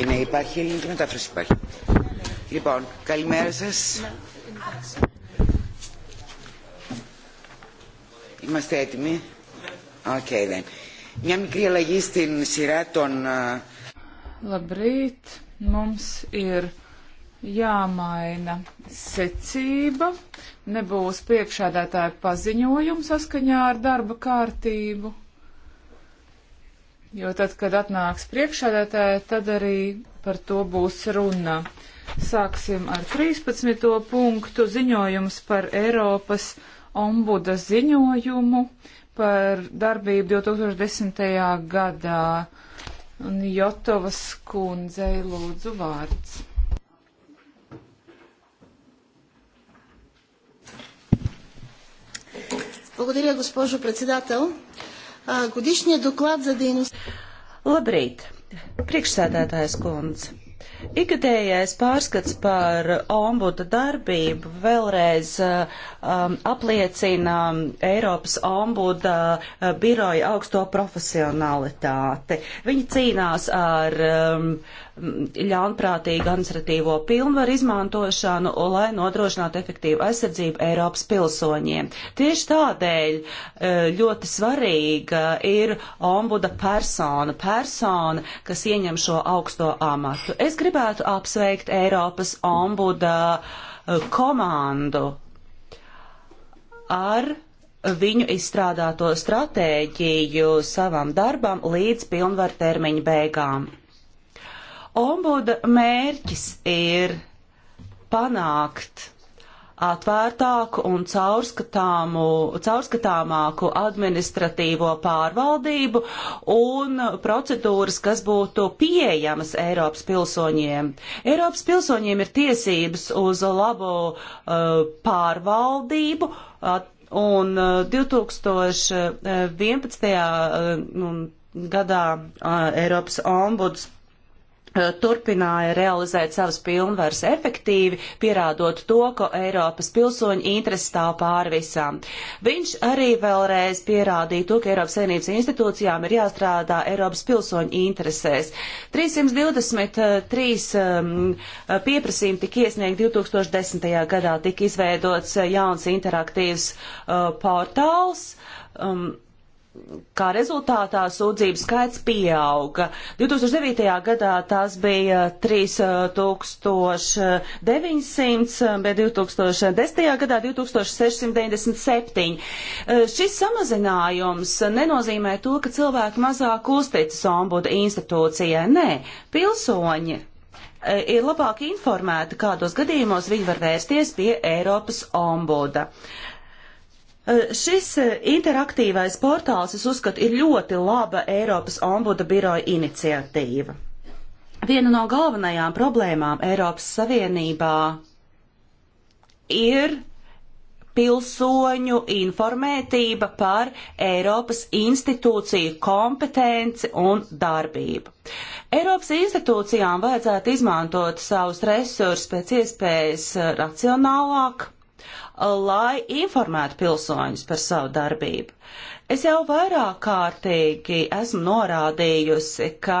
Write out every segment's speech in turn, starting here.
Είναι, υπάρχει ελληνική μετάφραση υπάρχει. Λοιπόν, καλημέρα σας. Είμαστε έτοιμοι. Οκ, okay, then. Μια μικρή αλλαγή στην σειρά των... Labrīt, mums ir jāmaina secība, nebūs priekšādātāja paziņojuma saskaņā ar darba kārtību jo tad, kad atnāks priekšādētāji, tad arī par to būs runa. Sāksim ar 13. punktu ziņojums par Eiropas ombuda ziņojumu par darbību 2010. gadā. Un Jotovas kundzei lūdzu vārds. Благодаря, госпожо председател годишния доклад за дейност. Labrīt! Priekšsēdētājs kundze. Ikgadējais pārskats par ombuda darbību vēlreiz um, apliecina Eiropas ombuda biroja augsto profesionalitāti. Viņi cīnās ar um, ļaunprātīgu administratīvo pilnvaru izmantošanu, lai nodrošinātu efektīvu aizsardzību Eiropas pilsoņiem. Tieši tādēļ e, ļoti svarīga ir ombuda persona, persona, kas ieņem šo augsto amatu. Es gribētu apsveikt Eiropas ombuda e, komandu ar viņu izstrādāto stratēģiju savam darbam līdz pilnvartermiņa beigām. Ombuda mērķis ir panākt atvērtāku un caurskatāmāku administratīvo pārvaldību un procedūras, kas būtu pieejamas Eiropas pilsoņiem. Eiropas pilsoņiem ir tiesības uz labu uh, pārvaldību. At, un uh, 2011. Uh, uh, gadā uh, Eiropas ombuds Eh, turpināja realizēt savas pilnvaras efektīvi, pierādot to, ka Eiropas pilsoņu interesi stāv pāri visām. Viņš arī vēlreiz pierādīja to, ka Eiropas Savienības institūcijām ir jāstrādā Eiropas pilsoņu interesēs. 323 um, pieprasījumi tika iesniegti 2010. gadā, tika izveidots jauns interaktīvs uh, portāls. Um, kā rezultātā sūdzību skaits pieauga. 2009. gadā tās bija 3900, bet 2010. gadā 2697. Šis samazinājums nenozīmē to, ka cilvēki mazāk uzticas ombuda institūcijai. Nē, pilsoņi e, ir labāk informēti, kādos gadījumos viņi var vērsties pie Eiropas ombuda. Uh, Eh, šis eh, interaktīvais portāls, es uzskatu, ir ļoti laba Eiropas ombuda biroja iniciatīva. Viena no galvenajām problēmām Eiropas Savienībā ir pilsoņu informētība par Eiropas institūciju kompetenci un darbību. Eiropas institūcijām vajadzētu izmantot savus resursus pēc iespējas eh, racionālāk lai informētu pilsoņus par savu darbību. Es jau vairāk kārtīgi esmu norādījusi, ka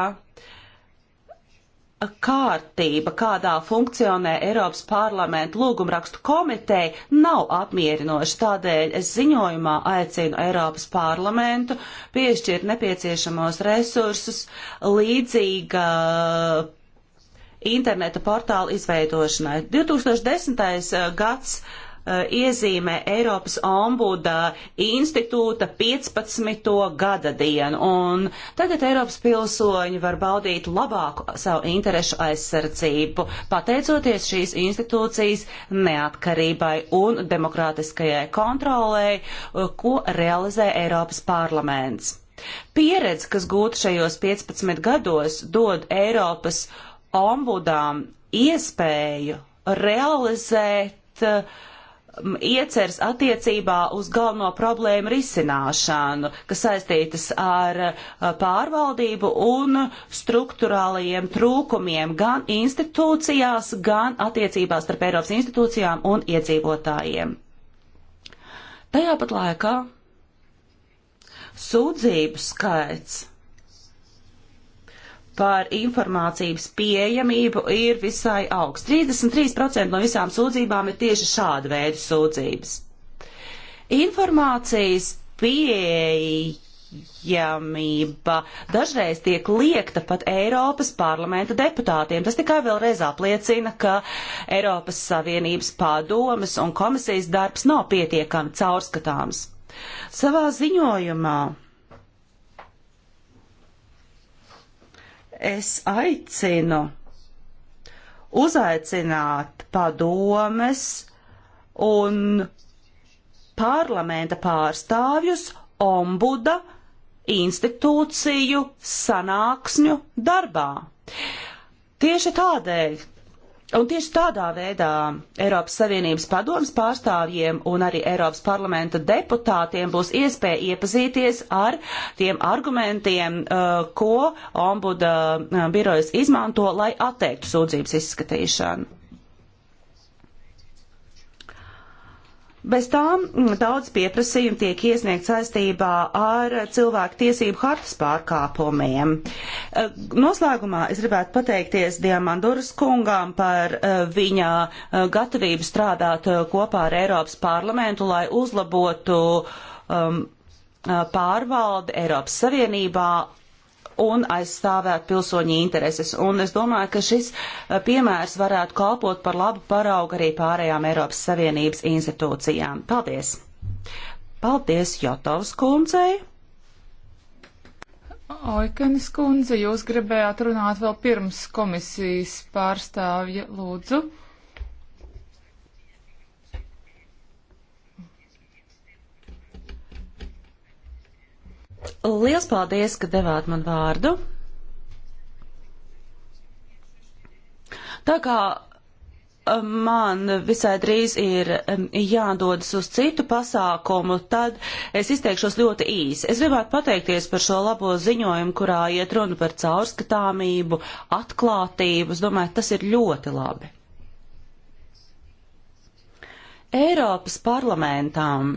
kārtība, kādā funkcionē Eiropas parlamenta lūgumrakstu komiteja, nav apmierinoša. Tādēļ es ziņojumā aicinu Eiropas parlamentu piešķirt nepieciešamos resursus līdzīga interneta portāla izveidošanai. 2010. gads Eh, iezīmē Eiropas ombuda institūta 15. gada dienu, un tagad Eiropas pilsoņi var baudīt labāku savu interešu aizsardzību, pateicoties šīs institūcijas neatkarībai un demokrātiskajai kontrolē, eh, ko realizē Eiropas parlaments. Pieredze, kas gūta šajos 15 gados, dod Eiropas ombudām iespēju realizēt uh, ieceras attiecībā uz galveno problēmu risināšanu, kas saistītas ar uh, pārvaldību un struktūrālajiem trūkumiem gan institūcijās, gan attiecībās starp Eiropas institūcijām un iedzīvotājiem. Tajā pat laikā sūdzību skaits par informācijas pieejamību ir visai augsts. 33% no visām sūdzībām ir tieši šāda veida sūdzības. Informācijas pieejamība dažreiz tiek liekta pat Eiropas parlamenta deputātiem. Tas tikai vēlreiz apliecina, ka Eiropas Savienības padomas un komisijas darbs nav pietiekami caurskatāms. Savā ziņojumā es aicinu uzaicināt padomes un parlamenta pārstāvjus ombuda institūciju sanāksņu darbā. Tieši tādēļ, Un tieši tādā veidā Eiropas Savienības padomas pārstāvjiem un arī Eiropas parlamenta deputātiem būs iespēja iepazīties ar tiem argumentiem, uh, ko ombuda uh, birojas izmanto, lai atteiktu sūdzības izskatīšanu. Bez tām mm, daudz pieprasījumu tiek iesniegt saistībā ar cilvēku tiesību hartas pārkāpumiem. Eh, noslēgumā es gribētu pateikties Diamanduras kungām par eh, viņa eh, gatavību strādāt kopā ar Eiropas parlamentu, lai uzlabotu um, pārvaldi Eiropas Savienībā un aizstāvēt pilsoņu intereses. Un es domāju, ka šis eh, piemērs varētu kalpot par labu paraugu arī pārējām Eiropas Savienības institūcijām. Paldies! Paldies Jotovs kundzei! Oikenis kundze, jūs gribējāt runāt vēl pirms komisijas pārstāvja lūdzu. Liels paldies, ka devāt man vārdu. Tā kā um, man visai drīz ir um, jādodas uz citu pasākumu, tad es izteikšos ļoti īsi. Es gribētu pateikties par šo labo ziņojumu, kurā iet runa par caurskatāmību, atklātību. Es domāju, tas ir ļoti labi. Eiropas parlamentām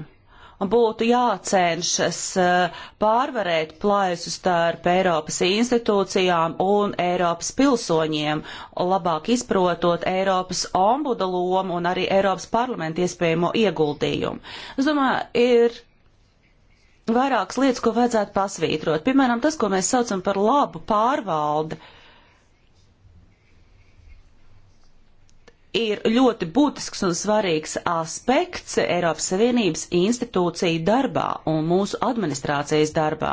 būtu jācenšas eh, pārvarēt plaisu starp Eiropas institūcijām un Eiropas pilsoņiem, labāk izprotot Eiropas ombuda lomu un arī Eiropas parlamenta iespējamo ieguldījumu. Es domāju, ir vairākas lietas, ko vajadzētu pasvītrot. Piemēram, tas, ko mēs saucam par labu pārvaldi. Uh, ir ļoti būtisks un svarīgs aspekts Eiropas Savienības institūciju darbā un mūsu administrācijas darbā.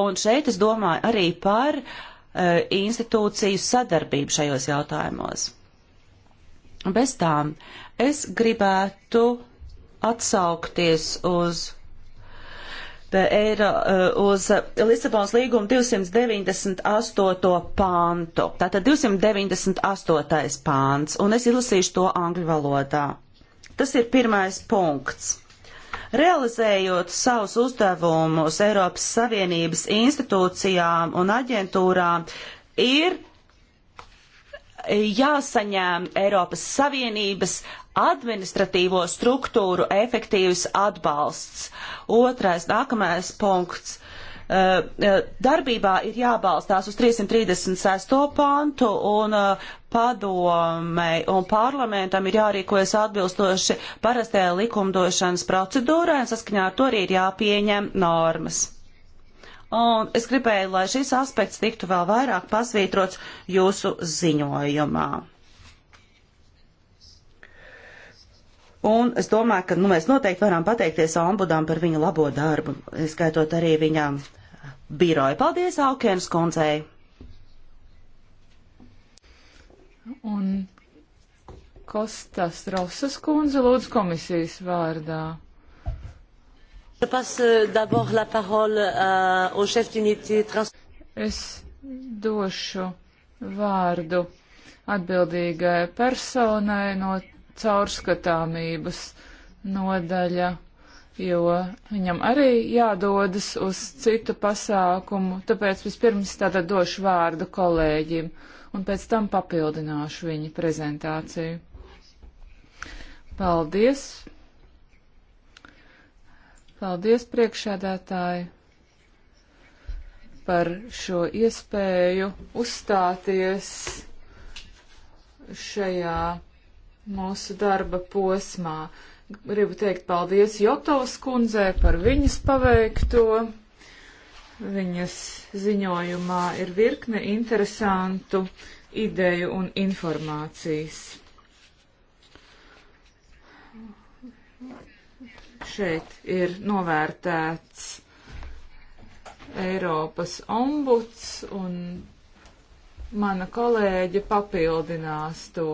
Un šeit es domāju arī par uh, institūciju sadarbību šajos jautājumos. Bez tām es gribētu atsaukties uz eiro eh, uz Lisabonas līguma 298. pāntu. Tātad 298. pāns, un es izlasīšu to angļu valodā. Tas ir pirmais punkts. Realizējot savus uzdevumus Eiropas Savienības institūcijām un aģentūrām, ir jāsaņem Eiropas Savienības administratīvo struktūru efektīvs atbalsts. Otrais, nākamais punkts. Eh, eh, darbībā ir jābalstās uz 336. pantu un eh, padomei un parlamentam ir jārīkojas atbilstoši parastajai likumdošanas procedūrai un saskaņā ar to arī ir jāpieņem normas. Un es gribēju, lai šis aspekts tiktu vēl vairāk pasvītrots jūsu ziņojumā. Un es domāju, ka nu, mēs noteikti varam pateikties ombudām par viņa labo darbu, skaitot arī viņām biroju. Paldies, Aukēns kundzei! Un Kostas Rosas kundze lūdzu komisijas vārdā. Je passe euh, d'abord la parole à, euh, au chef d'unité trans... Es došu vārdu atbildīgai personai no caurskatāmības nodaļa, jo viņam arī jādodas uz citu pasākumu, tāpēc vispirms tātad došu vārdu kolēģim un pēc tam papildināšu viņa prezentāciju. Paldies! Paldies priekšēdētāji par šo iespēju uzstāties šajā mūsu darba posmā. Gribu teikt paldies Jotovas kundzē par viņas paveikto. Viņas ziņojumā ir virkne interesantu ideju un informācijas. Šeit ir novērtēts Eiropas ombuds un mana kolēģe papildinās to.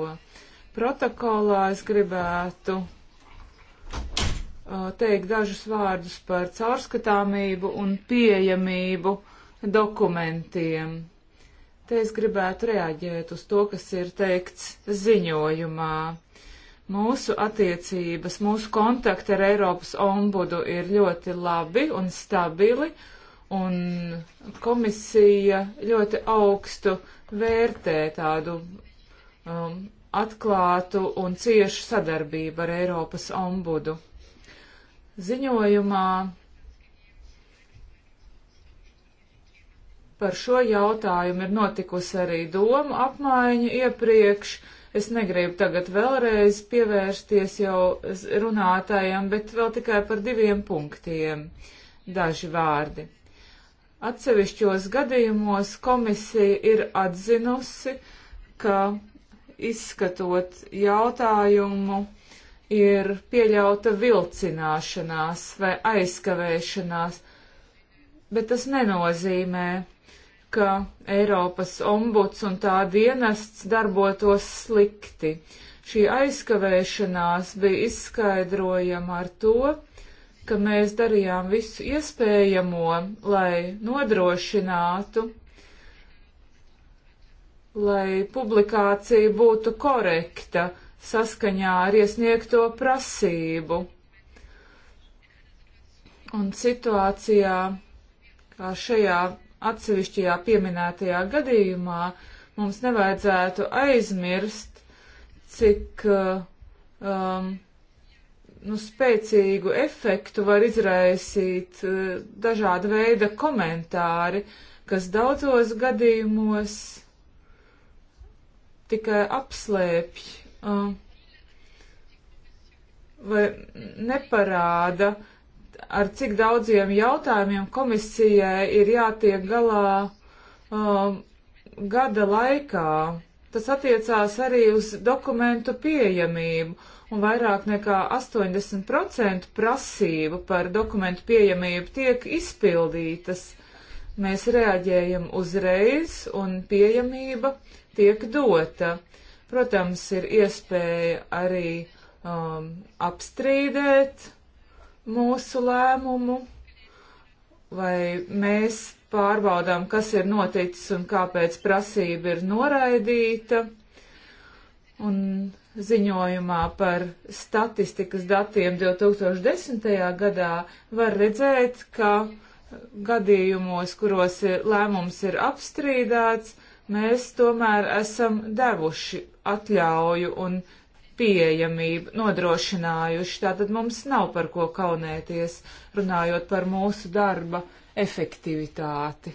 Protokolā es gribētu uh, teikt dažus vārdus par caurskatāmību un pieejamību dokumentiem. Te es gribētu reaģēt uz to, kas ir teikts ziņojumā. Mūsu attiecības, mūsu kontakti ar Eiropas ombudu ir ļoti labi un stabili, un komisija ļoti augstu vērtē tādu um, atklātu un ciešu sadarbību ar Eiropas ombudu. Ziņojumā par šo jautājumu ir notikusi arī doma apmaiņa iepriekš. Es negribu tagad vēlreiz pievērsties jau runātājiem, bet vēl tikai par diviem punktiem daži vārdi. Atsevišķos gadījumos komisija ir atzinusi, ka izskatot jautājumu, ir pieļauta vilcināšanās vai aizkavēšanās, bet tas nenozīmē, ka Eiropas ombuds un tā dienests darbotos slikti. Šī aizkavēšanās bija izskaidrojama ar to, ka mēs darījām visu iespējamo, lai nodrošinātu, lai publikācija būtu korekta saskaņā ar iesniegto prasību. Un situācijā, kā šajā atsevišķajā pieminētajā gadījumā, mums nevajadzētu aizmirst, cik uh, um, nu, spēcīgu efektu var izraisīt uh, dažāda veida komentāri, kas daudzos gadījumos tikai apslēpj uh, vai neparāda, ar cik daudziem jautājumiem komisijai ir jātiek galā um, gada laikā. Tas attiecās arī uz dokumentu pieejamību, un vairāk nekā 80% prasību par dokumentu pieejamību tiek izpildītas. Mēs reaģējam uzreiz, un pieejamība tiek dota. Protams, ir iespēja arī um, apstrīdēt mūsu lēmumu, vai mēs pārbaudām, kas ir noticis un kāpēc prasība ir noraidīta. Un ziņojumā par statistikas datiem 2010. gadā var redzēt, ka gadījumos, kuros ir, lēmums ir apstrīdēts, mēs tomēr esam devuši atļauju un pieejamību nodrošinājuši. Tātad mums nav par ko kaunēties, runājot par mūsu darba efektivitāti.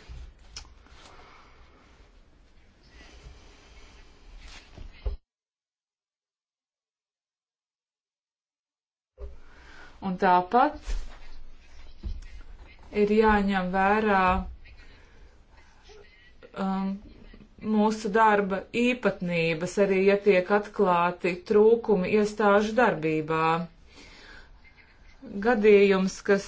Un tāpat ir jāņem vērā um, mūsu darba īpatnības, arī ja tiek atklāti trūkumi iestāžu darbībā. Gadījums, kas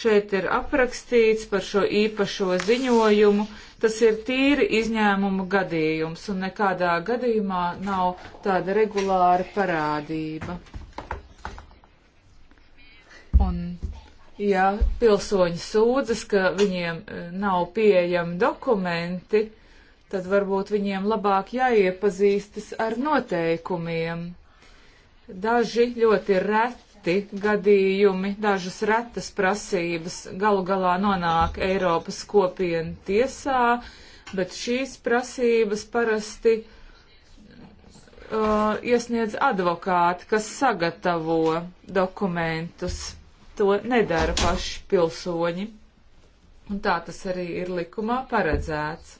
šeit ir aprakstīts par šo īpašo ziņojumu, tas ir tīri izņēmumu gadījums un nekādā gadījumā nav tāda regulāra parādība. Un, ja pilsoņi sūdzas, ka viņiem eh, nav pieejami dokumenti, tad varbūt viņiem labāk jāiepazīstas ar noteikumiem. Daži ļoti reti gadījumi, dažas retas prasības galu galā nonāk Eiropas kopienu tiesā, bet šīs prasības parasti uh, iesniedz advokāti, kas sagatavo dokumentus. To nedara paši pilsoņi. Un tā tas arī ir likumā paredzēts.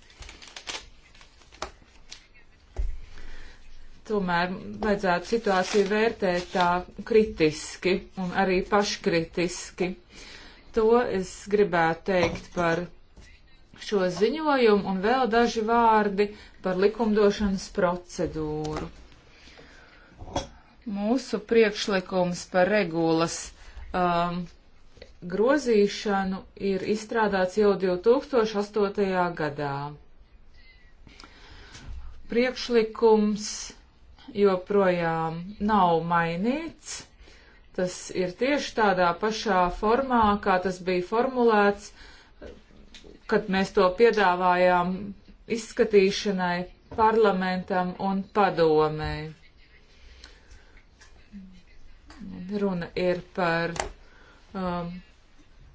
tomēr vajadzētu situāciju vērtēt tā kritiski un arī paškritiski. To es gribētu teikt par šo ziņojumu un vēl daži vārdi par likumdošanas procedūru. Mūsu priekšlikums par regulas um, grozīšanu ir izstrādāts jau 2008. gadā. Priekšlikums joprojām nav mainīts. Tas ir tieši tādā pašā formā, kā tas bija formulēts, kad mēs to piedāvājām izskatīšanai parlamentam un padomēji. Runa ir par um,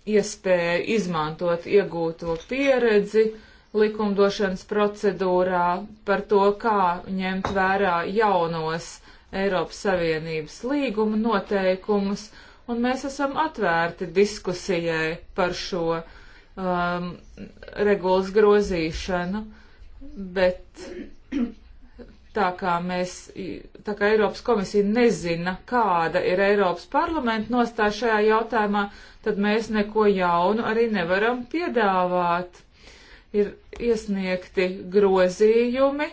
iespēju izmantot iegūto pieredzi, uh, likumdošanas procedūrā par to, kā ņemt vērā jaunos Eiropas Savienības līguma noteikumus, un mēs esam atvērti diskusijai par šo um, regulas grozīšanu, bet tā kā mēs, tā kā Eiropas komisija nezina, kāda ir Eiropas parlamenta nostāja šajā jautājumā, tad mēs neko jaunu arī nevaram piedāvāt ir iesniegti grozījumi,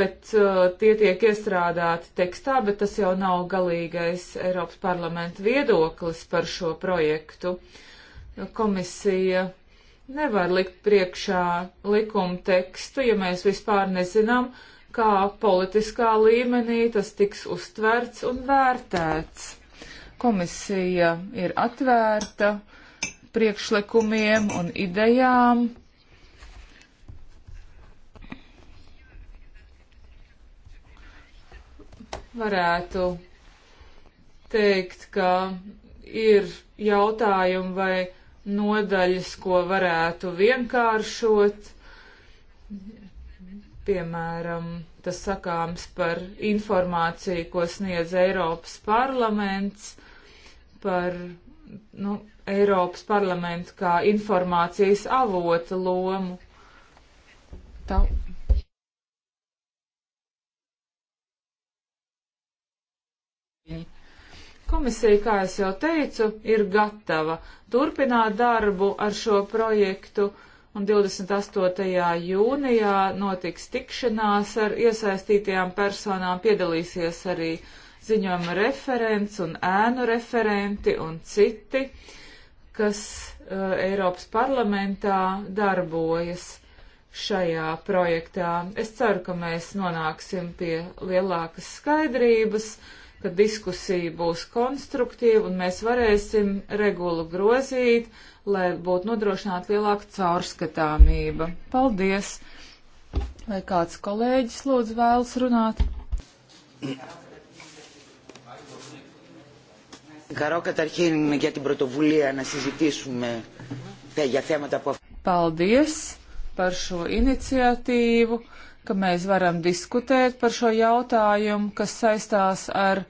bet uh, tie tiek iestrādāti tekstā, bet tas jau nav galīgais Eiropas parlamenta viedoklis par šo projektu. Komisija nevar likt priekšā likuma tekstu, ja mēs vispār nezinām, kā politiskā līmenī tas tiks uztverts un vērtēts. Komisija ir atvērta priekšlikumiem un idejām varētu teikt, ka ir jautājumi vai nodaļas, ko varētu vienkāršot. Piemēram, tas sakāms par informāciju, ko sniedz Eiropas parlaments, par nu, Eiropas parlamentu kā informācijas avota lomu. Tā. Komisija, kā es jau teicu, ir gatava turpināt darbu ar šo projektu, un 28. jūnijā notiks tikšanās ar iesaistītajām personām, piedalīsies arī ziņojuma referents un ēnu referenti un citi, kas uh, Eiropas parlamentā darbojas šajā projektā. Es ceru, ka mēs nonāksim pie lielākas skaidrības ka diskusija būs konstruktīva un mēs varēsim regulu grozīt, lai būtu nodrošināta lielāka caurskatāmība. Paldies! Vai kāds kolēģis lūdzu vēlas runāt? Καρό καταρχήν για την πρωτοβουλία να συζητήσουμε για θέματα που Paldies par šo iniciatīvu ka mēs varam diskutēt par šo jautājumu, kas saistās ar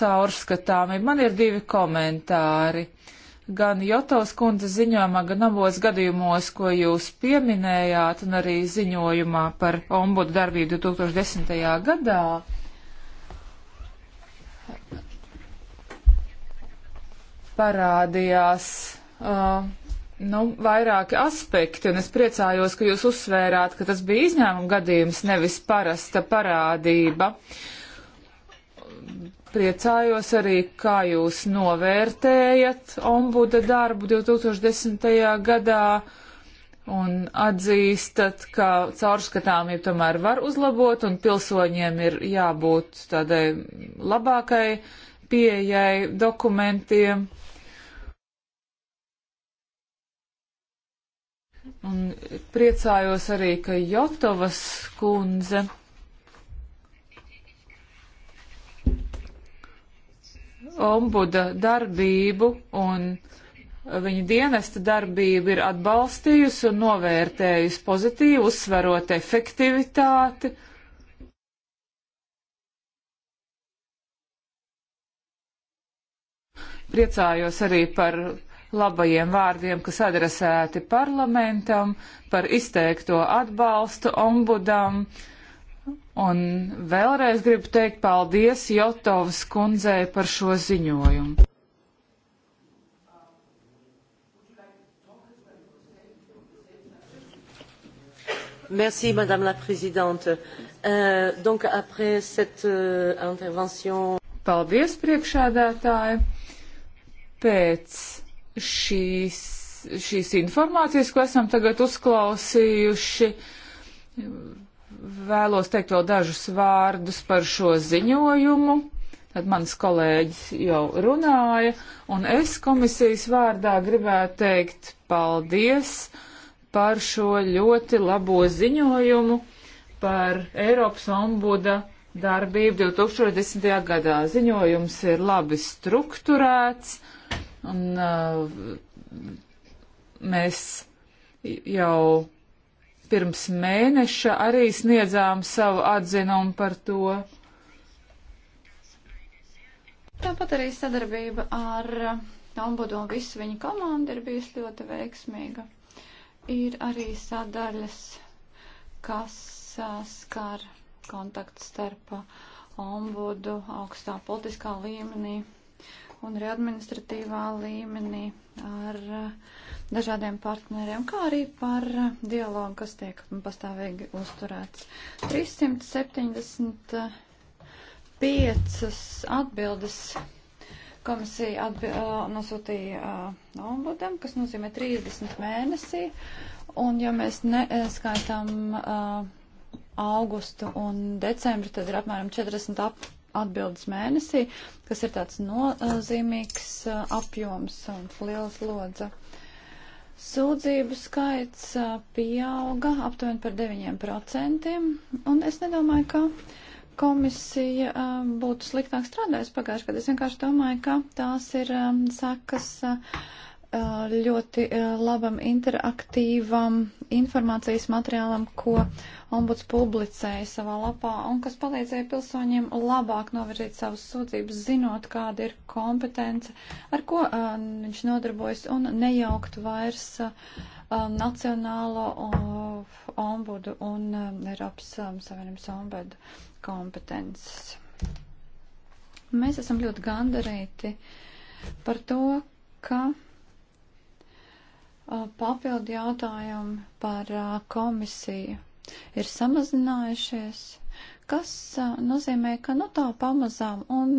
caurskatāmību. Man ir divi komentāri. Gan Jotovs kundze ziņojumā, gan abos gadījumos, ko jūs pieminējāt, un arī ziņojumā par ombudu darbību 2010. gadā. Parādījās uh, nu, vairāki aspekti, un es priecājos, ka jūs uzsvērāt, ka tas bija izņēmuma gadījums, nevis parasta parādība. Priecājos arī, kā jūs novērtējat ombuda darbu 2010. gadā un atzīstat, ka caurskatāmība tomēr var uzlabot un pilsoņiem ir jābūt tādai labākai pieejai dokumentiem. Un priecājos arī, ka Jotovas kundze ombuda darbību un viņa dienesta darbību ir atbalstījusi un novērtējusi pozitīvi, uzsverot efektivitāti. Priecājos arī par labajiem vārdiem, kas adresēti parlamentam par izteikto atbalstu ombudam. Un vēlreiz gribu teikt paldies Jotovas kundzei par šo ziņojumu. Merci, Madame la Présidente. Euh, donc, après cette euh, intervention. Paldies, priekšādātāji. Pēc šīs, šīs informācijas, ko esam tagad uzklausījuši. Vēlos teikt vēl dažus vārdus par šo ziņojumu. Tad mans kolēģis jau runāja, un es komisijas vārdā gribētu teikt paldies par šo ļoti labo ziņojumu par Eiropas ombuda darbību 2010. gadā. Ziņojums ir labi strukturēts Un uh, mēs jau pirms mēneša arī sniedzām savu atzinumu par to. Tāpat arī sadarbība ar Ombudu un visu viņa komandu ir bijusi ļoti veiksmīga. Ir arī sadaļas, kas uh, skar kontakts starp ombudu augstā politiskā līmenī un arī administratīvā līmenī ar eh, dažādiem partneriem, kā arī par eh, dialogu, kas tiek pastāvīgi uzturēts. 375 atbildes komisija atbi eh, nosūtīja ombudam, kas nozīmē 30 mēnesī, un ja mēs neskaitām augustu un decembri, tad ir apmēram 40 apmēram atbildes mēnesī, kas ir tāds nozīmīgs apjoms un liels lodza. Sūdzību skaits pieauga aptuveni par 9%, un es nedomāju, ka komisija būtu sliktāk strādājusi pagājušajā gadā. Es vienkārši domāju, ka tās ir sekas. Uh, Uh, ļoti uh, labam interaktīvam informācijas materiālam, ko ombuds publicēja savā lapā un kas palīdzēja pilsoņiem labāk novirzīt savas sūdzības, zinot, kāda ir kompetence, ar ko uh, viņš nodarbojas un nejaukt vairs uh, nacionālo uh, ombudu un uh, Eiropas um, Savienības ombudu kompetences. Mēs esam ļoti gandarīti par to, ka papildu jautājumi par komisiju ir samazinājušies, kas nozīmē, ka nu tā pamazām un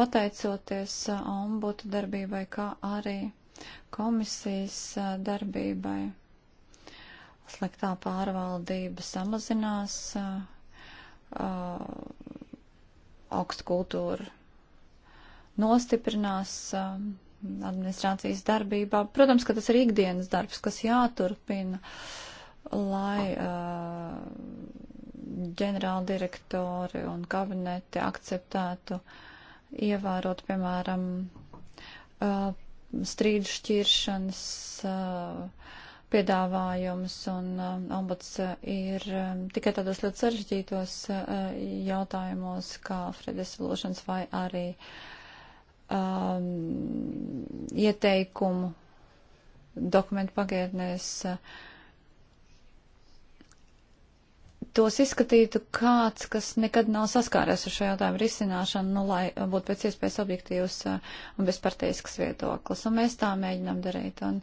pateicoties ombudu darbībai, kā arī komisijas darbībai. Sliktā pārvaldība samazinās, augstu kultūru nostiprinās, administrācijas darbībā. Protams, ka tas ir ikdienas darbs, kas jāturpina, lai uh, ģenerāli direktori un kabineti akceptētu ievērot, piemēram, uh, strīdu šķiršanas uh, piedāvājums, un um, ombuds ir um, tikai tādos ļoti sarežģītos uh, jautājumos, kā fredes lūšanas vai arī uh, um, ieteikumu dokumentu pagātnēs uh, tos izskatītu kāds, kas nekad nav saskāries ar šo jautājumu risināšanu, nu, lai būtu pēc iespējas objektīvs uh, un bezparteisks viedoklis. Un mēs tā mēģinām darīt. Un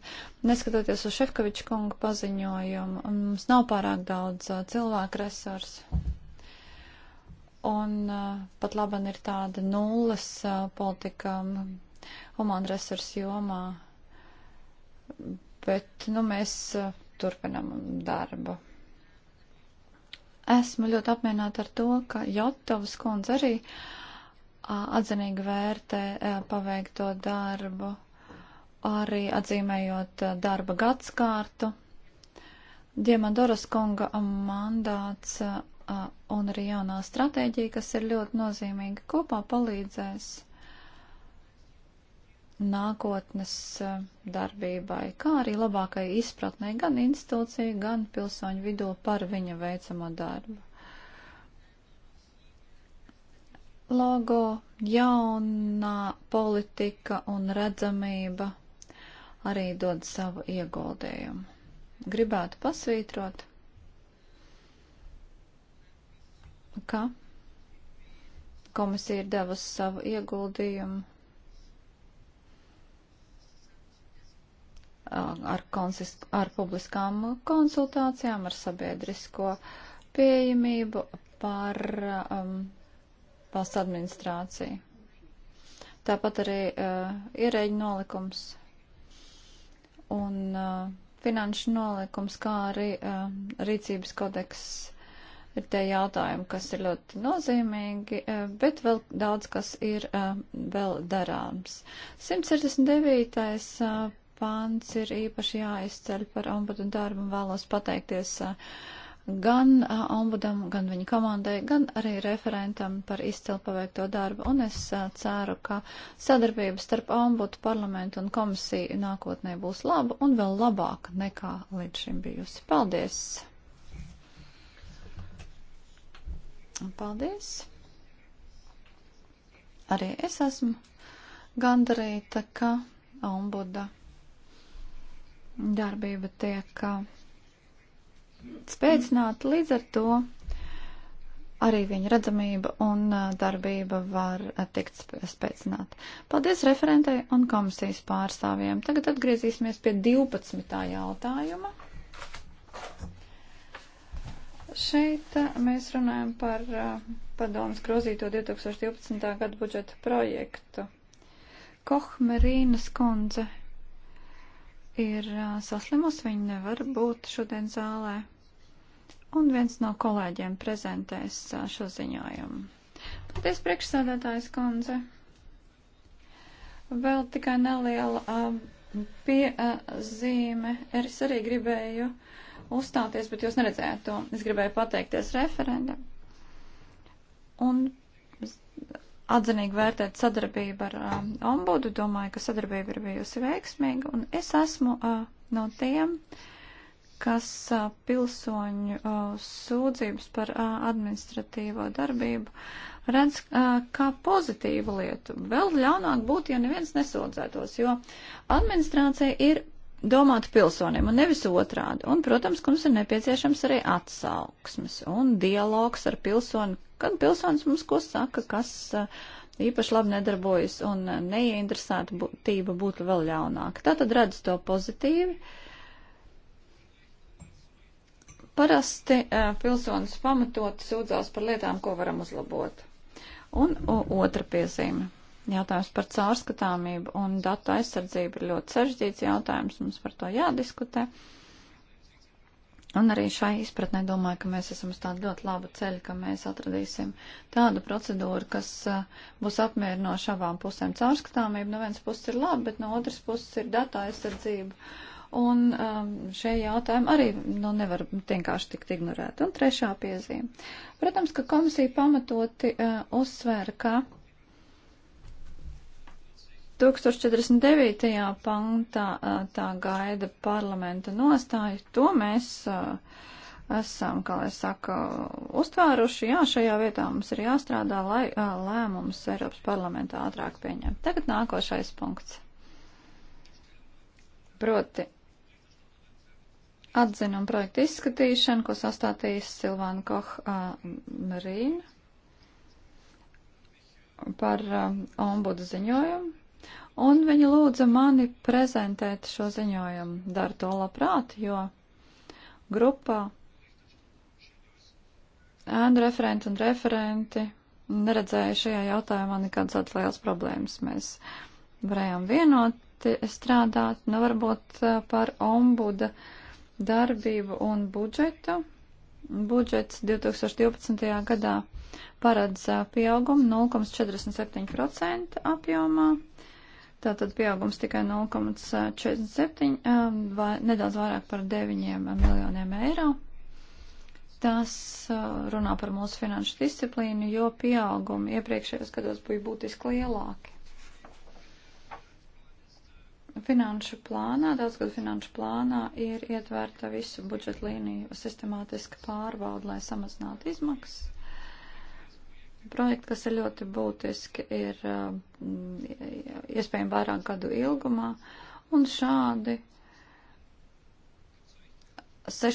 neskatoties uz Šefkoviča kunga paziņojumu, mums nav pārāk daudz uh, cilvēku resursu. Un uh, pat laban ir tāda nulles uh, politika um, humāna resursu jomā. Bet, nu, mēs uh, turpinam darbu. Esmu ļoti apmierināta ar to, ka Jotovs kundze arī uh, atzinīgi vērtē uh, paveikto darbu arī atzīmējot darba gadskārtu. Diemandoras kunga mandāts un arī jaunā stratēģija, kas ir ļoti nozīmīga, kopā palīdzēs nākotnes darbībai, kā arī labākai izpratnē gan institūciju, gan pilsoņu vidū par viņa veicamo darbu. Logo, jaunā politika un redzamība arī dod savu ieguldījumu. Gribētu pasvītrot ka komisija ir devusi savu ieguldījumu ar, konsist, ar publiskām konsultācijām, ar sabiedrisko pieejamību par um, valsts administrāciju. Tāpat arī uh, ierēģi nolikums un uh, finanšu nolikums, kā arī uh, rīcības kodeks uh, ir tie jautājumi, kas ir ļoti nozīmīgi, e, bet vēl daudz kas ir e, vēl darāms. 169. E, pāns ir īpaši jāizceļ par ombudu darbu un vēlos pateikties gan ombudam, gan viņa komandai, gan arī referentam par izcilu paveikto darbu, un es ceru, ka sadarbība starp ombudu, parlamentu un komisiju nākotnē būs laba un vēl labāka nekā līdz šim bijusi. Paldies! Paldies! Arī es esmu gandarīta, ka ombuda darbība tiek spēcināta līdz ar to. Arī viņa redzamība un darbība var tikt spēcināta. Paldies referentei un komisijas pārstāvjiem. Tagad atgriezīsimies pie 12. jautājuma. Šeit eh, mēs runājam par eh, padomus grozīto 2012. gada budžeta projektu. Kohmerīnas kundze ir eh, saslimus, viņa nevar būt šodien zālē. Un viens no kolēģiem prezentēs šo ziņojumu. Paldies, priekšsādātājs kundze. Vēl tikai neliela piezīme. Es arī gribēju uh, uzstāties, bet jūs neredzējāt to. Es gribēju pateikties referendam un atzinīgi vērtēt sadarbību ar um, ombudu. Domāju, ka sadarbība ir bijusi veiksmīga, un es esmu uh, no tiem, kas uh, pilsoņu uh, sūdzības par uh, administratīvo darbību redz uh, kā pozitīvu lietu. Vēl ļaunāk būtu, ja neviens nesūdzētos, jo administrācija ir domāt pilsoniem un nevis otrādi. Un, protams, ka mums ir nepieciešams arī atsauksmes un dialogs ar pilsoni, kad pilsonis mums ko saka, kas eh, īpaši labi nedarbojas un eh, neieinteresētība būtu vēl ļaunāka. Tātad redz to pozitīvi. Parasti eh, pilsonis pamatot sūdzās par lietām, ko varam uzlabot. Un o, otra piezīme Jautājums par caurskatāmību un datu aizsardzību ir ļoti sarežģīts jautājums, mums par to jādiskutē. Un arī šai izpratnē domāju, ka mēs esam uz tādu ļoti labu ceļu, ka mēs atradīsim tādu procedūru, kas uh, būs apmierinoša abām pusēm. Caurskatāmība no vienas puses ir laba, bet no otras puses ir datu aizsardzība. Un um, šie jautājumi arī nu, nevar vienkārši tikt ignorēti. Un trešā piezīme. Protams, ka komisija pamatoti uh, uzsvēra, ka 1049. pantā tā gaida parlamenta nostāja. To mēs esam, kā lai saka, uztvēruši. Jā, šajā vietā mums ir jāstrādā, lai lēmums Eiropas parlamentā ātrāk pieņem. Tagad nākošais punkts. Proti atzinumu projektu izskatīšanu, ko sastādījis Silvāna Koha Marīna par ombudu ziņojumu un viņa lūdza mani prezentēt šo ziņojumu. Daru to labprāt, jo grupā ēnu referenti un referenti neredzēja šajā jautājumā nekādas tādas liels problēmas. Mēs varējām vienoti strādāt, nu varbūt par ombuda darbību un budžetu. Budžets 2012. gadā paredz pieaugumu 0,47% apjomā Tātad pieaugums tikai 0,47 um, vai nedaudz vairāk par 9 miljoniem eiro. Tas uh, runā par mūsu finanšu disciplīnu, jo pieaugumi iepriekšējos gados bija būtiski lielāki. Finanšu plānā, daudzgadu finanšu plānā ir ietverta visu budžetlīniju sistemātiska pārbauda, lai samazinātu izmaksas Projekti, kas ir ļoti būtiski, ir uh, iespējami vairāk gadu ilgumā, un šādi 16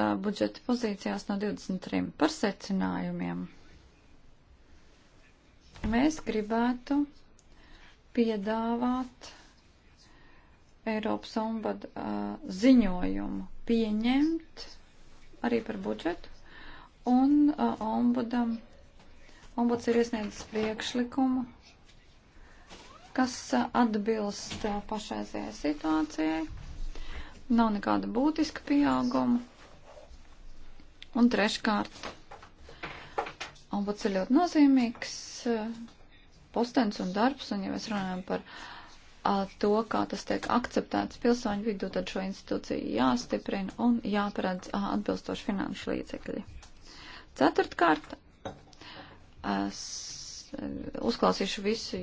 uh, budžeta pozīcijās no 23 par secinājumiem. Mēs gribētu piedāvāt Eiropas ombada uh, ziņojumu pieņemt arī par budžetu, un uh, ombudam Ombuds ir iesniedzis priekšlikumu, kas atbilst pašreizējai situācijai. Nav nekāda būtiska pieauguma. Un treškārt, ombuds ir ļoti nozīmīgs postens un darbs, un ja mēs runājam par to, kā tas tiek akceptēts pilsoņu vidū, tad šo institūciju jāstiprina un jāparedz atbilstoši finanšu līdzekļi. Ceturtkārt, es eh, uzklausīšu visu,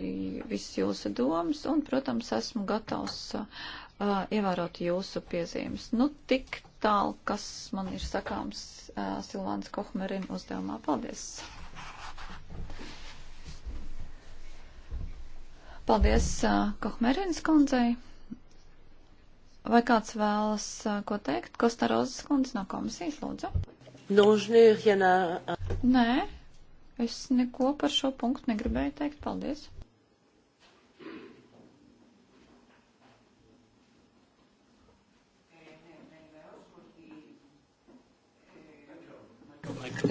visu jūsu domas un, protams, esmu gatavs uh, ievērot jūsu piezīmes. Nu, tik tālu, kas man ir sakāms uh, Silvāns Kohmerin uzdevumā. Paldies! Paldies uh, Kohmerins kundzei! Vai kāds vēlas ko teikt? Kostarozes kundze no komisijas, lūdzu. Nē, Es neko par šo punktu negribēju teikt. Paldies!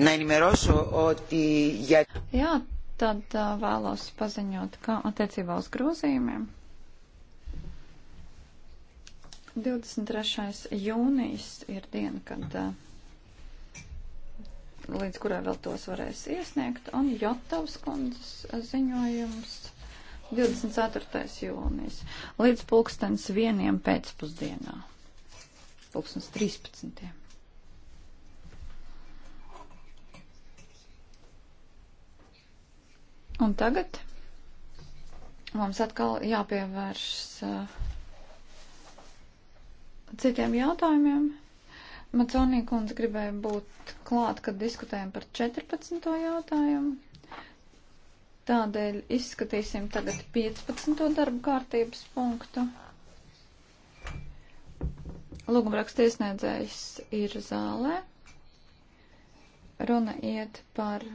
να ενημερώσω ότι για... Jā, tad vēlos paziņot, ka attiecībā uz grozījumiem 23. jūnijas ir diena, kad līdz kurai vēl tos varēs iesniegt, un Jotavs kundzes ziņojums 24. jūnijas līdz pulkstens vieniem pēcpusdienā, pulkstens 13. Un tagad mums atkal jāpievērš uh, citiem jautājumiem. Maconija kundze gribēja būt klāt, kad diskutējam par 14. jautājumu. Tādēļ izskatīsim tagad 15. darba kārtības punktu. Lūgumraksta iesniedzējs ir zālē. Runa iet par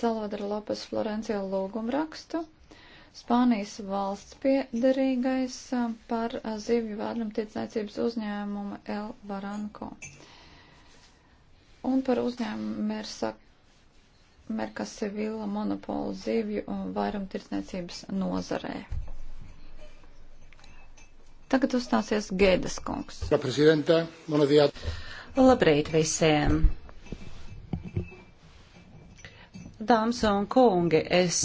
Salvadora Lopes Florencio lūgumrakstu. rakstu. Spānijas valsts piederīgais par zivju vēdnumtirdzniecības uzņēmumu El Baranko. Un par uzņēmumu Mersak Merkas Sevilla monopolu zivju un vairumtirdzniecības nozarē. Tagad uzstāsies Gēdes kungs. Labrīt visiem! Dāmas un kungi, es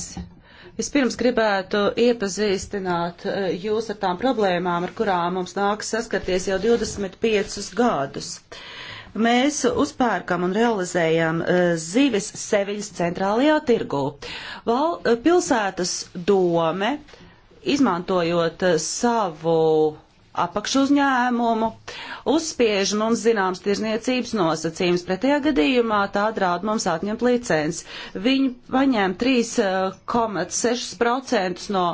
Vispirms gribētu iepazīstināt eh, jūs ar tām problēmām, ar kurām mums nāks saskarties jau 25 gadus. Mēs uzpērkam un realizējam eh, zivis Seviļas centrālajā tirgū. Val, pilsētas dome, izmantojot eh, savu apakšuzņēmumu, uzspiež mums zināms tirzniecības nosacījums. Pretējā gadījumā tā drād mums atņemt licenci. Viņi paņēma 3,6% eh, no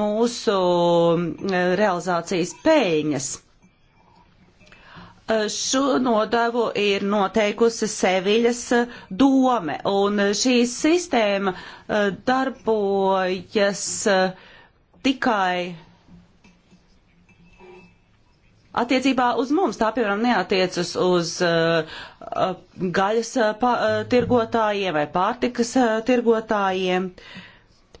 mūsu eh, realizācijas peļņas. Eh, šo nodevu ir noteikusi Seviļas dome, un šī sistēma darbojas tikai attiecībā uz mums. Tā, piemēram, neatiecas uz uh, uh gaļas uh, pa, uh, tirgotājiem vai pārtikas uh, tirgotājiem.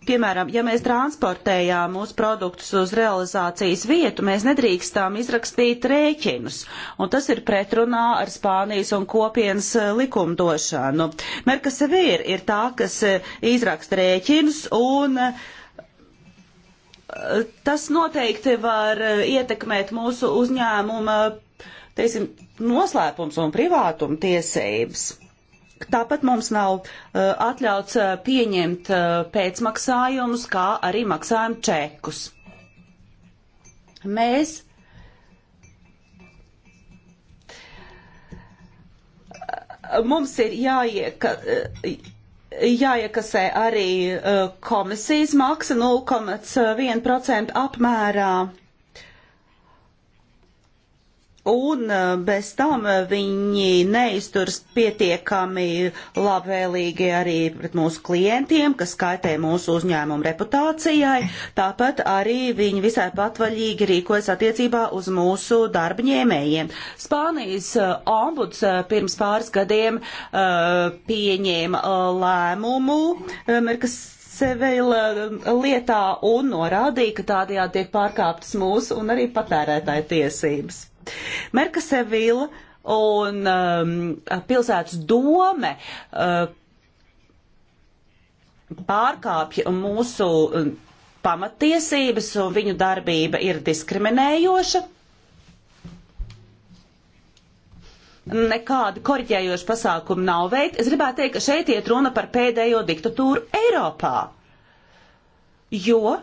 Piemēram, ja mēs transportējām mūsu produktus uz realizācijas vietu, mēs nedrīkstām izrakstīt rēķinus, un tas ir pretrunā ar Spānijas un kopienas uh, likumdošanu. Merkasevier ir tā, kas izraksta rēķinus un uh, Tas noteikti var eh, ietekmēt mūsu uzņēmuma, teiksim, noslēpums un privātuma tiesības. Tāpat mums nav uh, atļauts uh, pieņemt uh, pēcmaksājumus, kā arī maksājumu čekus. Mēs mums ir jāieka, jāiekasē arī eh, komisijas maksa 0,1% apmērā. Un e, bez tam e, viņi neizturas pietiekami labvēlīgi arī pret mūsu klientiem, kas kaitē mūsu uzņēmumu reputācijai. Tāpat arī viņi visai patvaļīgi rīkojas attiecībā uz mūsu darba ņēmējiem. Spānijas e, ombuds pirms pāris gadiem uh, pieņēma lēmumu, um, kas Sevilla lietā un norādīja, ka tādējādi tiek pārkāptas mūsu un arī patērētāja tiesības. Merkasevila un um, pilsētas dome uh, pārkāpja mūsu um, pamatiesības un viņu darbība ir diskriminējoša. Nekādi korģējoši pasākumi nav veikti. Es gribētu teikt, ka šeit iet runa par pēdējo diktatūru Eiropā. Jo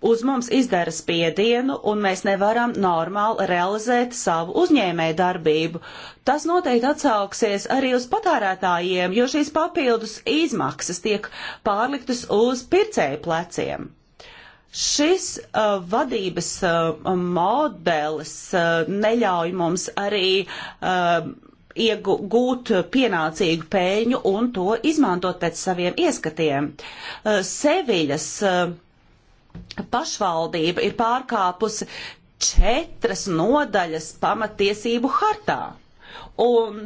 uz mums izdara spiedienu un mēs nevaram normāli realizēt savu uzņēmēju darbību. Tas noteikti atsauksies arī uz patērētājiem, jo šīs papildus izmaksas tiek pārliktas uz pircēju pleciem. Šis uh, vadības uh, modelis uh, neļauj mums arī uh, iegūt pienācīgu pēļņu un to izmantot pēc saviem ieskatiem. Uh, Seviļas uh, pašvaldība ir pārkāpusi četras nodaļas pamatiesību hartā. Un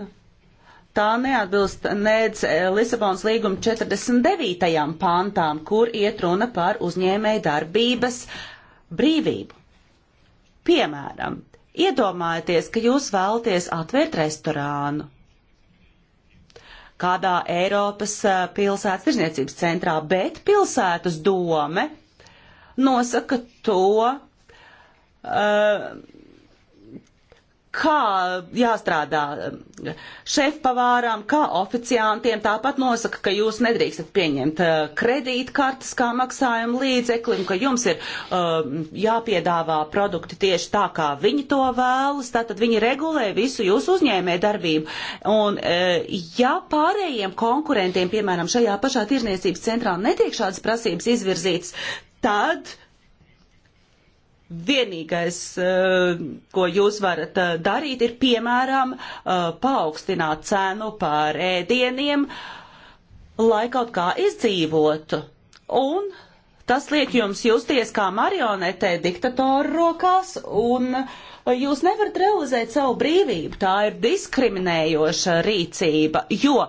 tā neatbilst nedz Lisabonas līguma 49. pāntām, kur iet runa par uzņēmēju darbības brīvību. Piemēram, iedomājieties, ka jūs vēlaties atvērt restorānu kādā Eiropas pilsētas tirzniecības centrā, bet pilsētas dome nosaka to, eh, kā jāstrādā šefpavārām, kā oficiantiem. Tāpat nosaka, ka jūs nedrīkstat pieņemt eh, kredītkartes kā maksājumu līdzekli un ka jums ir uh, jāpiedāvā produkti tieši tā, kā viņi to vēlas. Tātad viņi regulē visu jūsu uzņēmē darbību. Un uh, ja pārējiem konkurentiem, piemēram, šajā pašā tirzniecības centrā netiek šādas prasības izvirzītas, tad vienīgais, eh, ko jūs varat eh, darīt, ir piemēram eh, paaugstināt cenu pār ēdieniem, lai kaut kā izdzīvotu. Un tas liek jums justies kā marionetē diktatoru rokās un jūs nevarat realizēt savu brīvību. Tā ir diskriminējoša rīcība, jo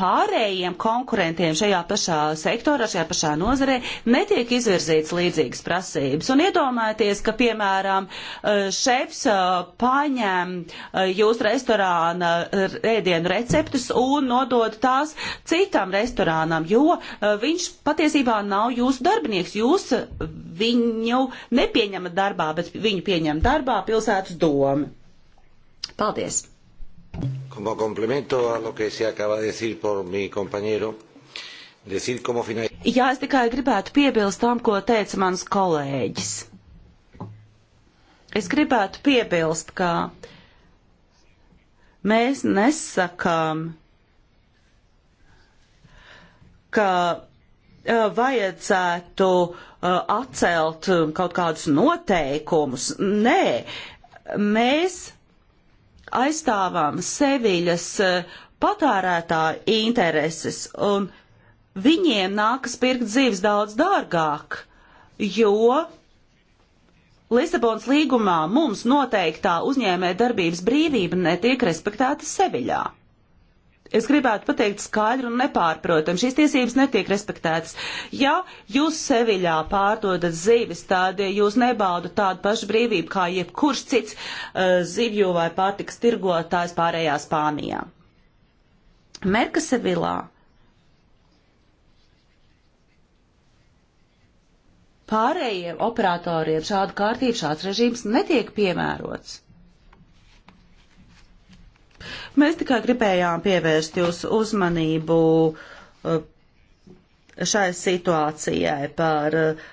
pārējiem konkurentiem šajā pašā sektorā, šajā pašā nozarē netiek izvirzīts līdzīgas prasības. Un iedomājieties, ka, piemēram, eh, šefs eh, paņem eh, jūsu restorāna ēdienu receptus un nodod tās citam restorānam, jo viņš patiesībā nav jūsu darbinieks. Jūs viņu nepieņemat darbā, bet viņu pieņem darbā pilsētas doma. Paldies! Como complemento a lo que se acaba de decir por mi compañero, decir como final. Jā, es tikai gribētu piebilst tam, ko teica mans kolēģis. Es gribētu piebilst, ka mēs nesakām, ka vajadzētu atcelt kaut kādus noteikumus. Nē, mēs aizstāvām Seviļas eh, patērētāju intereses, un viņiem nākas pirkt dzīves daudz dārgāk, jo Lisabonas līgumā mums noteiktā uzņēmē darbības brīvība netiek respektēta Seviļā es gribētu pateikt skaidru un nepārprotam, šīs tiesības netiek respektētas. Ja jūs Seviļā pārdodat zivis, tad jūs nebaudat tādu pašu brīvību kā jebkurš cits uh, zivju vai pārtikas tirgotājs pārējā Spānijā. Merka Sevilā pārējiem operatoriem šādu kārtību šāds režīms netiek piemērots. Mēs tikai gribējām pievērst jūsu uzmanību eh, šai situācijai par eh,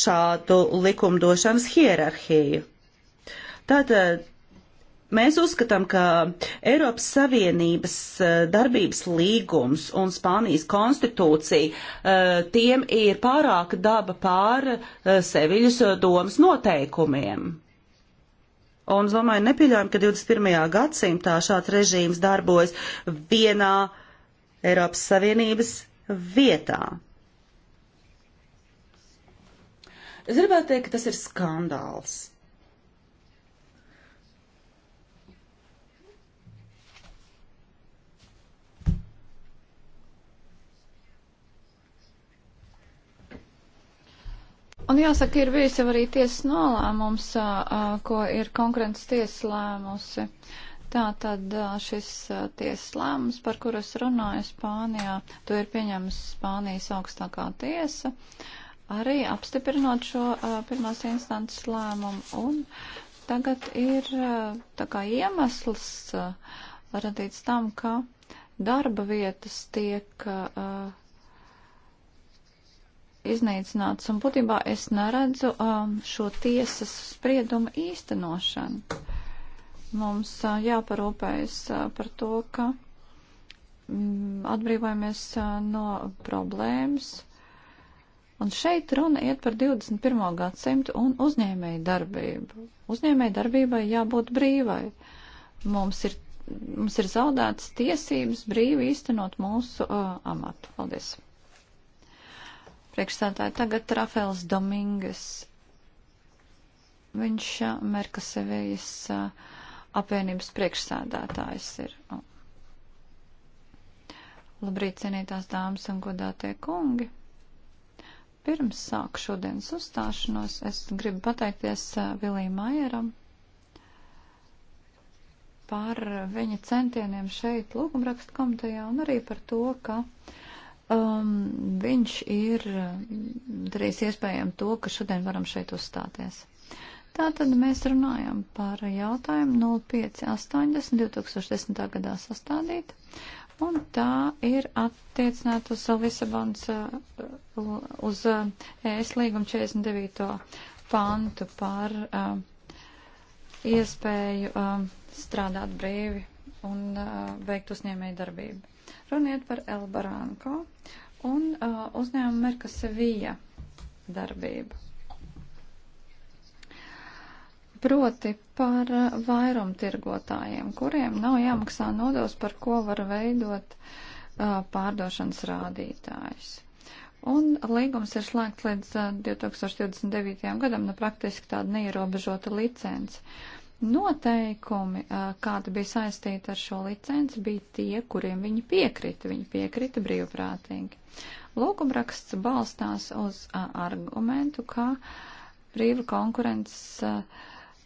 šādu likumdošanas hierarhiju. Tātad Mēs uzskatām, ka Eiropas Savienības eh, darbības līgums un Spānijas konstitūcija tiem ir pārāka daba pār Seviļas domas noteikumiem. Un es domāju, nepieļaujam, ka 21. gadsimtā šāds režīms darbojas vienā Eiropas Savienības vietā. Es gribētu teikt, ka tas ir skandāls. Un jāsaka, ir bijis jau arī tiesas nolēmums, ko ir konkurences tiesa lēmusi. Tā tad šis tiesas lēmums, par kuru es runāju Spānijā, to ir pieņēmis Spānijas augstākā tiesa, arī apstiprinot šo pirmās instances lēmumu. Un tagad ir tā kā iemesls radīts tam, ka darba vietas tiek. Uh, iznīcināts, un būtībā es neredzu um, šo tiesas spriedumu īstenošanu. Mums uh, jāparūpējas uh, par to, ka mm, atbrīvojamies uh, no problēmas. Un šeit runa iet par 21. gadsimtu un uzņēmēju darbību. Uzņēmēju darbībai jābūt brīvai. Mums ir, mums ir zaudētas tiesības brīvi īstenot mūsu uh, amatu. Paldies! priekšstādāja tagad Rafēls Domingas. Viņš Merkasevijas apvienības priekšsādātājs ir. Labrīt, cienītās dāmas un godātie kungi! Pirms sāku šodienas uzstāšanos, es gribu pateikties Vilī Maieram par viņa centieniem šeit lūgumrakstu komitejā un arī par to, ka um, viņš ir um, darījis iespējami to, ka šodien varam šeit uzstāties. Tātad mēs runājam par jautājumu 0580 2010. gadā sastādīt, un tā ir attiecināta uz Lisabons, uh, uz ES līgumu 49. pantu par uh, iespēju uh, strādāt brīvi un uh, veikt uzņēmēju darbību. Runiet par El Baranko un uh, uzņēmumu Merka Sevija darbību. Proti par uh, vairumtirgotājiem, kuriem nav jāmaksā nodevs, par ko var veidot uh, pārdošanas rādītājus. Un līgums ir slēgts līdz 2029. Uh, gadam, nu praktiski tāda neierobežota licence. Uh, Noteikumi, kāda bija saistīta ar šo licenci, bija tie, kuriem viņi piekrita. Viņi piekrita brīvprātīgi. Lūgumraksts balstās uz argumentu, ka brīva konkurences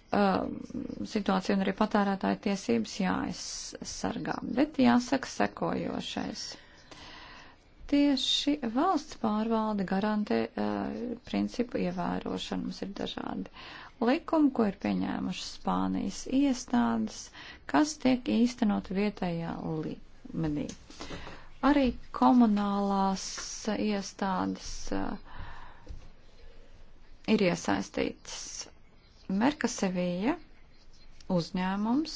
situācija un arī patērētāja tiesības jāaizsargā. Bet jāsaka sekojošais. Tieši valsts pārvalde garantē uh, principu ievērošanu. Mums ir dažādi likumu, ko ir pieņēmušas Spānijas iestādes, kas tiek īstenot vietējā līmenī. Arī komunālās iestādes uh, ir iesaistītas. Merkasevija uzņēmums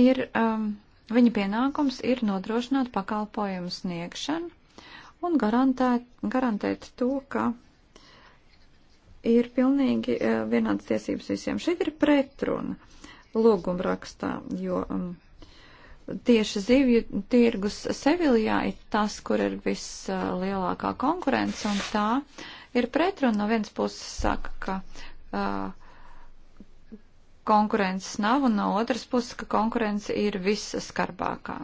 ir, um, viņa pienākums ir nodrošināt pakalpojumu sniegšanu un garantēt, garantēt to, ka ir pilnīgi eh, vienādas tiesības visiem. Šeit ir pretruna lūgumrakstā, jo um, tieši zivju tirgus Sevilijā ir tas, kur ir vislielākā konkurence, un tā ir pretruna. No vienas puses saka, ka uh, konkurences nav, un no otras puses, ka konkurence ir vissskarbākā.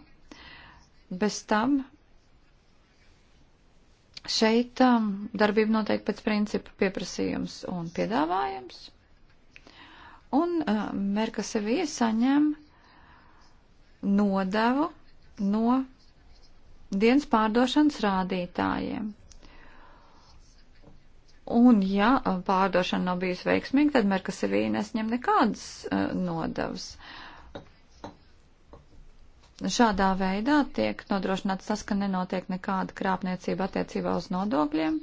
Bez tam Šeit um, darbība notiek pēc principa pieprasījums un piedāvājums. Un uh, Merkasevija saņem nodevu no dienas pārdošanas rādītājiem. Un, ja uh, pārdošana nav bijusi veiksmīga, tad Merkasevija nesņem nekādas uh, nodevas. Uh, Šādā veidā tiek nodrošināts tas, ka nenotiek nekāda krāpniecība attiecībā uz nodokļiem,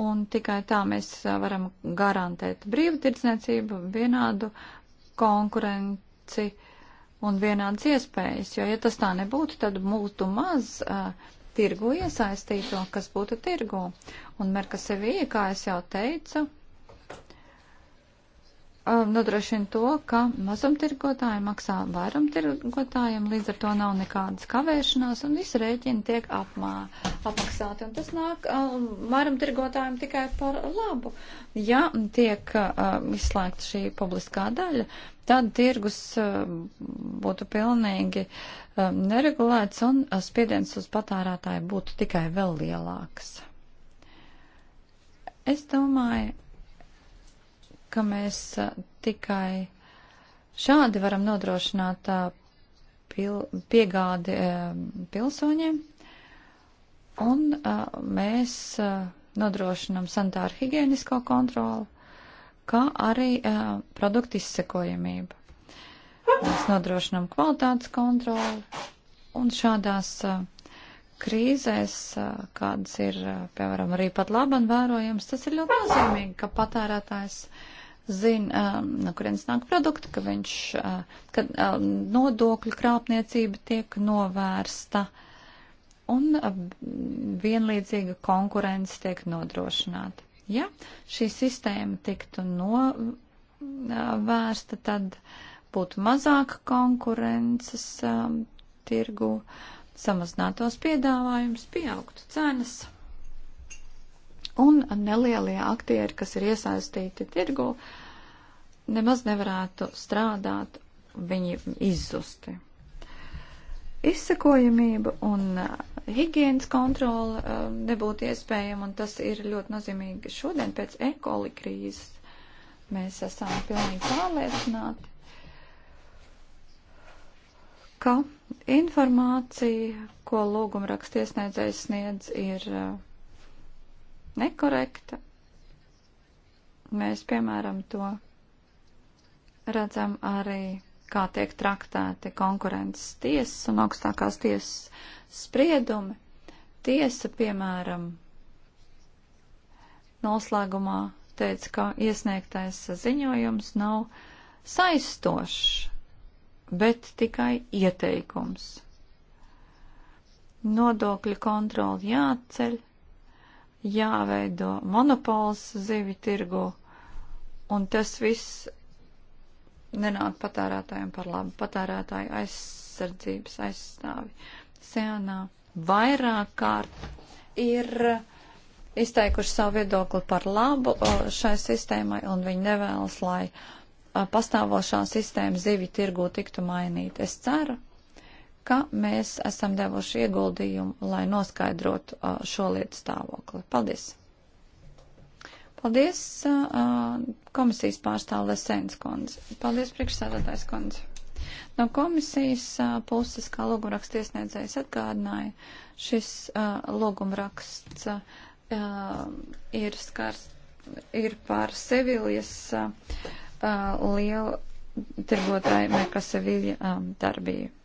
un tikai tā mēs varam garantēt brīvu tirdzniecību, vienādu konkurenci un vienādas iespējas, jo, ja tas tā nebūtu, tad būtu maz uh, tirgu iesaistīto, kas būtu tirgu. Un Merkasevija, kā es jau teicu, Um, nodrošina to, ka mazumtirgotāji maksā vairumtirgotājiem, līdz ar to nav nekādas kavēšanās un visi rēķini tiek apmā, apmaksāti. Un tas nāk um, vairumtirgotājiem tikai par labu. Ja tiek um, izslēgta šī publiskā daļa, tad tirgus um, būtu pilnīgi um, neregulēts un uh, spiediens uz patērētāju būtu tikai vēl lielāks. Es domāju, ka mēs tikai šādi varam nodrošināt pil, piegādi pilsoņiem, un mēs nodrošinam sanitāru higienisko kontroli, kā arī produktu izsekojamību. Mēs nodrošinam kvalitātes kontroli, un šādās krīzēs, kādas ir, piemēram, arī pat laban vērojams, tas ir ļoti nozīmīgi, ka patērētājs uh, zina, no kurienes nāk produkti, ka viņš, ka nodokļu krāpniecība tiek novērsta un vienlīdzīga konkurence tiek nodrošināta. Ja šī sistēma tiktu novērsta, tad būtu mazāka konkurences um, tirgu, samazinātos piedāvājums, pieaugtu cenas. Un nelielie aktieri, kas ir iesaistīti tirgu, nemaz nevarētu strādāt, viņi izzusti. Izsakojamība un uh, higienas kontrola um, nebūtu iespējama, un tas ir ļoti nozīmīgi šodien pēc ekoli krīzes. Mēs esam pilnīgi pārliecināti, ka informācija, ko lūgumrakstiesniedzējs sniedz, ir uh, nekorekta. Mēs, piemēram, to redzam arī, kā tiek traktēti konkurences tiesas un augstākās tiesas spriedumi. Tiesa, piemēram, noslēgumā teica, ka iesniegtais ziņojums nav saistošs, bet tikai ieteikums. Nodokļu kontroli jāceļ jāveido monopols zivju tirgu, un tas viss nenāk patērētājiem par labu. Patērētāju aizsardzības aizstāvi Sēnā vairāk kārt ir izteikuši savu viedokli par labu šai sistēmai, un viņi nevēlas, lai pastāvošā sistēma zivju tirgu tiktu mainīta. Es ceru, ka mēs esam devuši ieguldījumu, lai noskaidrotu uh, šo lietu stāvokli. Paldies! Paldies uh, komisijas pārstāvle Sēns kundze. Paldies priekšsādātājs kundze. No komisijas uh, puses, kā lūgumraksts iesniedzējs atgādināja, šis uh, lūgumraksts uh, ir skars, ir pār Seviljas uh, lielu tirgotāju Meka Sevilja um, darbību.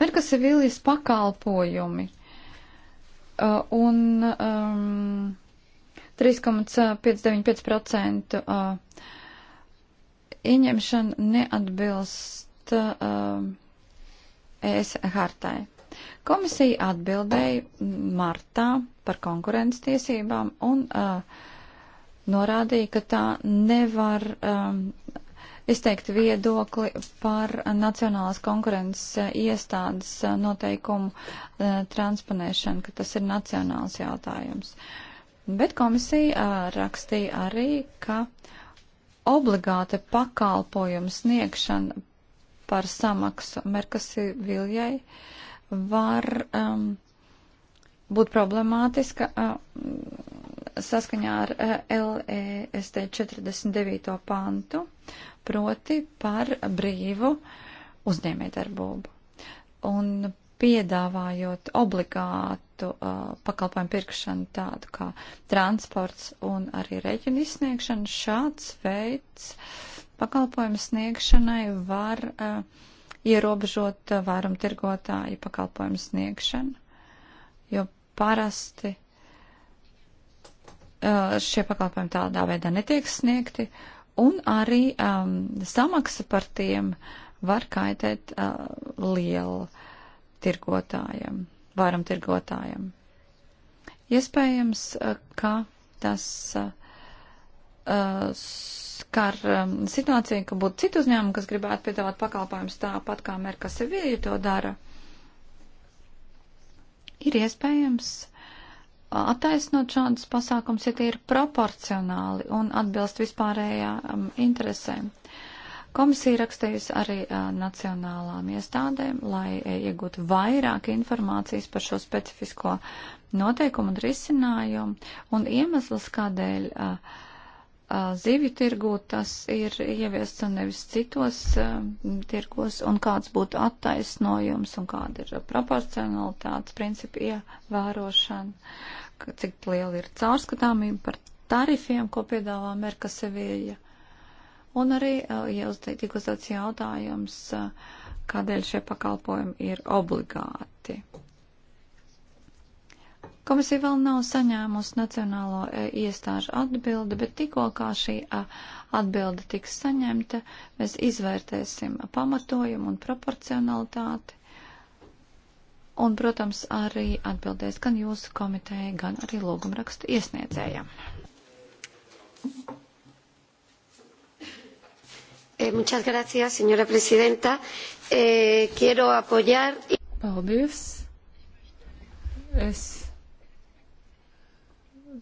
Vēl kas ir viljas pakalpojumi. Uh, un um, 3,595% uh, uh, ieņemšana neatbilst uh, ES hartai. Komisija atbildēja martā par konkurences tiesībām un uh, norādīja, ka tā nevar um, izteikt viedokli par Nacionālās konkurences eh, iestādes eh, noteikumu eh, transponēšanu, ka tas ir nacionāls jautājums. Bet komisija rakstīja arī, ka obligāta pakalpojuma sniegšana par samaksu Merkasi Viljai var um, būt problemātiska. Uh, saskaņā ar eh, LEST e 49. pantu, proti par brīvu uzņēmējdarbību. Un piedāvājot obligātu uh, pakalpojumu pirkšanu tādu kā transports un arī reģionu izsniegšanu, šāds veids pakalpojumu sniegšanai var uh, ierobežot uh, vairumu tirgotāju pakalpojumu sniegšanu, jo parasti Uh, šie pakalpojumi tādā veidā netiek sniegti, un arī um, samaksa par tiem var kaitēt uh, lielu tirgotājiem, varam tirgotājiem. Iespējams, uh, ka tas uh, skar um, situāciju, ka būtu citu uzņēmumu, kas gribētu piedāvāt pakalpojumus tāpat kā Merkasevīja to dara. Ir iespējams, uh, attaisnot šādus pasākums, ja tie ir proporcionāli un atbilst vispārējām um, interesēm. Komisija rakstījusi arī uh, nacionālām iestādēm, lai e, iegūtu vairāk informācijas par šo specifisko noteikumu un risinājumu un iemesls, kādēļ uh, zivju tirgū tas ir ieviests un nevis citos uh, tirgos, un kāds būtu attaisnojums un kāda ir proporcionalitātes principu ievērošana, cik liela ir caurskatāmība par tarifiem, ko piedāvā Merka Sevīja. Un arī, uh, ja tika uzdots jautājums, uh, kādēļ šie pakalpojumi ir obligāti. Komisija vēl nav saņēmusi nacionālo e, iestāžu atbildi, bet tikko kā šī atbilde tiks saņemta, mēs izvērtēsim pamatojumu un proporcionalitāti. Un, protams, arī atbildēs gan jūsu komitejai, gan arī lūgumrakstu iesniedzējiem. Eh, muchas gracias, señora presidenta. Eh, quiero apoyar. Paldies. Es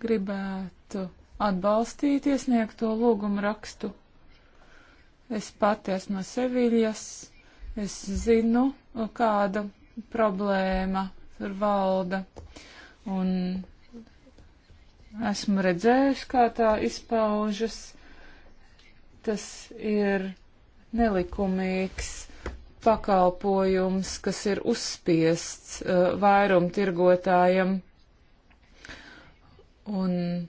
gribētu atbalstīt iesniegto lūgumu rakstu. Es pati esmu no Seviļas, es zinu, kāda problēma tur valda, un esmu redzējusi, kā tā izpaužas. Tas ir nelikumīgs pakalpojums, kas ir uzspiests uh, vairumtirgotājiem. tirgotājiem Un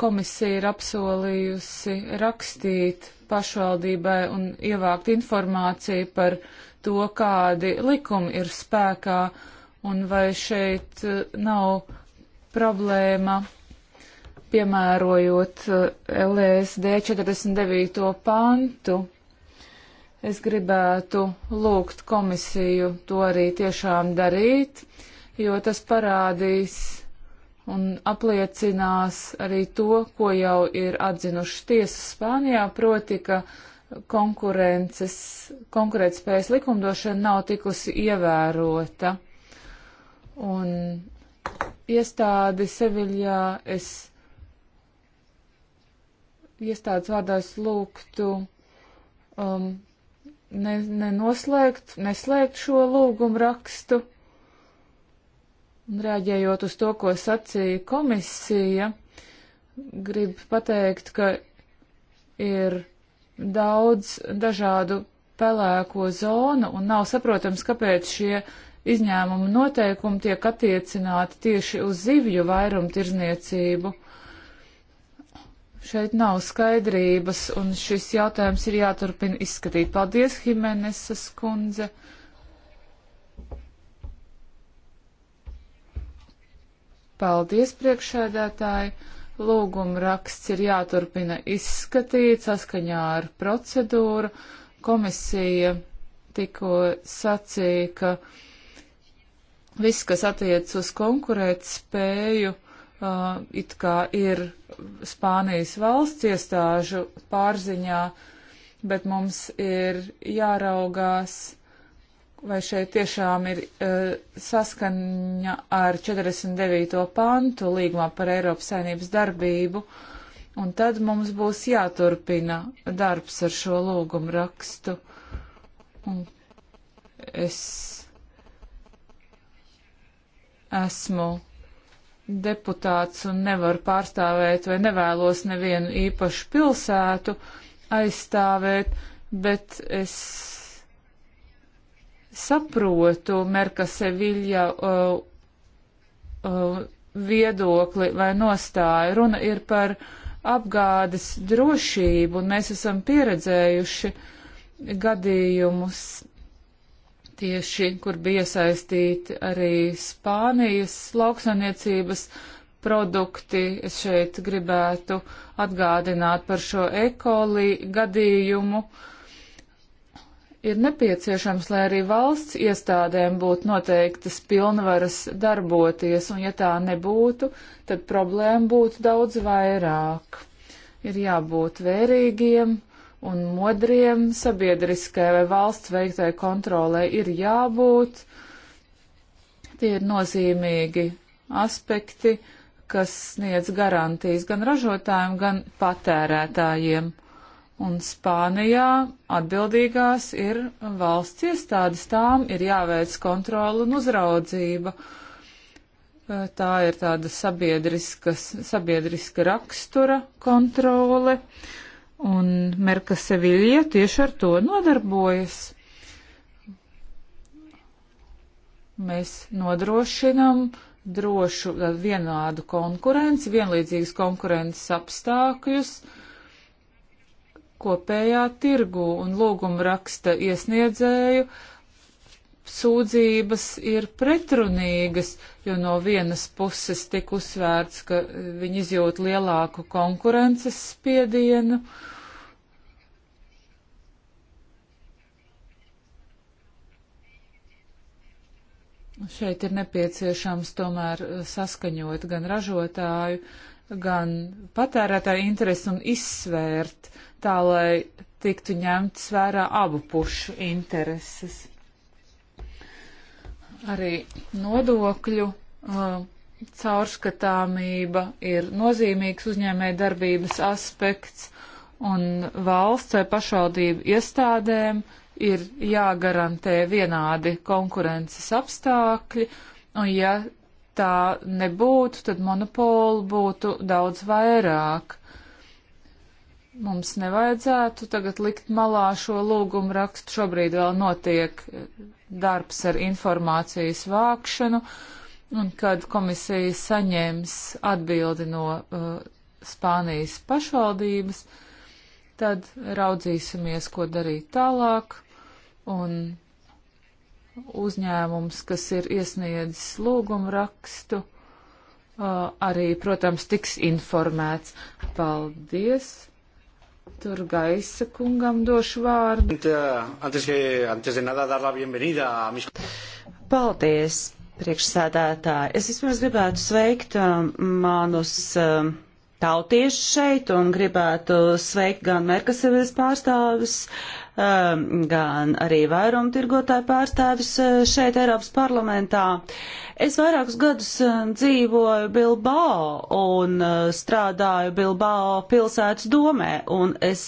komisija ir apsolījusi rakstīt pašvaldībai un ievākt informāciju par to, kādi likumi ir spēkā un vai šeit eh, nav problēma piemērojot eh, LSD e 49. pantu. Es gribētu lūgt komisiju to arī tiešām darīt, jo tas parādīs un apliecinās arī to, ko jau ir atzinuši tiesas Spānijā, proti, ka konkurences, konkurētspējas likumdošana nav tikusi ievērota. Un iestādi Seviļā es iestādes vārdā es lūgtu um, ne, nenoslēgt, neslēgt šo lūgumu rakstu. Un rēģējot uz to, ko sacīja komisija, grib pateikt, ka ir daudz dažādu pelēko zonu un nav saprotams, kāpēc šie izņēmuma noteikumi tiek attiecināti tieši uz zivju vairumtirdzniecību. Šeit nav skaidrības, un šis jautājums ir jāturpina izskatīt. Paldies, Himenesas kundze! Paldies, priekšēdētāji! Lūguma raksts ir jāturpina izskatīt saskaņā ar procedūru. Komisija tikko sacīja, ka viss, kas attiec uz konkurēt spēju, uh, it kā ir Spānijas valsts iestāžu pārziņā, bet mums ir jāraugās vai šeit tiešām ir uh, saskaņa ar 49. pantu līgumā par Eiropas saimnības darbību, un tad mums būs jāturpina darbs ar šo lūgumu rakstu. Un es esmu deputāts un nevaru pārstāvēt vai nevēlos nevienu īpašu pilsētu aizstāvēt, bet es saprotu Merka Seviļa uh, uh, viedokli vai nostāju. Runa ir par apgādes drošību, un mēs esam pieredzējuši gadījumus tieši, kur bija iesaistīti arī Spānijas lauksaniecības produkti. Es šeit gribētu atgādināt par šo ekoli gadījumu. Uh, ir nepieciešams, lai arī valsts iestādēm būtu noteiktas pilnvaras darboties, un ja tā nebūtu, tad problēma būtu daudz vairāk. Ir jābūt vērīgiem un modriem, sabiedriskai vai valsts veiktai kontrolē ir jābūt. Tie ir nozīmīgi aspekti, kas sniedz garantijas gan ražotājiem, gan patērētājiem. Un Spānijā atbildīgās ir valsts iestādes, tām ir jāveic kontrola un uzraudzība. Eh, tā ir tāda sabiedriska rakstura kontrole, un Merka Seviļie tieši ar to nodarbojas. Mēs nodrošinam drošu, eh, vienādu konkurenci, vienlīdzīgas konkurences apstākļus. Uh, kopējā tirgū un lūguma raksta iesniedzēju sūdzības ir pretrunīgas, jo no vienas puses tik uzsvērts, ka viņi izjūt lielāku konkurences spiedienu. Šeit ir nepieciešams tomēr saskaņot gan ražotāju, gan patērētāju interesi un izsvērt uh, tā lai tiktu ņemts vērā abu pušu intereses. Arī nodokļu uh, caurskatāmība ir nozīmīgs uzņēmē darbības aspekts, un valsts vai pašvaldību iestādēm ir jāgarantē vienādi konkurences apstākļi, un ja tā nebūtu, tad monopolu būtu daudz vairāk. Mums nevajadzētu tagad likt malā šo lūgumu rakstu. Šobrīd vēl notiek darbs ar informācijas vākšanu, un kad komisija saņems atbildi no uh, Spānijas pašvaldības, tad raudzīsimies, ko darīt tālāk, un uzņēmums, kas ir iesniedzis lūgumu rakstu, uh, arī, protams, tiks informēts. Paldies! Tur gaisa kungam došu vārdu. Paldies, priekšsēdētāji. Es vispirms gribētu sveikt um, manus um, tautiešus šeit un gribētu sveikt gan Merkasevies pārstāvis, uh, Ehm, gan arī vairumtirgotāju pārstāvis eh, šeit Eiropas parlamentā. Es vairākus gadus eh, dzīvoju Bilbao un eh, strādāju Bilbao pilsētas domē, un es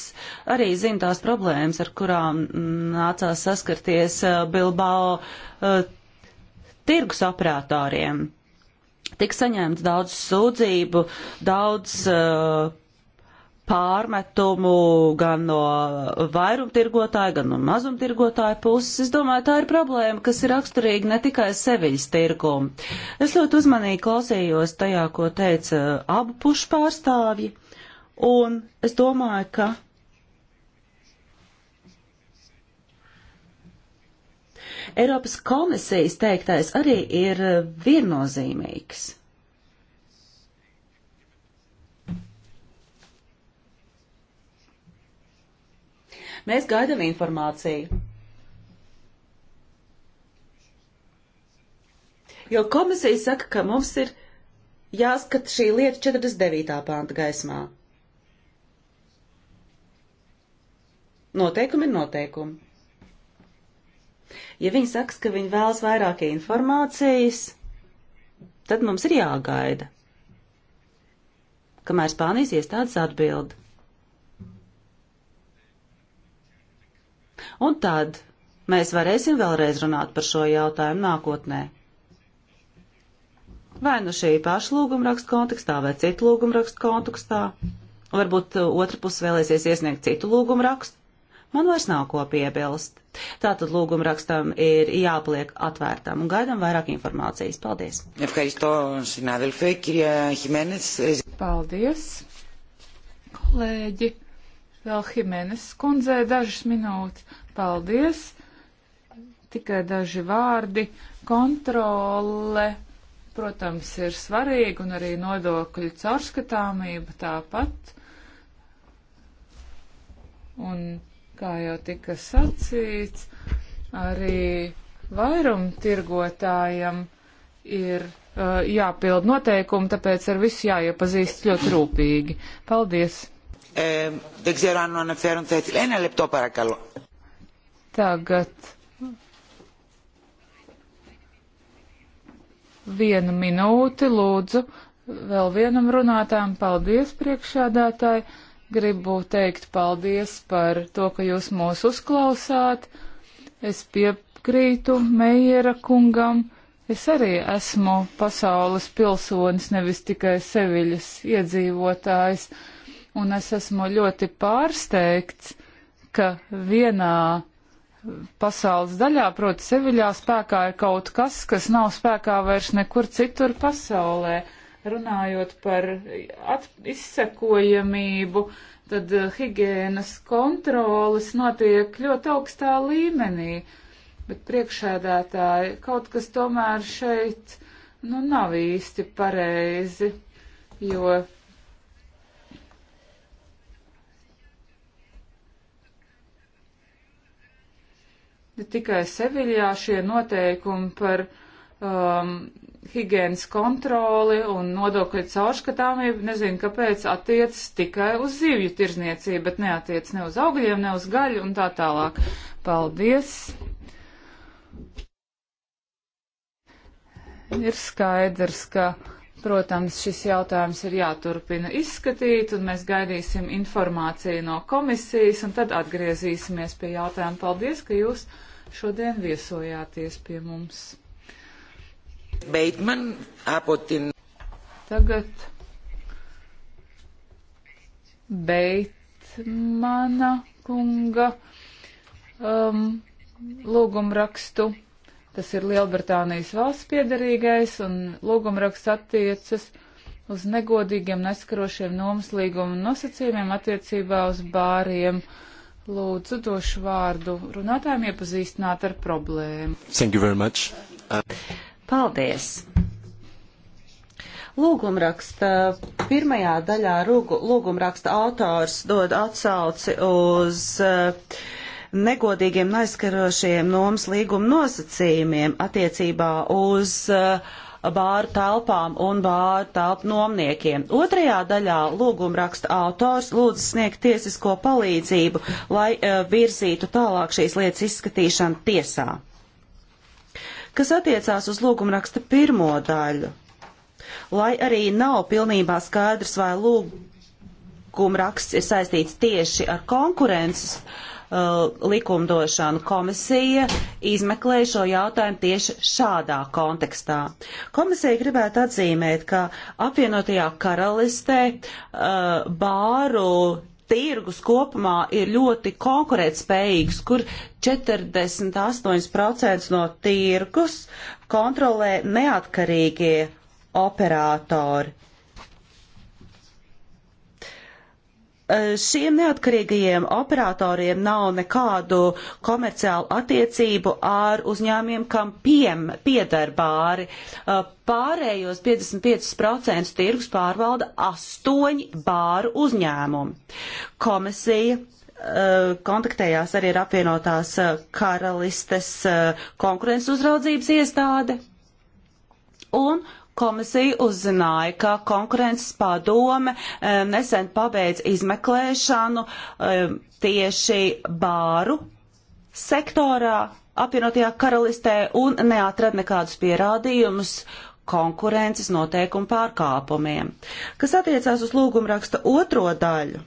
arī zinu tās problēmas, ar kurām mm, nācās saskarties Bilbao tirgus operatoriem. Tik saņemts daudz sūdzību, daudz uh, pārmetumu gan no vairumtirgotāja, gan no mazumtirgotāja puses. Es domāju, tā ir problēma, kas ir raksturīga ne tikai seviļas tirgumu. Es ļoti uzmanīgi klausījos tajā, ko teica abu pušu pārstāvji, un es domāju, ka. Eiropas komisijas teiktais arī ir viennozīmīgs. Mēs gaidām informāciju. Jo komisija saka, ka mums ir jāskat šī lieta 49. panta gaismā. Noteikumi ir noteikumi. Ja viņi saka, ka viņi vēlas vairāk informācijas, tad mums ir jāgaida, kamēr Spānijas iestādes atbild. Un tad mēs varēsim vēlreiz runāt par šo jautājumu nākotnē. Vai nu šī paša lūguma rakstu kontekstā, vai citu lūguma rakstu kontekstā. Varbūt uh, otra puse vēlēsies iesniegt citu lūgumu rakstu. Man vairs nav ko piebilst. Tātad lūgumu rakstam ir jāpaliek atvērtam un gaidām vairāk informācijas. Paldies! Paldies, kolēģi! vēl Himenes kundzē dažas minūtes. Paldies! Tikai daži vārdi. Kontrole, protams, ir svarīga un arī nodokļu caurskatāmība tāpat. Un, kā jau tika sacīts, arī vairumtirgotājiem ir uh, jāpild noteikumi, tāpēc ar visu jāiepazīst ļoti rūpīgi. Paldies! Ε, δεν ξέρω αν ο αναφέρον θα ήθελε. Ένα λεπτό παρακαλώ. Tagad vienu minūti lūdzu vēl vienam runātājam. Paldies priekšādātāji. Gribu teikt paldies par to, ka jūs mūs uzklausāt. Es piekrītu Meijera kungam. Es arī esmu pasaules pilsonis, nevis tikai Seviļas iedzīvotājs. Uh, un es esmu ļoti pārsteigts, ka vienā pasaules daļā, proti Seviļā, spēkā ir kaut kas, kas nav spēkā vairs nekur citur pasaulē. Runājot par izsekojamību, tad eh, higienas kontrolas notiek ļoti augstā līmenī, bet priekšēdētāji kaut kas tomēr šeit, nu, nav īsti pareizi, jo tikai Seviļā šie noteikumi par um, higienas kontroli un nodokļu caurskatāmību, nezinu, kāpēc attiecas tikai uz zivju tirzniecību, bet neatiec ne uz augļiem, ne uz gaļu un tā tālāk. Paldies! Ir skaidrs, ka, protams, šis jautājums ir jāturpina izskatīt, un mēs gaidīsim informāciju no komisijas, un tad atgriezīsimies pie jautājuma. Paldies, ka jūs! šodien viesojāties pie mums. Beitman, apotin. Tagad Beitmana kunga um, lūgumrakstu. Tas ir Lielbritānijas valsts piedarīgais un lūgumraksts attiecas uz negodīgiem neskarošiem nomaslīgumu nosacījumiem attiecībā uz bāriem. Uh, Lūdzu, došu vārdu runātājiem iepazīstināt ar problēmu. Thank you very much. Uh... Paldies. Lūgumraksta pirmajā daļā lūgumraksta autors dod atsauci uz eh, negodīgiem naiskarošiem nomas līguma nosacījumiem attiecībā uz uh, bāru telpām un bāru telpu nomniekiem. Otrajā daļā lūguma raksta autors lūdz sniegt tiesisko palīdzību, lai uh, virzītu tālāk šīs lietas izskatīšanu tiesā. Kas attiecās uz lūguma raksta pirmo daļu, lai arī nav pilnībā skaidrs, vai lūguma raksts ir saistīts tieši ar konkurences uh, Uh, likumdošanu. Komisija izmeklē šo jautājumu tieši šādā kontekstā. Komisija gribētu atzīmēt, ka apvienotajā karalistē uh, bāru tirgus kopumā ir ļoti konkurētspējīgs, kur 48% no tirgus kontrolē neatkarīgie operatori. Eh, šiem neatkarīgajiem operatoriem nav nekādu komerciālu attiecību ar uzņēmiem, kam piem piedar bāri. Eh, pārējos 55% tirgus pārvalda astoņi bāru uzņēmumi. Komisija eh, kontaktējās arī ar apvienotās karalistes konkurences uzraudzības iestādi. Un uh, Komisija uzzināja, ka konkurences padome eh, nesen pabeidz izmeklēšanu eh, tieši bāru sektorā apvienotajā karalistē un neatrad nekādus pierādījumus konkurences noteikumu pārkāpumiem. Kas attiecās uz lūgumraksta otro daļu,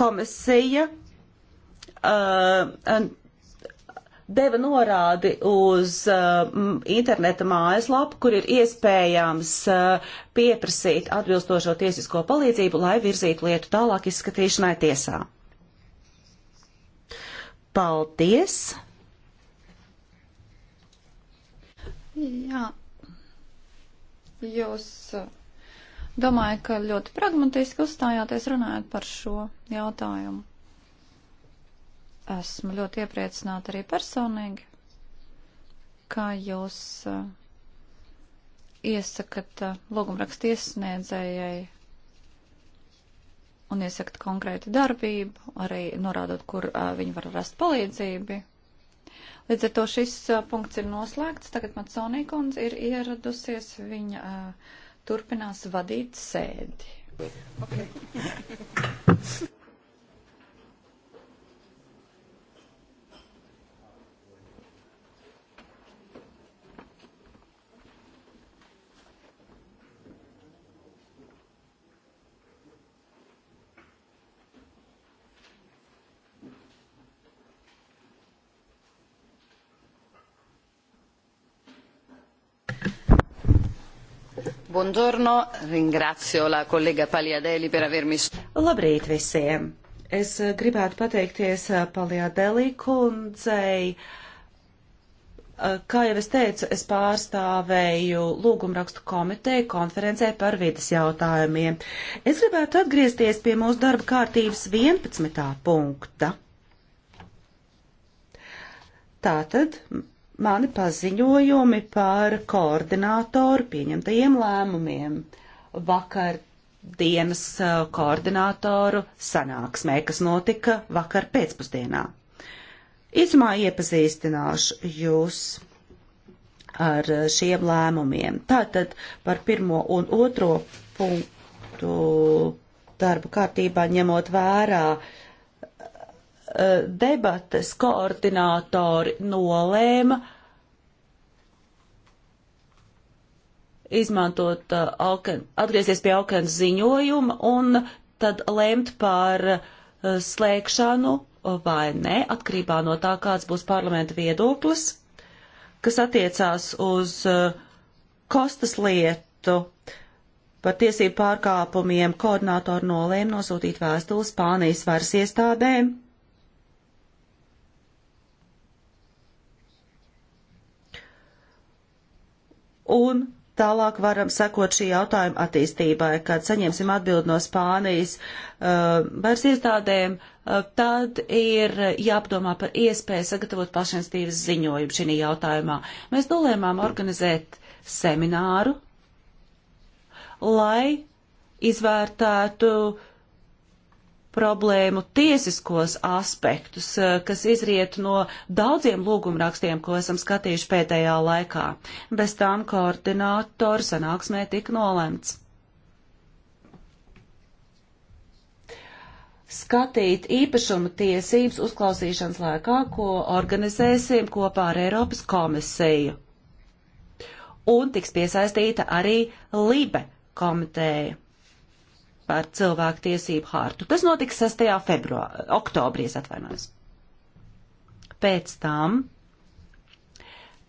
komisija uh, deva norādi uz uh, interneta mājaslapu, kur ir iespējams uh, pieprasīt atbilstošo tiesisko palīdzību, lai virzītu lietu tālāk izskatīšanai tiesā. Paldies! Jā, jūs uh, domāju, ka ļoti pragmatiski uzstājāties runājot par šo jautājumu. Esmu ļoti iepriecināta arī personīgi, kā jūs uh, iesakat uh, lūgumrakstu iesniedzējai un iesakt konkrētu darbību, arī norādot, kur uh, viņi var rast palīdzību. Līdz ar to šis uh, punkts ir noslēgts. Tagad Matsonī kundze ir ieradusies, viņa uh, turpinās vadīt sēdi. Okay. Buongiorno, ringrazio la collega Paliadeli per avermi. Labrīt visiem! Es eh, gribētu pateikties eh, Paliadeli kundzei. Eh, kā jau es teicu, es pārstāvēju lūgumrakstu komiteju konferencē par vidas jautājumiem. Es gribētu atgriezties pie mūsu darba kārtības 11. punkta. Tātad mani paziņojumi par koordinātoru pieņemtajiem lēmumiem vakar dienas uh, koordinātoru sanāksmē, kas notika vakar pēcpusdienā. Īsumā iepazīstināšu jūs ar šiem lēmumiem. Tātad par pirmo un otro punktu darba kārtībā ņemot vērā uh, debates koordinātori nolēma izmantot, uh, atgriezties pie Alkens ziņojuma un tad lemt par uh, slēgšanu uh, vai nē, atkarībā no tā, kāds būs parlamenta viedoklis, kas attiecās uz Kostas lietu par tiesību pārkāpumiem. Koordinātori nolēma nosūtīt vēstuli Spānijas varas iestādēm un tālāk varam sekot šī jautājuma attīstībai, kad saņemsim atbildi no Spānijas varas uh, iestādēm, uh, tad ir jāpadomā par iespēju sagatavot pašinstīvas ziņojumu šī jautājumā. Mēs nolēmām organizēt semināru, lai izvērtētu uh, problēmu tiesiskos aspektus, eh, kas izriet no daudziem lūgumrakstiem, ko esam skatījuši pēdējā laikā. Bez tām koordinātoru sanāksmē tika nolemts. Skatīt īpašuma tiesības uzklausīšanas laikā, ko organizēsim kopā ar Eiropas komisiju. Un tiks piesaistīta arī LIBE komiteja par cilvēku tiesību hārtu. Tas notiks 6. Februā, oktobrī, es atvainojos. Pēc tam,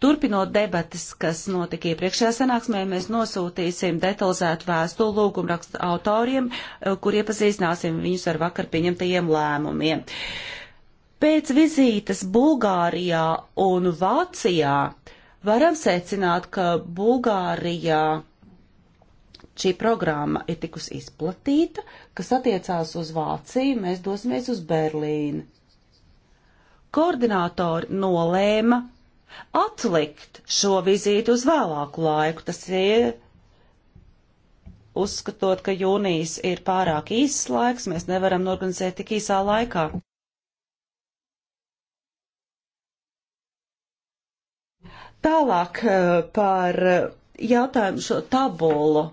turpinot debatas, kas notika iepriekšējā sanāksmē, mēs nosūtīsim detalizētu vēstuli lūgumrakstu autoriem, eh, kur iepazīstināsim viņus ar vakar pieņemtajiem lēmumiem. Pēc vizītes Bulgārijā un Vācijā varam secināt, ka Bulgārijā šī programma ir tikus izplatīta, kas attiecās uz Vāciju, mēs dosimies uz Berlīni. Koordinātori nolēma atlikt šo vizīti uz vēlāku laiku. Tas ir uzskatot, ka jūnijas ir pārāk īsts laiks, mēs nevaram norganizēt tik īsā laikā. Tālāk eh, par eh, jautājumu šo tabulu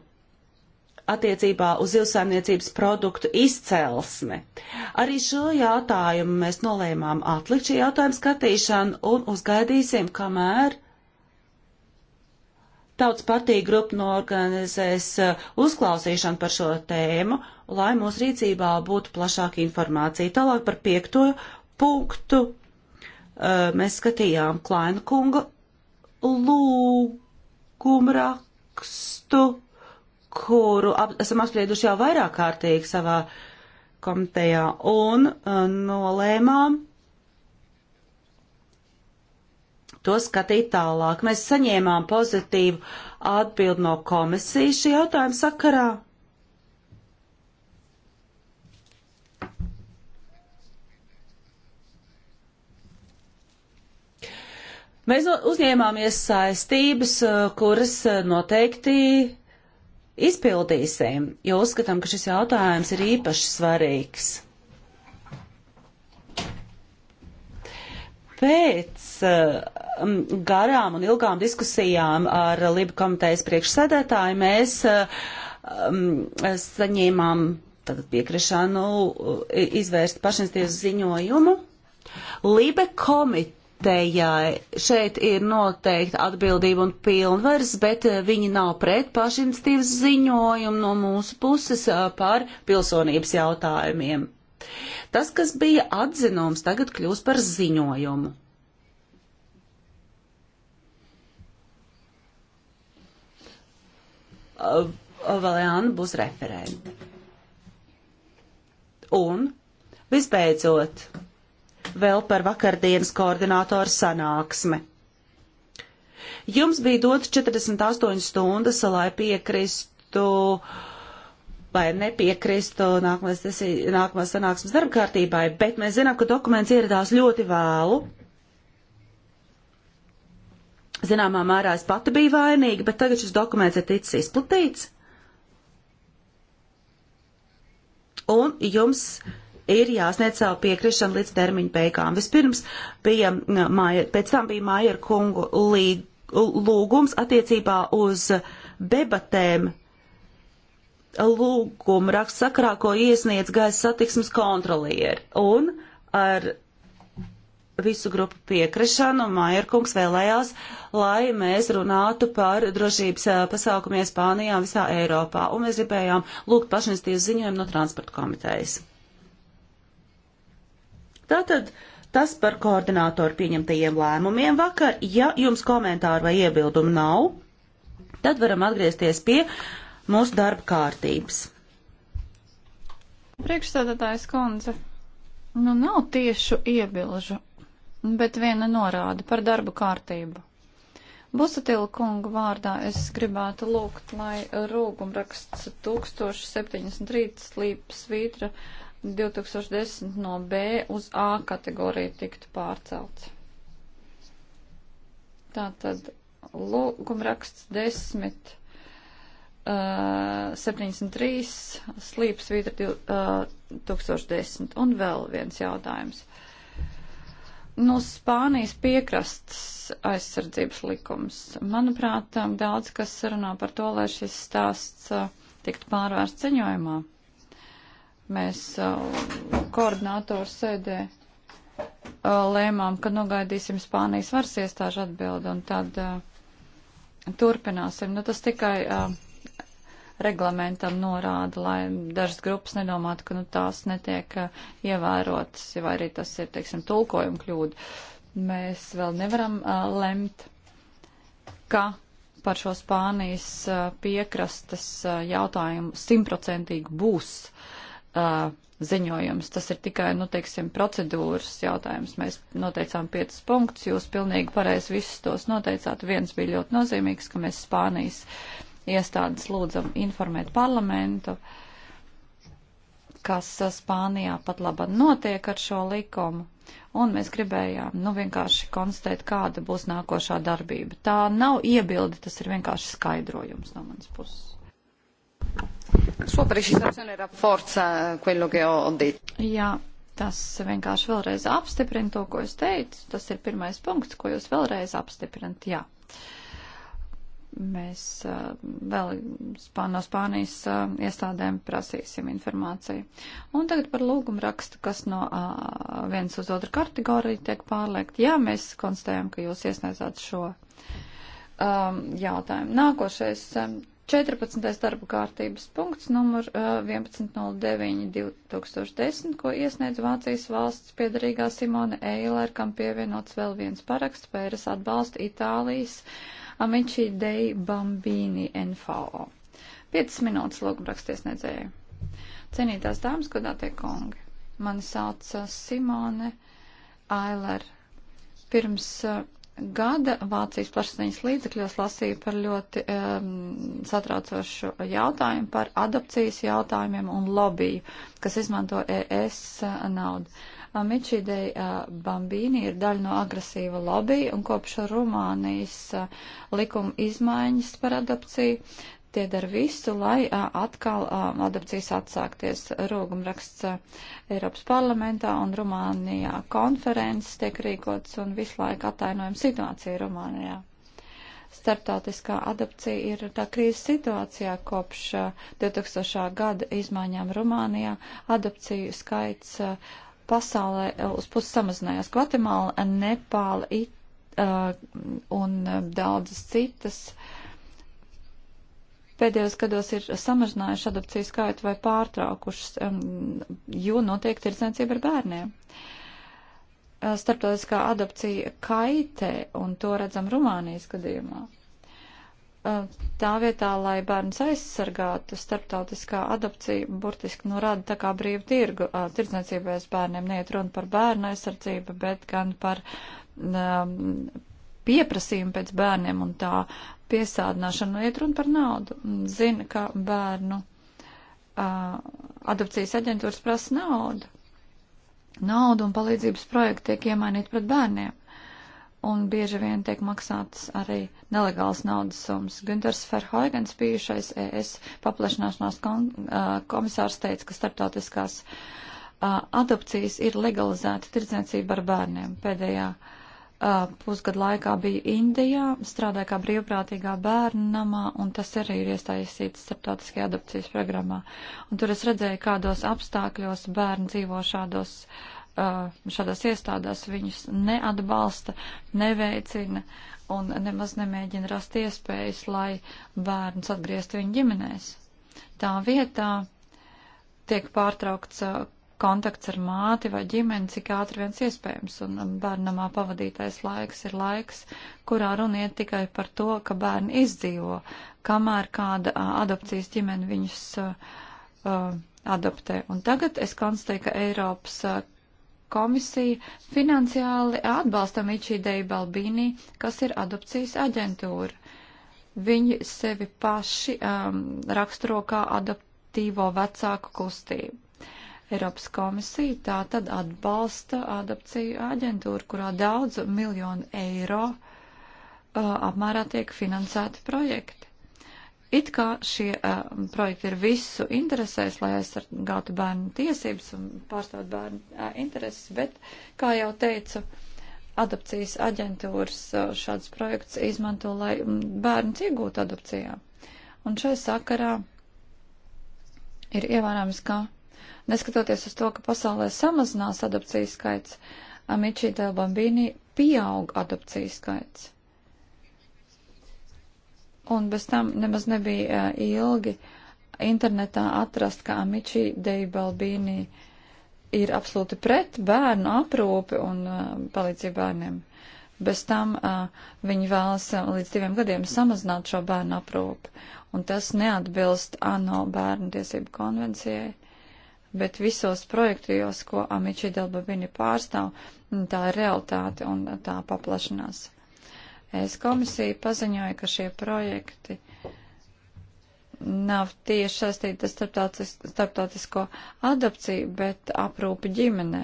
attiecībā uz zivsaimniecības produktu izcelsmi. Arī šo jautājumu mēs nolēmām atlikt šī jautājuma skatīšanu un uzgaidīsim, kamēr Tautas partija grupa norganizēs uh, uzklausīšanu par šo tēmu, lai mūsu rīcībā būtu plašāka informācija. Tālāk par piekto punktu uh, mēs skatījām Klaina kunga lūgumu rakstu kuru ap, esam apsprieduši jau vairāk kārtīgi savā komitejā un uh, nolēmām to skatīt tālāk. Mēs saņēmām pozitīvu atbildi no komisijas šī jautājuma sakarā. Mēs uzņēmāmies saistības, uh, kuras uh, noteikti izpildīsim, jo uzskatām, ka šis jautājums ir īpaši svarīgs. Pēc uh, garām un ilgām diskusijām ar Libu komitejas priekšsēdētāju mēs uh, saņēmām piekrišanu uh, izvērst pašinstīvu ziņojumu. Libe komiteja komitejai šeit ir noteikti atbildība un pilnvars, bet eh, viņi nav pret pašinstīvas ziņojumu no mūsu puses eh, par pilsonības jautājumiem. Tas, kas bija atzinums, tagad kļūs par ziņojumu. Eh, Valēna būs referēta. Un, visbeidzot, vēl par vakardienas koordinātoru sanāksmi. Jums bija dots 48 stundas, lai piekristu vai nepiekristu nākamās, nākamās sanāksmes darba kārtībai, bet mēs zinām, ka dokuments ieradās ļoti vēlu. Zināmā mērā es pati biju vainīga, bet tagad šis dokuments ir ticis izplatīts. Un jums ir jāsniedz savu piekrišanu līdz termiņu beigām. Vispirms bija, māja, pēc tam bija Mājer kungu līg, lūgums attiecībā uz debatēm lūgumu rakstu sakrā, ko iesniedz gaisa satiksmes kontrolieri. Un ar visu grupu piekrišanu Mairkungs vēlējās, lai mēs runātu par drošības pasākumiem Spānijā un visā Eiropā. Un mēs gribējām lūgt pašinstīvu ziņojumu no transporta komitejas. Tātad tas par koordinātoru pieņemtajiem lēmumiem vakar. Ja jums komentāru vai iebildumu nav, tad varam atgriezties pie mūsu darba kārtības. Priekšstādātājs kundze, nu nav tiešu iebilžu, bet viena norāda par darbu kārtību. Busatila kunga vārdā es gribētu lūgt, lai rūgumraksts 1073 līpas vītra. Uh, 2010 no B uz A kategoriju tiktu pārcelts. Tātad lūgumraksts 10, uh, 73, slīps vītra uh, 2010 un vēl viens jautājums. No Spānijas piekrastas aizsardzības likums. Manuprāt, daudz kas runā par to, lai šis stāsts uh, tiktu pārvērsts ceņojumā. Mēs uh, koordinātoru sēdē uh, lēmām, ka nogaidīsim Spānijas varas iestāžu atbildi un tad uh, turpināsim. Nu, tas tikai uh, reglamentam norāda, lai dažas grupas nedomātu, ka nu, tās netiek uh, ievērotas, vai arī tas ir, teiksim, tulkojuma kļūda. Mēs vēl nevaram uh, lemt, ka par šo Spānijas uh, piekrastes uh, jautājumu simtprocentīgi būs uh, uh, ziņojums. Tas ir tikai, nu, teiksim, procedūras jautājums. Mēs noteicām piecus punktus, jūs pilnīgi pareizi visus tos noteicāt. Viens bija ļoti nozīmīgs, ka mēs Spānijas iestādes lūdzam informēt parlamentu, kas Spānijā pat laba notiek ar šo likumu. Un mēs gribējām, nu, vienkārši konstatēt, kāda būs nākošā darbība. Tā nav iebilde, tas ir vienkārši skaidrojums no manas puses. La sua precisazione rafforza eh, quello che ho detto. Jā, tas vienkārši vēlreiz apstiprina to, ko es teicu. Tas ir pirmais punkts, ko jūs vēlreiz apstiprinat. Jā. Mēs uh, vēl spā, no Spānijas uh, iestādēm prasīsim informāciju. Un tagad par lūgumu rakstu, kas no uh, viens uz otru kategoriju tiek pārliekt. Jā, mēs konstatējam, ka jūs iesniedzāt šo um, jautājumu. Nākošais um, 14. darba kārtības punkts numur 1109-2010, uh, ko iesniedz Vācijas valsts piedarīgā Simone Eiler, kam pievienots vēl viens paraksts pēras atbalsta Itālijas Amici dei Bambini NFO. 5 minūtes logumrakstiesniedzēju. Cienītās dāmas, godātie kungi, mani sauc uh, Simone Eiler. Pirms uh, gada Vācijas plašsaziņas līdzekļos lasīju par ļoti um, satraucošu jautājumu par adopcijas jautājumiem un lobiju, kas izmanto ES naudu. Mičīdei eh, Bambīni ir daļa no agresīva lobija, un kopš Rumānijas eh, likuma izmaiņas par adopciju Tie dara visu, lai atkal adopcijas atsākties. Rūgumraksts Eiropas parlamentā un Rumānijā konferences tiek rīkots un visu laiku attainojam situāciju Rumānijā. Startautiskā adopcija ir tā krīzes situācijā kopš 2000. gada izmaiņām Rumānijā. Adopciju skaits pasaulē uz pusi samazinājās Gvatemala, Nepāla, It, uh, un daudzas citas uh, pēdējos gados ir samazinājuši adopciju skaitu vai pārtraukušas, um, jo notiek tirdzniecība ar bērniem. Uh, starptautiskā adopcija kaitē, un to redzam Rumānijas gadījumā. Uh, tā vietā, lai bērns aizsargātu, starptautiskā adopcija burtiski norāda tā kā brīvu tirgu. Uh, tirdzniecībai ar bērniem neiet runa par bērnu aizsardzību, bet gan par um, pieprasījumu pēc bērniem un tā piesādināšanu. Nu, iet runa par naudu. Zina, ka bērnu uh, adopcijas aģentūras prasa naudu. Naudu un palīdzības projekti tiek iemainīti pret bērniem. Un bieži vien tiek maksātas arī nelegāls naudas summas. Günters Ferhoigens, bijušais ES paplašanāšanās komisārs, teica, ka starptautiskās uh, adopcijas ir legalizēta tirdzniecība ar bērniem. Pēdējā uh, Uh, pusgadu laikā biju Indijā, strādāju kā brīvprātīgā bērnu namā, un tas arī ir iestaisīts starptautiskajā adopcijas programmā. Un tur es redzēju, kādos apstākļos bērni dzīvo šādos, uh, šādās iestādās, viņus neatbalsta, neveicina un nemaz nemēģina rast iespējas, lai bērns atgrieztu viņu ģimenēs. Tā vietā tiek pārtraukts uh, kontakts ar māti vai ģimeni, cik ātri viens iespējams. Un um, bērnamā pavadītais laiks ir laiks, kurā runa iet tikai par to, ka bērni izdzīvo, kamēr kāda adopcijas ģimene viņus uh, adoptē. Un tagad es konstatēju, ka Eiropas komisija finansiāli atbalsta Mičī Dei Balbīnī, kas ir adopcijas aģentūra. Viņi sevi paši um, raksturo kā adoptīvo vecāku kustību. Eiropas komisija tā tad atbalsta adopciju aģentūru, kurā daudz miljonu eiro uh, apmērā tiek finansēti projekti. It kā šie uh, projekti ir visu interesēs, lai aizsargātu bērnu tiesības un pārstāvot bērnu uh, intereses, bet, kā jau teicu, adopcijas aģentūras uh, šāds projekts izmanto, lai mm, bērns iegūtu adopcijā. Un šai sakarā ir ievērāms, ka Neskatoties uz to, ka pasaulē samazinās adopcijas skaits, Amici del Bambini pieaug adopcijas skaits. Un bez tam nemaz nebija eh, ilgi internetā atrast, ka Amici del Bambini ir absolūti pret bērnu aprūpi un uh, palīdzību bērniem. Bez tam uh, viņi vēlas uh, līdz diviem gadiem samazināt šo bērnu aprūpi, un tas neatbilst ANO bērnu tiesību konvencijai bet visos projektos, ko Amiči Delbavini pārstāv, tā ir realitāte un tā paplašanās. Es komisija paziņoja, ka šie projekti nav tieši saistīti ar starptautisko, starptautisko adopciju, bet aprūpi ģimenē.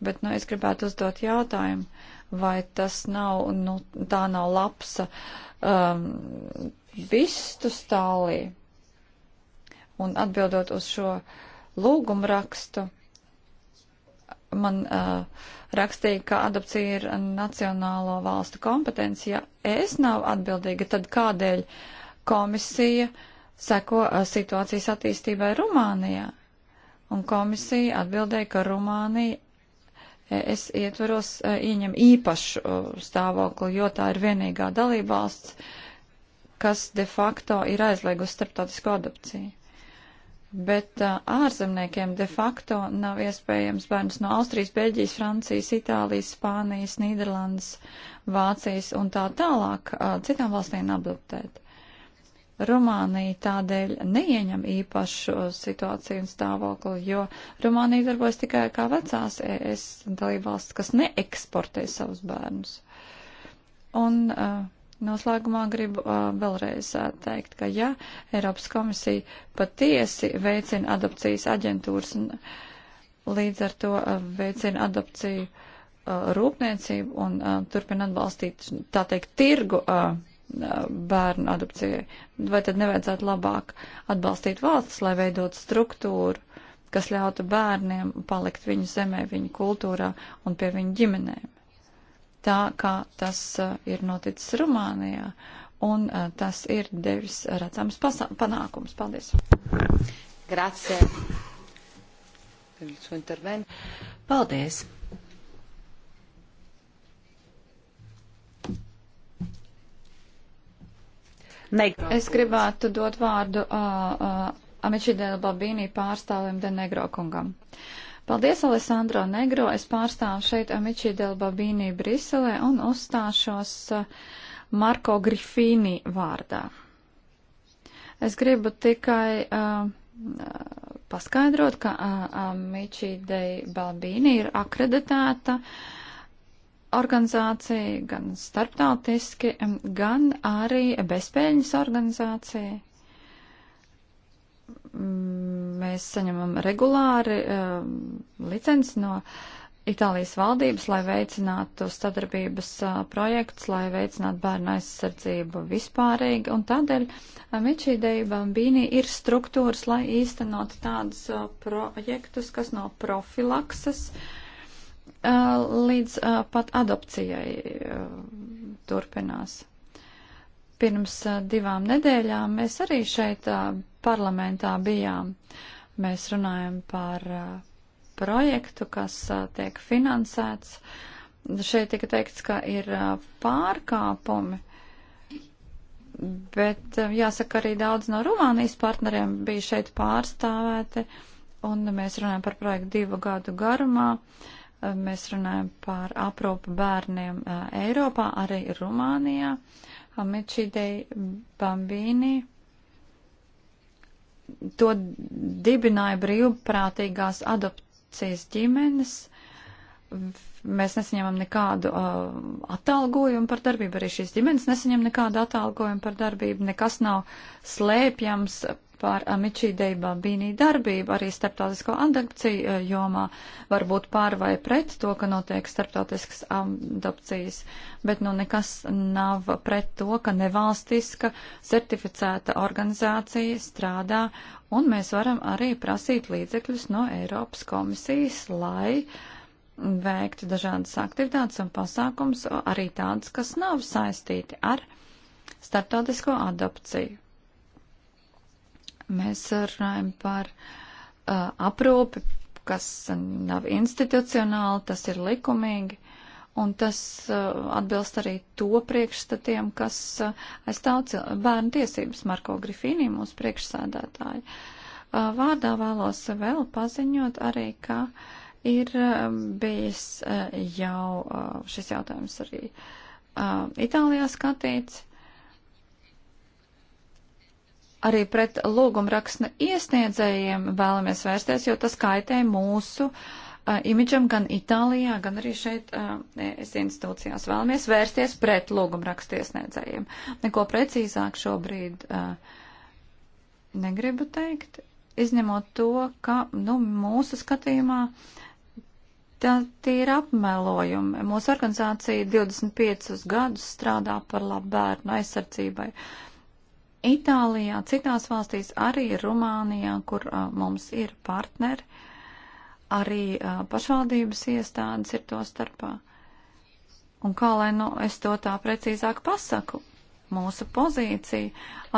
Bet, nu, es gribētu uzdot jautājumu, vai tas nav, nu, tā nav lapsa um, vistu stālī. Un atbildot uz šo uh, lūgumu rakstu man uh, rakstīja, ka adopcija ir nacionālo valstu kompetence. Ja es nav atbildīga, tad kādēļ komisija seko uh, situācijas attīstībai Rumānijā? Un komisija atbildēja, ka Rumānija es ietveros uh, ieņem īpašu uh, stāvokli, jo tā ir vienīgā dalībvalsts, kas de facto ir aizliegusi starptautisko adopciju bet uh, ārzemniekiem de facto nav iespējams bērns no Austrijas, Beļģijas, Francijas, Itālijas, Spānijas, Nīderlandes, Vācijas un tā tālāk uh, citām valstīm adoptēt. Rumānija tādēļ neieņem īpašu situāciju un stāvokli, jo Rumānija darbojas tikai kā vecās ES dalībvalsts, kas neeksportē savus bērnus. Un uh, Noslēgumā gribu uh, vēlreiz uh, teikt, ka ja Eiropas komisija patiesi veicina adopcijas aģentūras un līdz ar to uh, veicina adopciju uh, rūpniecību un uh, turpina atbalstīt, tā teikt, tirgu uh, bērnu adopcijai, vai tad nevajadzētu labāk atbalstīt valsts, lai veidot struktūru, kas ļautu bērniem palikt viņu zemē, viņu kultūrā un pie viņu ģimenēm? tā kā tas eh, ir noticis Rumānijā. Un eh, tas ir devis redzams panākums. Paldies! Grazie! Paldies! Negro. Es gribētu dot vārdu uh, eh, uh, Amicidēla Babīnī pārstāvim Denegro kungam. Uh, Paldies, Alessandro Negro. Es pārstāvu šeit Amici del Babīni Briselē un uzstāšos eh, Marko Grifīni vārdā. Es gribu tikai uh, paskaidrot, ka eh, Amici dei Balbīni ir akreditēta organizācija gan starptautiski, gan arī bezpēļņas organizācija. Mm, mēs saņemam regulāri um, licenci no Itālijas valdības, lai veicinātu sadarbības uh, projekts, lai veicinātu bērnu aizsardzību vispārīgi. Un tādēļ uh, Mičī Deiba Bīnī ir struktūras, lai īstenot tādus uh, projektus, kas no profilakses uh, līdz uh, pat adopcijai uh, turpinās. Pirms uh, divām nedēļām mēs arī šeit uh, parlamentā bijām. Mēs runājam par uh, projektu, kas uh, tiek finansēts. Šeit tika teikts, ka ir uh, pārkāpumi, bet jāsaka arī daudz no Rumānijas partneriem bija šeit pārstāvēti, un mēs runājam par projektu divu gadu garumā. Mēs runājam par aprūpu bērniem Eiropā, arī Rumānijā. Amici dei Bambini to dibināja brīvprātīgās adopcijas ģimenes. Mēs nesaņemam nekādu uh, atalgojumu par darbību, arī šīs ģimenes nesaņem nekādu atalgojumu par darbību, nekas nav slēpjams, pār Amici eh, dei Babīnī darbību arī starptautisko adopciju eh, jomā var būt pār vai pret to, ka notiek starptautiskas adopcijas, bet nu nekas nav pret to, ka nevalstiska certificēta organizācija strādā, un mēs varam arī prasīt līdzekļus no Eiropas komisijas, lai veiktu dažādas aktivitātes un pasākums, arī tādas, kas nav saistīti ar starptautisko adopciju Mēs runājam par uh, aprūpi, kas nav institucionāli, tas ir likumīgi, un tas uh, atbilst arī to priekšstatiem, kas uh, aizstāv bērnu tiesības Marko Grifīnī, mūsu priekšsēdētāji. Uh, vārdā vēlos vēl paziņot arī, ka ir um, bijis uh, jau uh, šis jautājums arī uh, Itālijā skatīts arī pret lūgumraksta iesniedzējiem vēlamies vērsties, jo tas kaitē mūsu uh, imidžam gan Itālijā, gan arī šeit uh, es institūcijās vēlamies vērsties pret lūgumraksta iesniedzējiem. Neko precīzāk šobrīd uh, negribu teikt, izņemot to, ka nu, mūsu skatījumā tā, tie ir apmelojumi. Mūsu organizācija 25 gadus strādā par labu bērnu aizsardzībai. Uh, Itālijā, citās valstīs, arī Rumānijā, kur uh, mums ir partneri, arī uh, pašvaldības iestādes ir to starpā. Un kā lai nu es to tā precīzāk pasaku? Mūsu pozīcija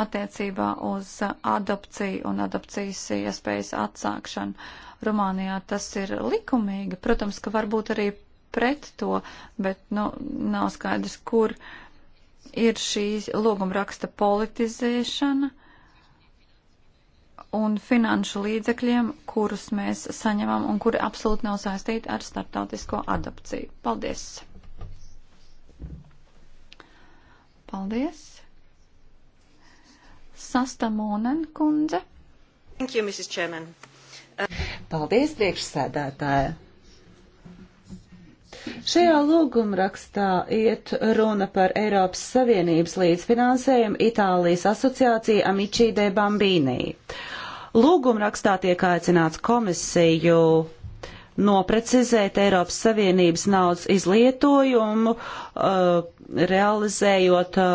attiecībā uz adopciju un adopcijas iespējas atsākšanu Rumānijā tas ir likumīgi. Protams, ka varbūt arī pret to, bet nu, nav skaidrs, kur ir šīs lūguma raksta politizēšana un finanšu līdzekļiem, kurus mēs saņemam un kuri absolūti nav saistīti ar starptautisko adopciju. Paldies! Paldies! Sasta Mūnen kundze. Thank you, Mrs. Chairman. Uh... Paldies, priekšsēdētāja! Šajā lūgumrakstā iet runa par Eiropas Savienības līdzfinansējumu Itālijas asociācija Amici de Bambīnī. Lūgumrakstā tiek aicināts komisiju noprecizēt Eiropas Savienības naudas izlietojumu, uh, realizējot uh,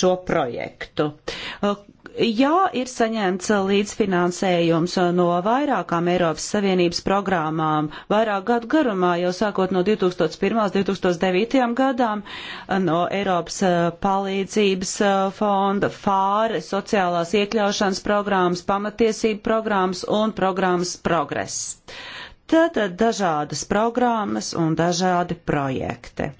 šo projektu. Uh, Jā, ir saņemts līdzfinansējums no vairākām Eiropas Savienības programmām vairāk gadu garumā, jau sākot no 2001. un 2009. gadām, no Eiropas eh, palīdzības eh, fonda, FARE, sociālās iekļaušanas programmas, pamatiesību programmas un programmas progress. Tātad dažādas programmas un dažādi projekti.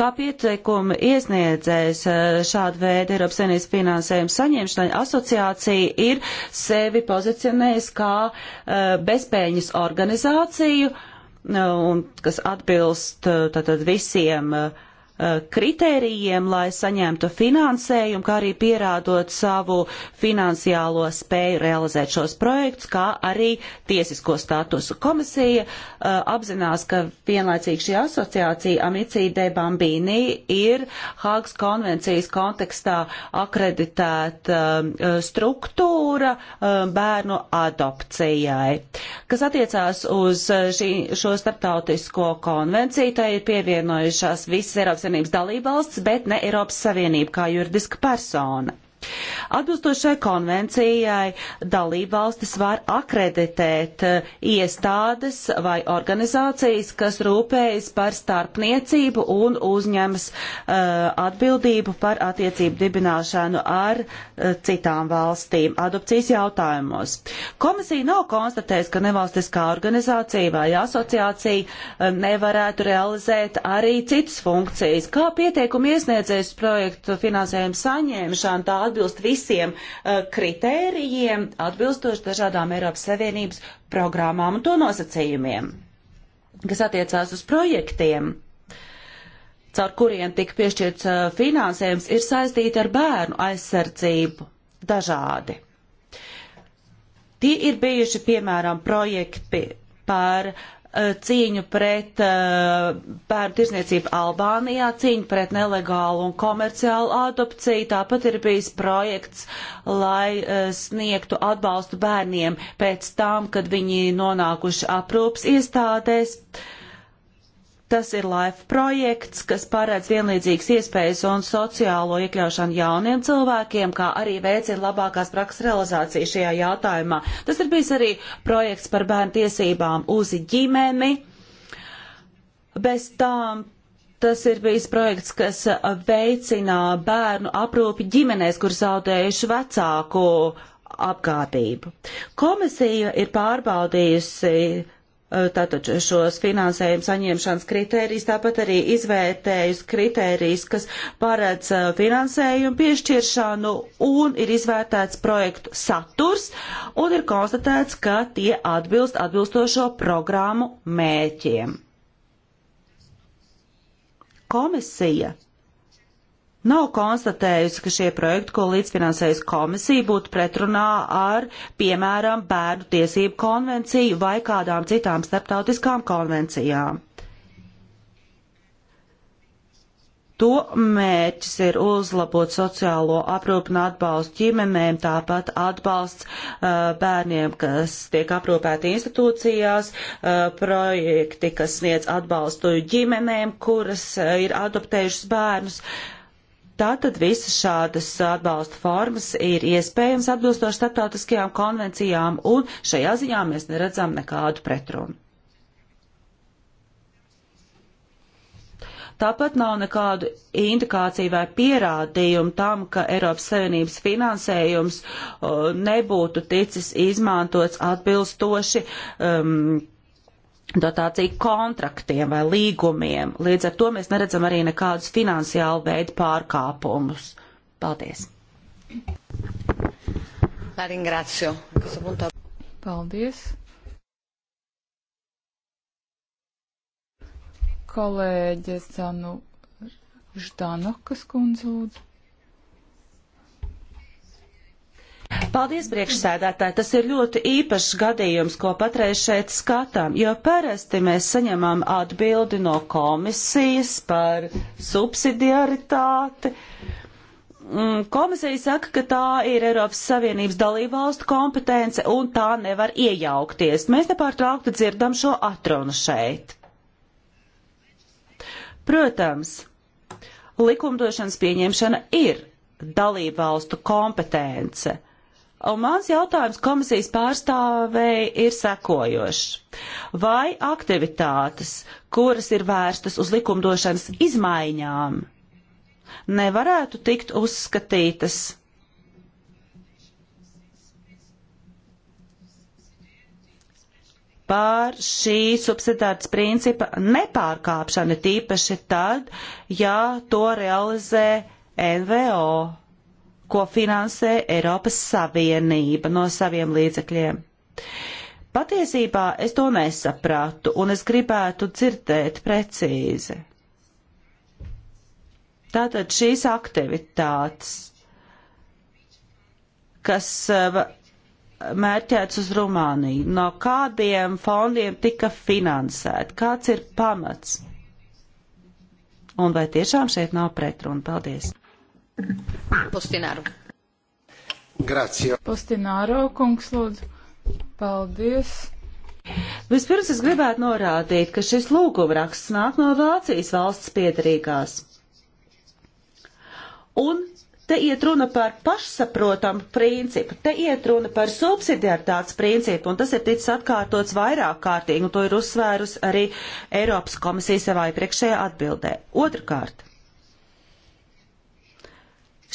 Kā pieteikuma iesniedzējs eh, šādu veidu Eiropas Savienības finansējumu saņemšanai asociācija ir sevi pozicionējusi kā eh, bezpēļņas organizāciju, eh, un, kas atbilst tātad visiem uh, Eh, kritērijiem, lai saņemtu finansējumu, kā arī pierādot savu finansiālo spēju realizēt šos projektus, kā arī tiesisko statusu. Komisija eh, apzinās, ka vienlaicīgi šī asociācija Amici de Bambini ir Hāgas konvencijas kontekstā akreditēta eh, struktūra bērnu adopcijai. Kas attiecās uz šī, šo starptautisko konvenciju, tai ir pievienojušās visas Eiropas Savienības dalībvalsts, bet ne Eiropas Savienība kā juridiska persona. Atbilstošai konvencijai dalībvalstis var akreditēt eh, iestādes vai organizācijas, kas rūpējas par starpniecību un uzņemas uh, atbildību par attiecību dibināšanu ar uh, citām valstīm adopcijas jautājumos. Komisija nav konstatējusi, ka nevalstiskā organizācija vai asociācija uh, nevarētu realizēt arī citas funkcijas, kā pieteikumu iesniedzējs projektu finansējumu saņemšana, tā atbilst visiem eh, kritērijiem, atbilstoši dažādām Eiropas Savienības programmām un to nosacījumiem, kas attiecās uz projektiem caur kuriem tika piešķirts eh, finansējums, ir saistīti ar bērnu aizsardzību dažādi. Tie ir bijuši, piemēram, projekti par uh, Eh, cīņu pret eh, bērnu tirsniecību Albānijā, cīņu pret nelegālu un komerciālu adopciju. Tāpat ir bijis projekts, lai eh, sniegtu atbalstu bērniem pēc tam, kad viņi nonākuši aprūpas iestādēs. Uh, Tas ir LIFE projekts, kas paredz vienlīdzīgas iespējas un sociālo iekļaušanu jauniem cilvēkiem, kā arī veicina labākās prakses realizāciju šajā jautājumā. Tas ir bijis arī projekts par bērnu tiesībām uz ģimeni. Bez tām tas ir bijis projekts, kas veicina bērnu aprūpi ģimenēs, kur zaudējuši vecāku apgādību. Komisija ir pārbaudījusi Eh, tātad šos finansējumu saņemšanas kritērijus, tāpat arī izvērtējus kritērijus, kas paredz eh, finansējumu piešķiršanu un ir izvērtēts projektu saturs un ir konstatēts, ka tie atbilst atbilstošo programmu mērķiem. Komisija nav konstatējusi, ka šie projekti, ko līdzfinansējas komisija, būtu pretrunā ar, piemēram, bērnu tiesību konvenciju vai kādām citām starptautiskām konvencijām. To mērķis ir uzlabot sociālo aprūpu un atbalstu ģimenēm, tāpat atbalsts uh, bērniem, kas tiek aprūpēti institūcijās, uh, projekti, kas sniedz atbalstu ģimenēm, kuras uh, ir adoptējušas bērnus. Uh, Tātad visas šādas atbalsta formas ir iespējams atbilstoši starptautiskajām konvencijām, un šajā ziņā mēs neredzam nekādu pretrunu. Tāpat nav nekādu indikāciju vai pierādījumu tam, ka Eiropas Savienības finansējums uh, nebūtu ticis izmantots atbilstoši um, dotāciju kontraktiem vai līgumiem. Līdz ar to mēs neredzam arī nekādus finansiālu veidu pārkāpumus. Paldies! Paldies! Kolēģe Zanu Ždanokas kundze lūdzu. Paldies, priekšsēdētāji. Tas ir ļoti īpašs gadījums, ko patreiz šeit skatām, jo parasti mēs saņemam atbildi no komisijas par subsidiaritāti. Mm, komisija saka, ka tā ir Eiropas Savienības dalībvalstu kompetence un tā nevar iejaukties. Mēs nepārtraukti dzirdam šo atrunu šeit. Protams, likumdošanas pieņemšana ir dalībvalstu kompetence. Un mans jautājums komisijas pārstāvēji ir sekojošs. Vai aktivitātes, kuras ir vērstas uz likumdošanas izmaiņām, nevarētu tikt uzskatītas par šī subsidārts principa nepārkāpšanu, tīpaši tad, ja to realizē NVO? ko finansē Eiropas Savienība no saviem līdzekļiem. Patiesībā es to nesapratu, un es gribētu dzirdēt precīzi. Tātad šīs aktivitātes, kas eh, mērķēts uz Rumāniju, no kādiem fondiem tika finansēta, kāds ir pamats? Un vai tiešām šeit nav pretruna? Paldies! Postināru. Grazie. Postināro kungs, lūdzu. Paldies. Vispirms es gribētu norādīt, ka šis lūgumraksts nāk no Vācijas valsts piedarīgās. Un te iet runa par pašsaprotamu principu, te iet runa par subsidiaritātes principu, un tas ir ticis atkārtots vairāk kārtīgi, un to ir uzsvērus arī Eiropas komisija savā iepriekšējā atbildē. Otrakārt.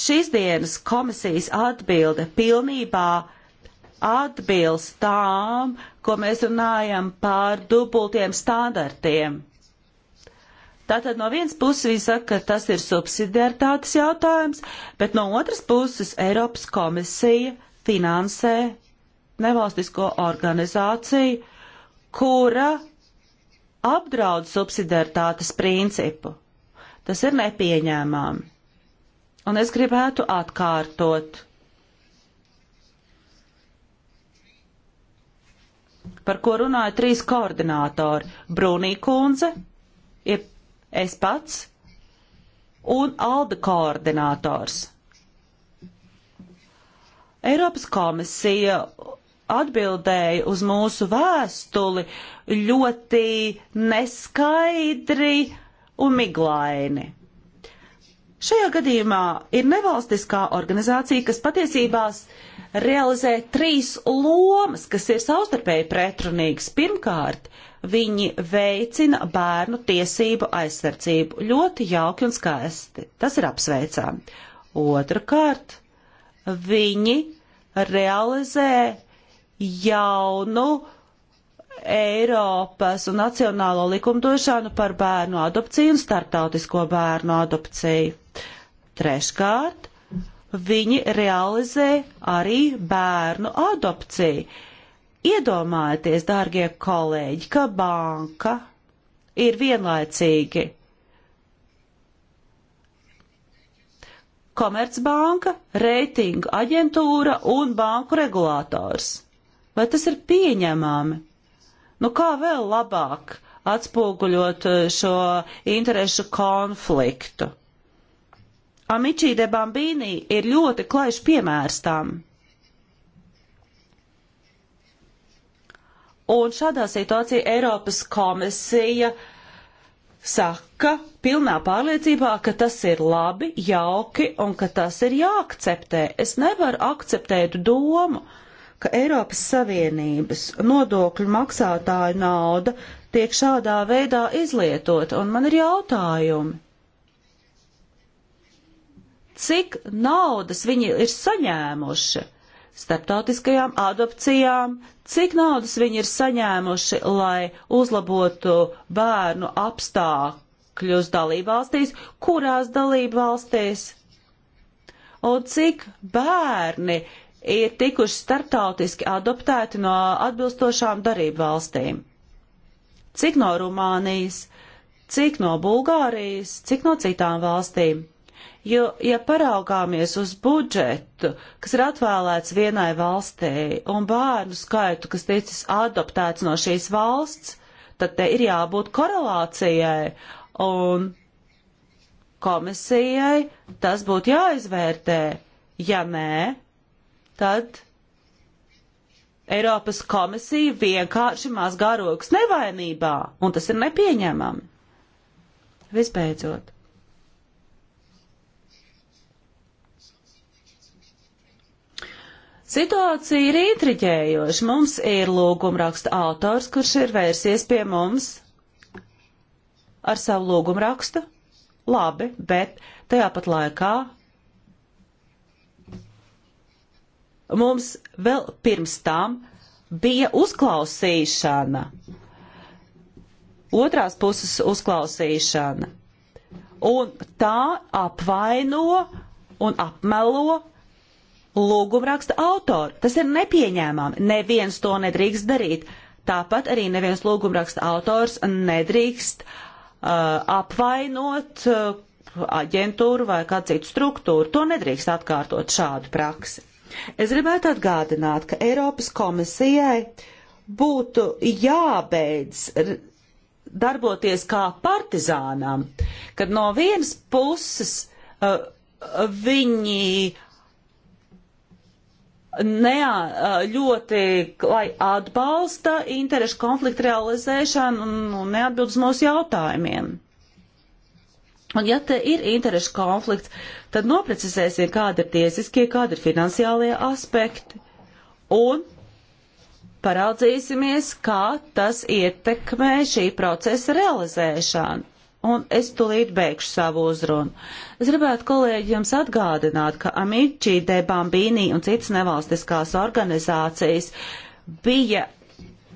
Šīs dienas komisijas atbilde pilnībā atbilst tām, ko mēs runājam par dubultiem standartiem. Tātad no vienas puses viņi saka, ka tas ir subsidiaritātes jautājums, bet no otras puses Eiropas komisija finansē nevalstisko organizāciju, kura apdraud subsidiaritātes principu. Tas ir nepieņēmami. Un es gribētu atkārtot, par ko runāja trīs koordinātori - Brunī kundze, es pats un Alda koordinātors. Eiropas komisija atbildēja uz mūsu vēstuli ļoti neskaidri un miglaini. Šajā gadījumā ir nevalstiskā organizācija, kas patiesībā realizē trīs lomas, kas ir savstarpēji pretrunīgas. Pirmkārt, viņi veicina bērnu tiesību aizsardzību ļoti jauki un skaisti. Tas ir apsveicām. Otrakārt, viņi realizē jaunu Eiropas un nacionālo likumdošanu par bērnu adopciju un startautisko bērnu adopciju. Treškārt, viņi realizē arī bērnu adopciju. Iedomājieties, dārgie kolēģi, ka banka ir vienlaicīgi komercbanka, reitingu aģentūra un banku regulators. Vai tas ir pieņemami? Nu kā vēl labāk atspoguļot eh, šo interešu konfliktu? Amici de Bambīni ir ļoti klajš piemērs tam. Un šādā situācijā Eiropas komisija saka pilnā pārliecībā, ka tas ir labi, jauki un ka tas ir jāakceptē. Es nevaru akceptēt domu, ka Eiropas Savienības nodokļu maksātāju nauda tiek šādā veidā izlietota, un man ir jautājumi cik naudas viņi ir saņēmuši starptautiskajām adopcijām, cik naudas viņi ir saņēmuši, lai uzlabotu bērnu apstākļus dalībvalstīs, kurās dalībvalstīs, un cik bērni ir tikuši starptautiski adoptēti no atbilstošām darību valstīm. Cik no Rumānijas, cik no Bulgārijas, cik no citām valstīm. Jo, ja paraugāmies uz budžetu, kas ir atvēlēts vienai valstī, un bērnu skaitu, kas ticis adoptēts no šīs valsts, tad te ir jābūt korelācijai, un komisijai tas būtu jāizvērtē. Ja nē, tad Eiropas komisija vienkārši mazgā rokas nevainībā, un tas ir nepieņemami. Visbeidzot. Situācija ir intriģējoša. Mums ir lūgumraksta autors, kurš ir vērsies pie mums ar savu lūgumrakstu. Labi, bet tajā pat laikā mums vēl pirms tam bija uzklausīšana, otrās puses uzklausīšana, un tā apvaino un apmelo lūgumraksta autori. Tas ir nepieņēmami. Neviens to nedrīkst darīt. Tāpat arī neviens lūgumraksta autors nedrīkst uh, apvainot uh, aģentūru vai kādu citu struktūru. To nedrīkst atkārtot šādu praksi. Es gribētu atgādināt, ka Eiropas komisijai būtu jābeidz darboties kā partizānām, kad no vienas puses uh, viņi uh, neā, ļoti lai atbalsta interešu konfliktu realizēšanu un neatbild uz mūsu jautājumiem. Un ja te ir interešu konflikts, tad noprecizēsim, kāda ir tiesiskie, kāda ir finansiālie aspekti. Un paraudzīsimies, kā tas ietekmē šī procesa realizēšanu un es tulīt beigšu savu uzrunu. Es gribētu kolēģiem atgādināt, ka Amici, De Bambini un citas nevalstiskās organizācijas bija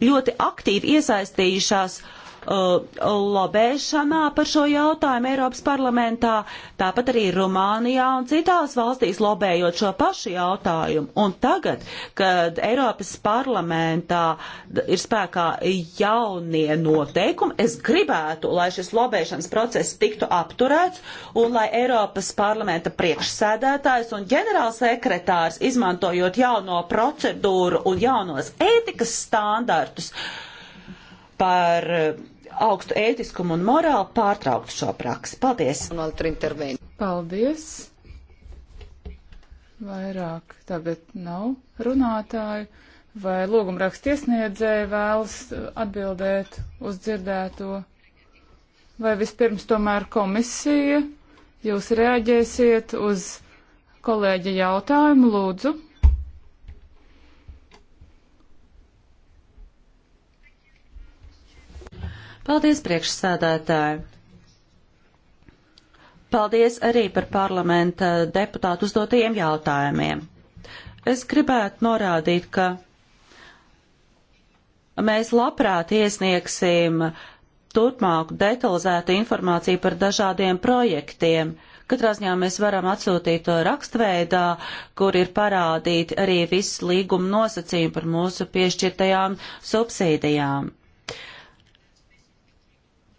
ļoti aktīvi iesaistījušās uh, Uh, lobēšanā par šo jautājumu Eiropas parlamentā, tāpat arī Rumānijā un citās valstīs lobējot šo pašu jautājumu. Un tagad, kad Eiropas parlamentā ir spēkā jaunie noteikumi, es gribētu, lai šis lobēšanas process tiktu apturēts un lai Eiropas parlamenta priekšsēdētājs un ģenerālsekretārs, izmantojot jauno procedūru un jaunos ētikas standartus, par augstu ētiskumu un morāli pārtrauktu šo praksi. Paldies! Paldies! Vairāk tagad nav runātāju. Vai lūgumraksta iesniedzēja vēlas atbildēt uz dzirdēto? Vai vispirms tomēr komisija? Jūs reaģēsiet uz kolēģa jautājumu, lūdzu. Paldies, priekšsēdētāji! Paldies arī par parlamenta deputātu uzdotajiem jautājumiem. Es gribētu norādīt, ka mēs labprāt iesniegsim turpmāku detalizētu informāciju par dažādiem projektiem. Katrā ziņā mēs varam atsūtīt to rakstveidā, kur ir parādīti arī visi līguma nosacījumi par mūsu piešķirtajām subsīdijām.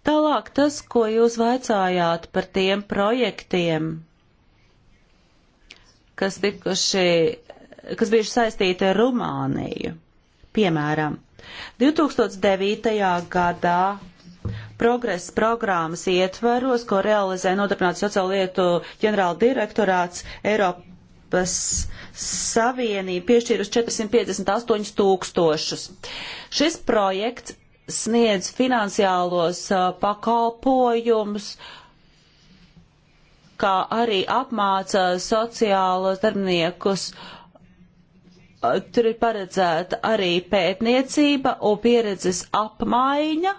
Tālāk tas, ko jūs vaicājāt par tiem projektiem, kas tikuši, kas bijuši saistīti ar Rumāniju. Piemēram, 2009. gadā progresa programmas ietvaros, ko realizē nodarbināts sociālo lietu ģenerāla direktorāts Eiropas Savienība piešķīrus 458 tūkstošus. Šis projekts sniedz finansiālos pakalpojumus, kā arī apmāca sociālos darbiniekus. Tur ir paredzēta arī pētniecība un pieredzes apmaiņa,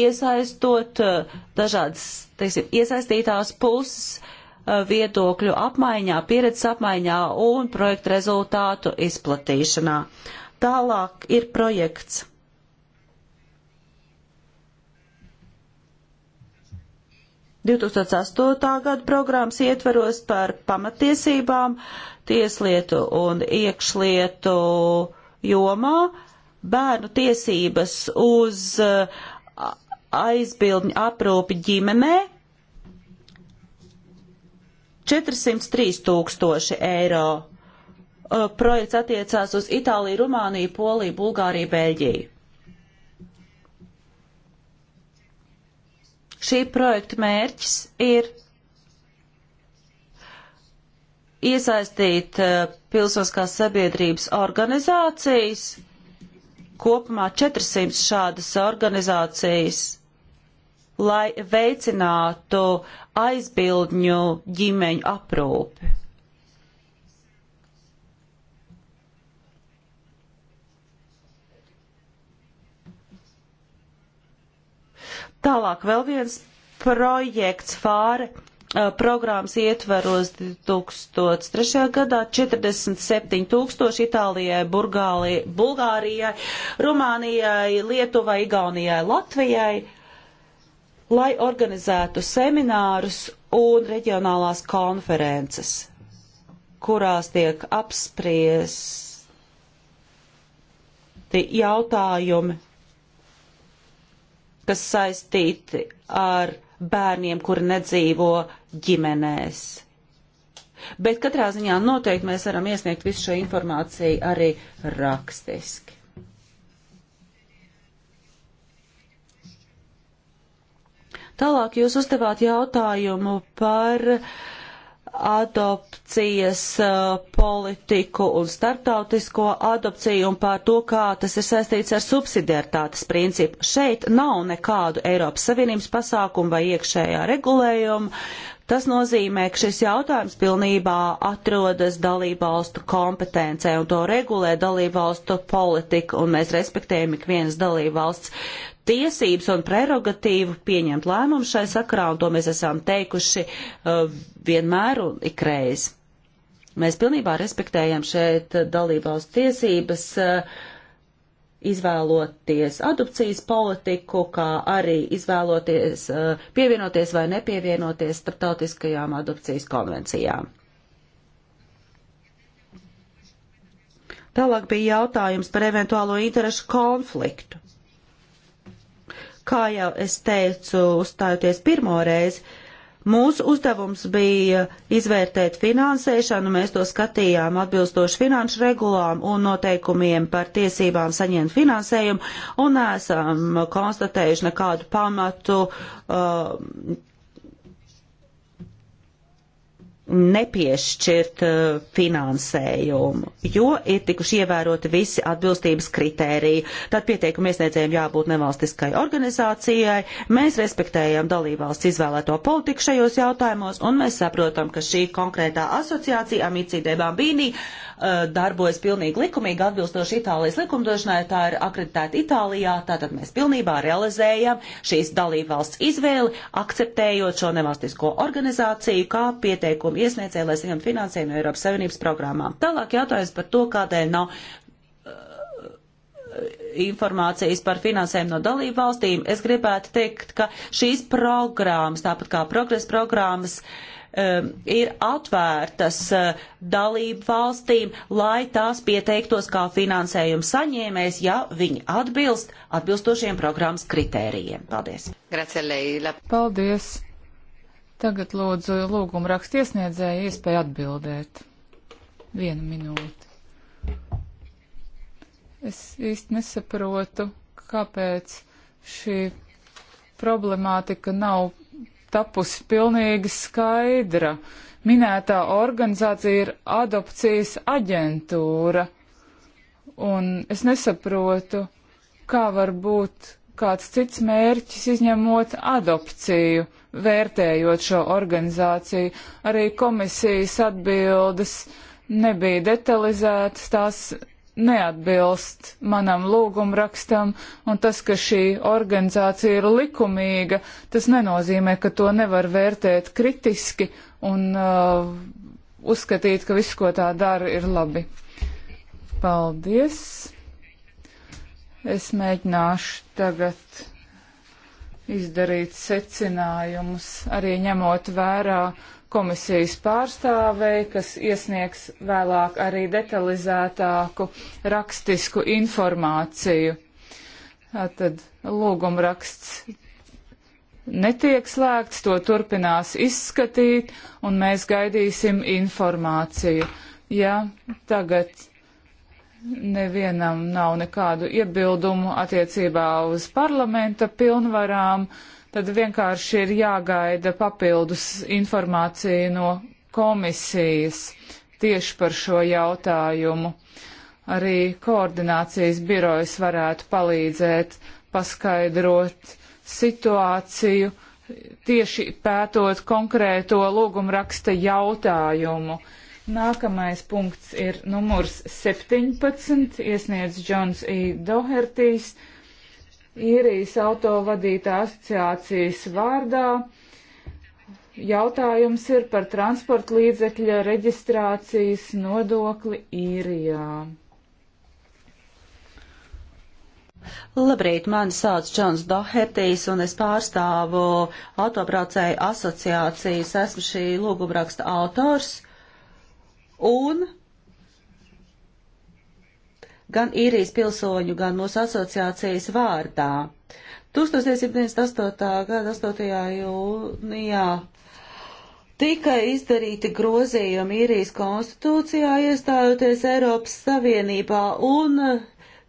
iesaistot dažādas, teiksim, iesaistītās puses viedokļu apmaiņā, pieredzes apmaiņā un projektu rezultātu izplatīšanā. Tālāk ir projekts 2008. gada programmas ietvaros par pamatiesībām, tieslietu un iekšlietu jomā, bērnu tiesības uz aizbildņu aprūpi ģimenē 403 tūkstoši eiro. Projekts attiecās uz Itāliju, Rumāniju, Poliju, Bulgāriju, Beļģiju. Šī projekta mērķis ir iesaistīt eh, pilsoniskās sabiedrības organizācijas, kopumā 400 šādas organizācijas, lai veicinātu aizbildņu ģimeņu aprūpi. Tālāk vēl viens projekts Fāre programmas ietveros 2003. gadā 47 tūkstoši Itālijai, Burgāli, Bulgārijai, Rumānijai, Lietuvai, Igaunijai, Latvijai, lai organizētu seminārus un reģionālās konferences, kurās tiek apspriesti jautājumi kas saistīti ar bērniem, kuri nedzīvo ģimenēs. Bet katrā ziņā noteikti mēs varam iesniegt visu šo informāciju arī rakstiski. Tālāk jūs uzdevāt jautājumu par uh, adopcijas uh, politiku un starptautisko adopciju un par to, kā tas ir saistīts ar subsidiaritātes principu. Šeit nav nekādu Eiropas Savienības pasākumu vai iekšējā regulējuma. Tas nozīmē, ka šis jautājums pilnībā atrodas dalībvalstu kompetencē un to regulē dalībvalstu politika, un mēs respektējam ik vienas dalībvalsts tiesības un prerogatīvu pieņemt lēmumu šai sakarā, un to mēs esam teikuši uh, vienmēr un ikreiz. Mēs pilnībā respektējam šeit dalībvalstu tiesības uh, izvēloties adopcijas politiku, kā arī izvēloties uh, pievienoties vai nepievienoties starptautiskajām adopcijas konvencijām. Tālāk bija jautājums par eventuālo interešu konfliktu. Kā jau es teicu, uzstājoties pirmo reizi, mūsu uzdevums bija izvērtēt finansēšanu, mēs to skatījām atbilstoši finanšu regulām un noteikumiem par tiesībām saņemt finansējumu un esam konstatējuši nekādu pamatu. Uh, nepiešķirt uh, finansējumu, jo ir tikuši ievēroti visi atbilstības kritēriji. Tad pieteikumu iesniedzējiem jābūt nevalstiskai organizācijai. Mēs respektējam dalībvalsts izvēlēto politiku šajos jautājumos, un mēs saprotam, ka šī konkrētā asociācija Amicī Debambīnī Uh, darbojas pilnīgi likumīgi atbilstoši Itālijas likumdošanai, tā ir akreditēta Itālijā, tātad mēs pilnībā realizējam šīs dalībvalsts izvēli, akceptējot šo nevalstisko organizāciju kā pieteikumu iesniedzēju, lai saņemtu finansējumu no Eiropas Savienības programmām. Tālāk jautājums par to, kādēļ nav uh, informācijas par finansējumu no dalību valstīm, es gribētu teikt, ka šīs programmas, tāpat kā progresa programmas, uh, um, ir atvērtas uh, dalību valstīm, lai tās pieteiktos kā finansējuma saņēmējs, ja viņi atbilst atbilstošiem programmas kritērijiem. Paldies! Paldies! Tagad lūdzu lūgumu rakstiesniedzēju iespēju atbildēt. Vienu minūti. Es īsti nesaprotu, kāpēc šī problemātika nav tapusi pilnīgi skaidra. Minētā organizācija ir adopcijas aģentūra, un es nesaprotu, kā var būt kāds cits mērķis izņemot adopciju, vērtējot šo organizāciju. Arī komisijas atbildes nebija detalizētas, tās neatbilst manam lūgumrakstam, un tas, ka šī organizācija ir likumīga, tas nenozīmē, ka to nevar vērtēt kritiski un uh, uzskatīt, ka viss, ko tā dara, ir labi. Paldies! Es mēģināšu tagad izdarīt secinājumus, arī ņemot vērā uh, komisijas pārstāvei, kas iesniegs vēlāk arī detalizētāku rakstisku informāciju. Tātad lūgumraksts netiek slēgts, to turpinās izskatīt, un mēs gaidīsim informāciju. Ja tagad nevienam nav nekādu iebildumu attiecībā uz parlamenta pilnvarām, uh, tad vienkārši ir jāgaida papildus informācija no komisijas tieši par šo jautājumu. Arī koordinācijas birojas varētu palīdzēt paskaidrot situāciju, tieši pētot konkrēto lūgumraksta jautājumu. Nākamais punkts ir numurs 17, iesniedz Džons E. Dohertīs īrijas autovadītā asociācijas vārdā. Jautājums ir par transporta līdzekļa reģistrācijas nodokli īrijā. Labrīt, mani sauc Džons Dohertijs un es pārstāvu autobraucēju asociācijas. Esmu šī lūgumraksta autors un gan īrijas pilsoņu, gan mūsu asociācijas vārdā. 1998. gada 8. jūnijā tika izdarīti grozījumi īrijas konstitūcijā, iestājoties Eiropas Savienībā, un uh,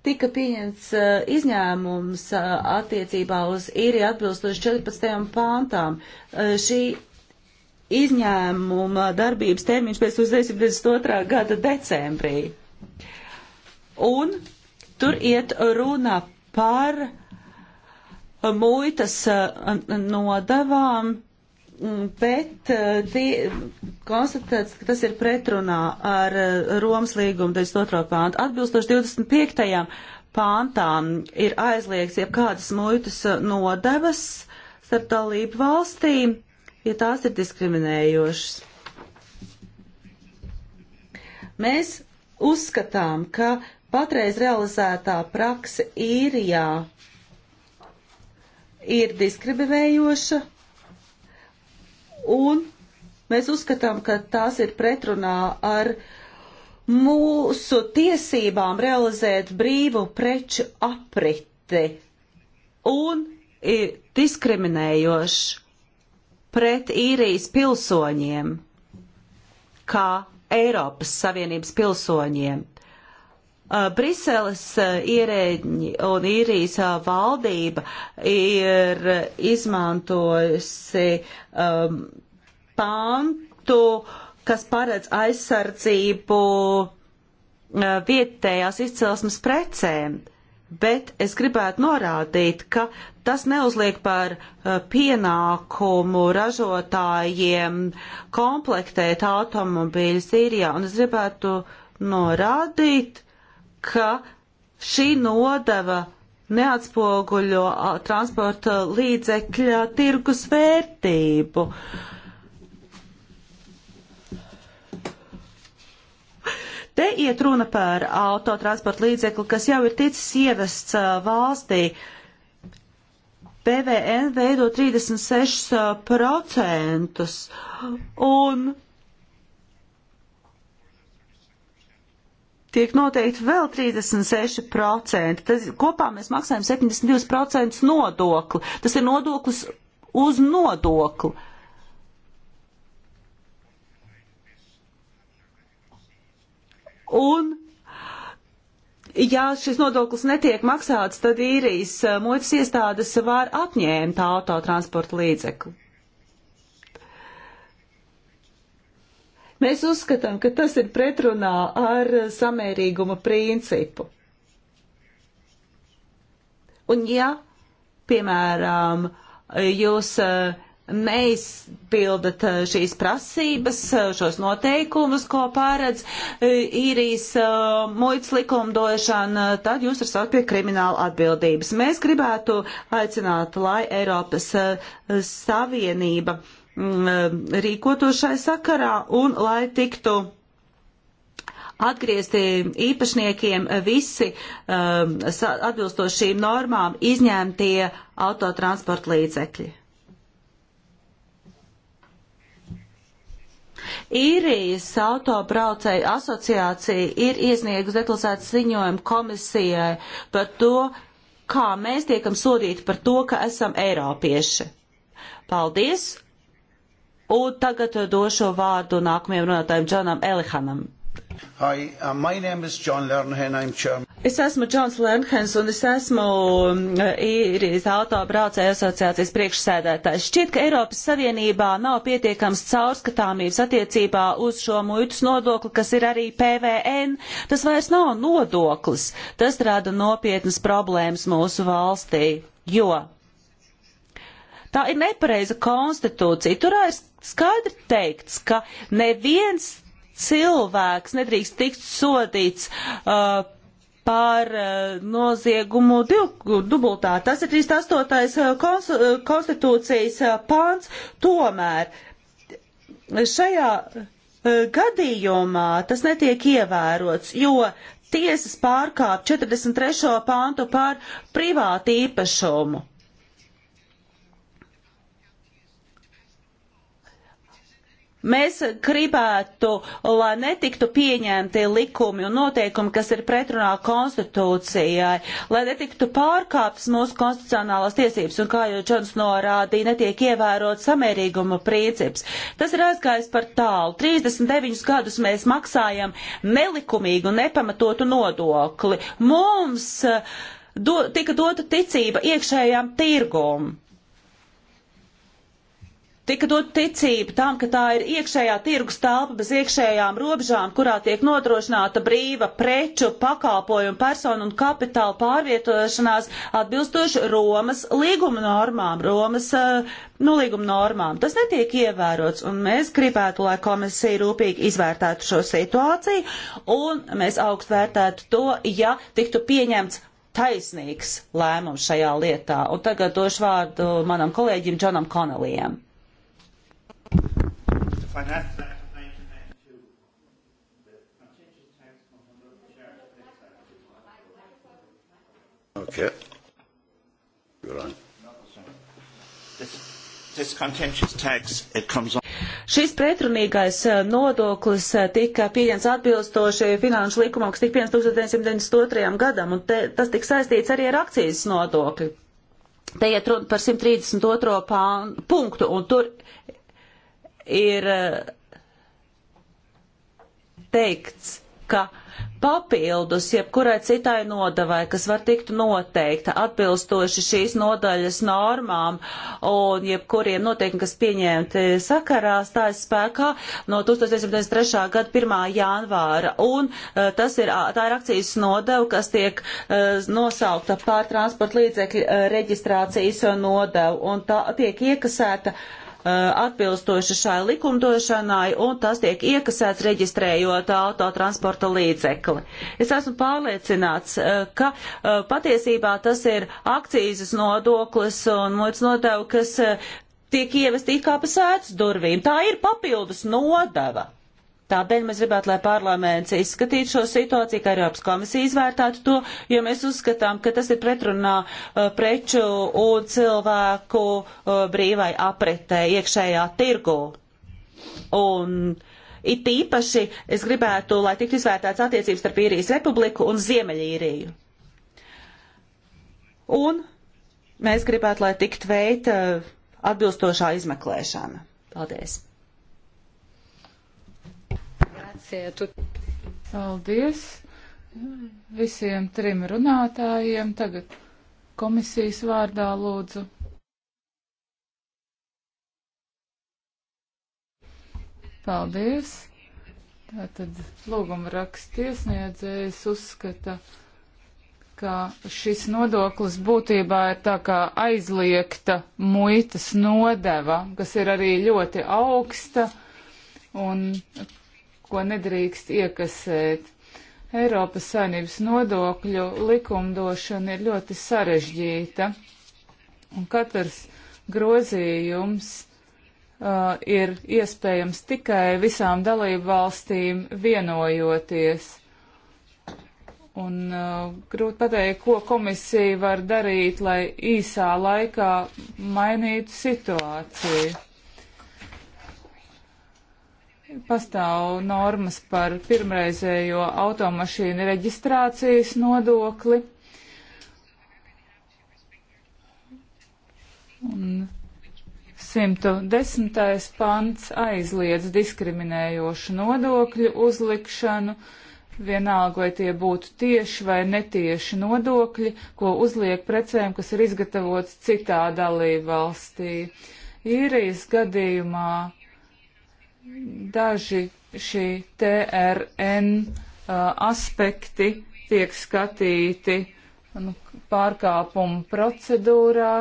tika pieņemts uh, izņēmums uh, attiecībā uz īriju atbilstoši 14. pāntām. Šī izņēmuma darbības termiņš pēc 1992. gada decembrī. Un tur iet runa par muitas eh, nodavām, mm, bet eh, tie, konstatēts, ka tas ir pretrunā ar eh, Romas līgumu 22. pāntu. Atbilstoši 25. pāntām ir aizliegts jebkādas muitas nodevas starp dalību valstīm, ja tās ir diskriminējošas. Mēs uzskatām, ka Patreiz realizētā praksa īrijā ir diskriminējoša, un mēs uzskatām, ka tās ir pretrunā ar mūsu tiesībām realizēt brīvu preču apriti un ir diskriminējoši pret īrijas pilsoņiem, kā Eiropas Savienības pilsoņiem. Uh, Briseles uh, ierēģi un īrijas uh, valdība ir izmantojusi um, pantu, kas paredz aizsardzību vietējās izcelsmes precēm. Bet es gribētu norādīt, ka tas neuzliek par pienākumu ražotājiem komplektēt automobīļus īrijā, un es gribētu norādīt, ka šī nodeva neatspoguļo transporta līdzekļa tirgus vērtību. Te iet runa par autotransporta līdzekli, kas jau ir ticis ierasts valstī. PVN veido 36% un tiek noteikti vēl 36%. Tas, kopā mēs maksājam 72% nodokli. Tas ir nodoklis uz nodokli. Un ja šis nodoklis netiek maksāts, tad īrijas eh, muitas iestādes var atņēmt autotransporta līdzekli. Mēs uzskatām, ka tas ir pretrunā ar samērīguma principu. Un ja, piemēram, jūs eh, neizpildat eh, šīs prasības, eh, šos noteikumus, ko pārēdz īrijas muitas likumdošana, tad jūs esat saukt pie krimināla atbildības. Mēs gribētu aicināt, lai Eiropas Savienība uh, Mm, rīkotos šai sakarā un lai tiktu atgriezti īpašniekiem visi um, atbilstoši šīm normām izņemtie autotransporta līdzekļi. Īrijas autobraucēju asociācija ir iesniegusi detalizētu ziņojumu komisijai par to, kā mēs tiekam sodīti par to, ka esam eiropieši. Paldies, Un tagad došu vārdu nākamajam runātājam Džonam Elihanam. Hi, uh, my name is John Lernhen, I'm chairman. Es esmu Džons Lernhens un es esmu um, īrijas autobraucēju asociācijas priekšsēdētājs. Šķiet, ka Eiropas Savienībā nav pietiekams caurskatāmības attiecībā uz šo muitas nodokli, kas ir arī PVN. Tas vairs nav nodoklis. Tas rada nopietnas problēmas mūsu valstī, jo Tā ir nepareiza konstitūcija. Tur ir skaidri teikts, ka neviens cilvēks nedrīkst tikt sodīts uh, par uh, noziegumu div, dubultā. Tas ir 38. Uh, Kons, uh, konstitūcijas uh, pāns. Tomēr šajā uh, gadījumā tas netiek ievērots, jo tiesas pārkāp 43. pāntu par privātu īpašumu. Mēs gribētu, lai netiktu pieņemti likumi un noteikumi, kas ir pretrunā konstitūcijai, lai netiktu pārkāptas mūsu konstitucionālās tiesības un, kā jau Džons norādīja, netiek ievērot samērīguma princips. Tas ir aizgājis par tālu. 39 gadus mēs maksājam nelikumīgu, nepamatotu nodokli. Mums eh, do, tika dota ticība iekšējām tirgumam. Tika dot ticība tam, ka tā ir iekšējā tirgus telpa bez iekšējām robežām, kurā tiek nodrošināta brīva preču, pakalpojumu, personu un kapitāla pārvietošanās atbilstoši Romas līguma normām, Romas eh, nu, līguma normām. Tas netiek ievērots, un mēs gribētu, lai komisija rūpīgi izvērtētu šo situāciju, un mēs augst vērtētu to, ja tiktu pieņemts taisnīgs lēmums šajā lietā. Un tagad došu vārdu manam kolēģim Džonam Konelijam finance Okay. You're on. This, this contentious tax, it comes on. Šis pretrunīgais uh, nodoklis uh, tika pieņemts atbilstoši finanšu likumam, kas tika pieņemts 1992. gadam, un te, tas tika saistīts arī ar akcijas nodokli. Te iet runa par 132. Pā, punktu, un tur ir eh, teikts, ka papildus jebkurai citai nodavai, kas var tikt noteikta atbilstoši šīs nodaļas normām un jebkuriem noteikumiem, kas pieņemti sakarā, stājas spēkā no 1993. gada 1. janvāra. Un eh, tas ir, tā ir akcijas nodeva, kas tiek eh, nosaukta pār transporta līdzekļu reģistrācijas nodevu un tā tiek iekasēta Uh, atbilstoši šai likumdošanai, un tas tiek iekasēts reģistrējot autotransporta līdzekli. Es esmu pārliecināts, uh, ka uh, patiesībā tas ir akcijas nodoklis un muitas nodevu, kas tiek ievest it kā pa sēdz durvīm. Tā ir papildus nodeva. Tādēļ mēs gribētu, lai parlaments izskatītu šo situāciju, ka Eiropas komisija izvērtētu to, jo mēs uzskatām, ka tas ir pretrunā uh, preču un cilvēku uh, brīvai apritē iekšējā tirgu. Un it īpaši es gribētu, lai tiktu izvērtēts attiecības starp īrijas republiku un Ziemeļīriju. Un mēs gribētu, lai tiktu veikta uh, atbilstošā izmeklēšana. Paldies! Paldies visiem trim runātājiem. Tagad komisijas vārdā lūdzu. Paldies. Tātad lūguma rakstiesniedzējs uzskata, ka šis nodoklis būtībā ir tā kā aizliegta muitas nodeva, kas ir arī ļoti augsta un ko nedrīkst iekasēt. Eiropas saimnības nodokļu likumdošana ir ļoti sarežģīta, un katrs grozījums uh, ir iespējams tikai visām dalību valstīm vienojoties. Un uh, grūti pateikt, ko komisija var darīt, lai īsā laikā mainītu situāciju pastāv normas par pirmreizējo automašīnu reģistrācijas nodokli. Un 110. pants aizliedz diskriminējošu nodokļu uzlikšanu, vienalga vai tie būtu tieši vai netieši nodokļi, ko uzliek precēm, kas ir izgatavots citā dalībvalstī. Īrijas gadījumā daži šī TRN uh, aspekti tiek skatīti nu, pārkāpumu procedūrā,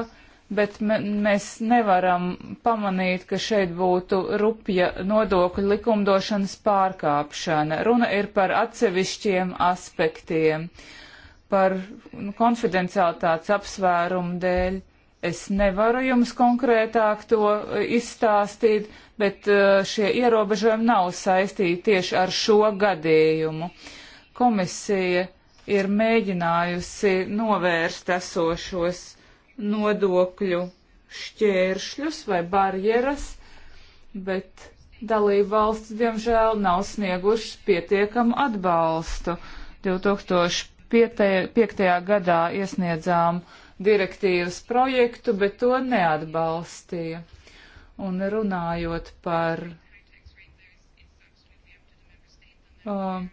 bet me, mēs nevaram pamanīt, ka šeit būtu rupja nodokļu likumdošanas pārkāpšana. Runa ir par atsevišķiem aspektiem, par nu, konfidencialitātes apsvērumu dēļ. Uh, Es nevaru jums konkrētāk to e, izstāstīt, bet e, šie ierobežojumi nav saistīti tieši ar šo gadījumu. Komisija ir mēģinājusi novērst esošos nodokļu šķēršļus vai barjeras, bet dalība valsts, diemžēl, nav sniegušas pietiekamu atbalstu. 2005. gadā iesniedzām uh, direktīvas projektu, bet to neatbalstīja. Un runājot par uh,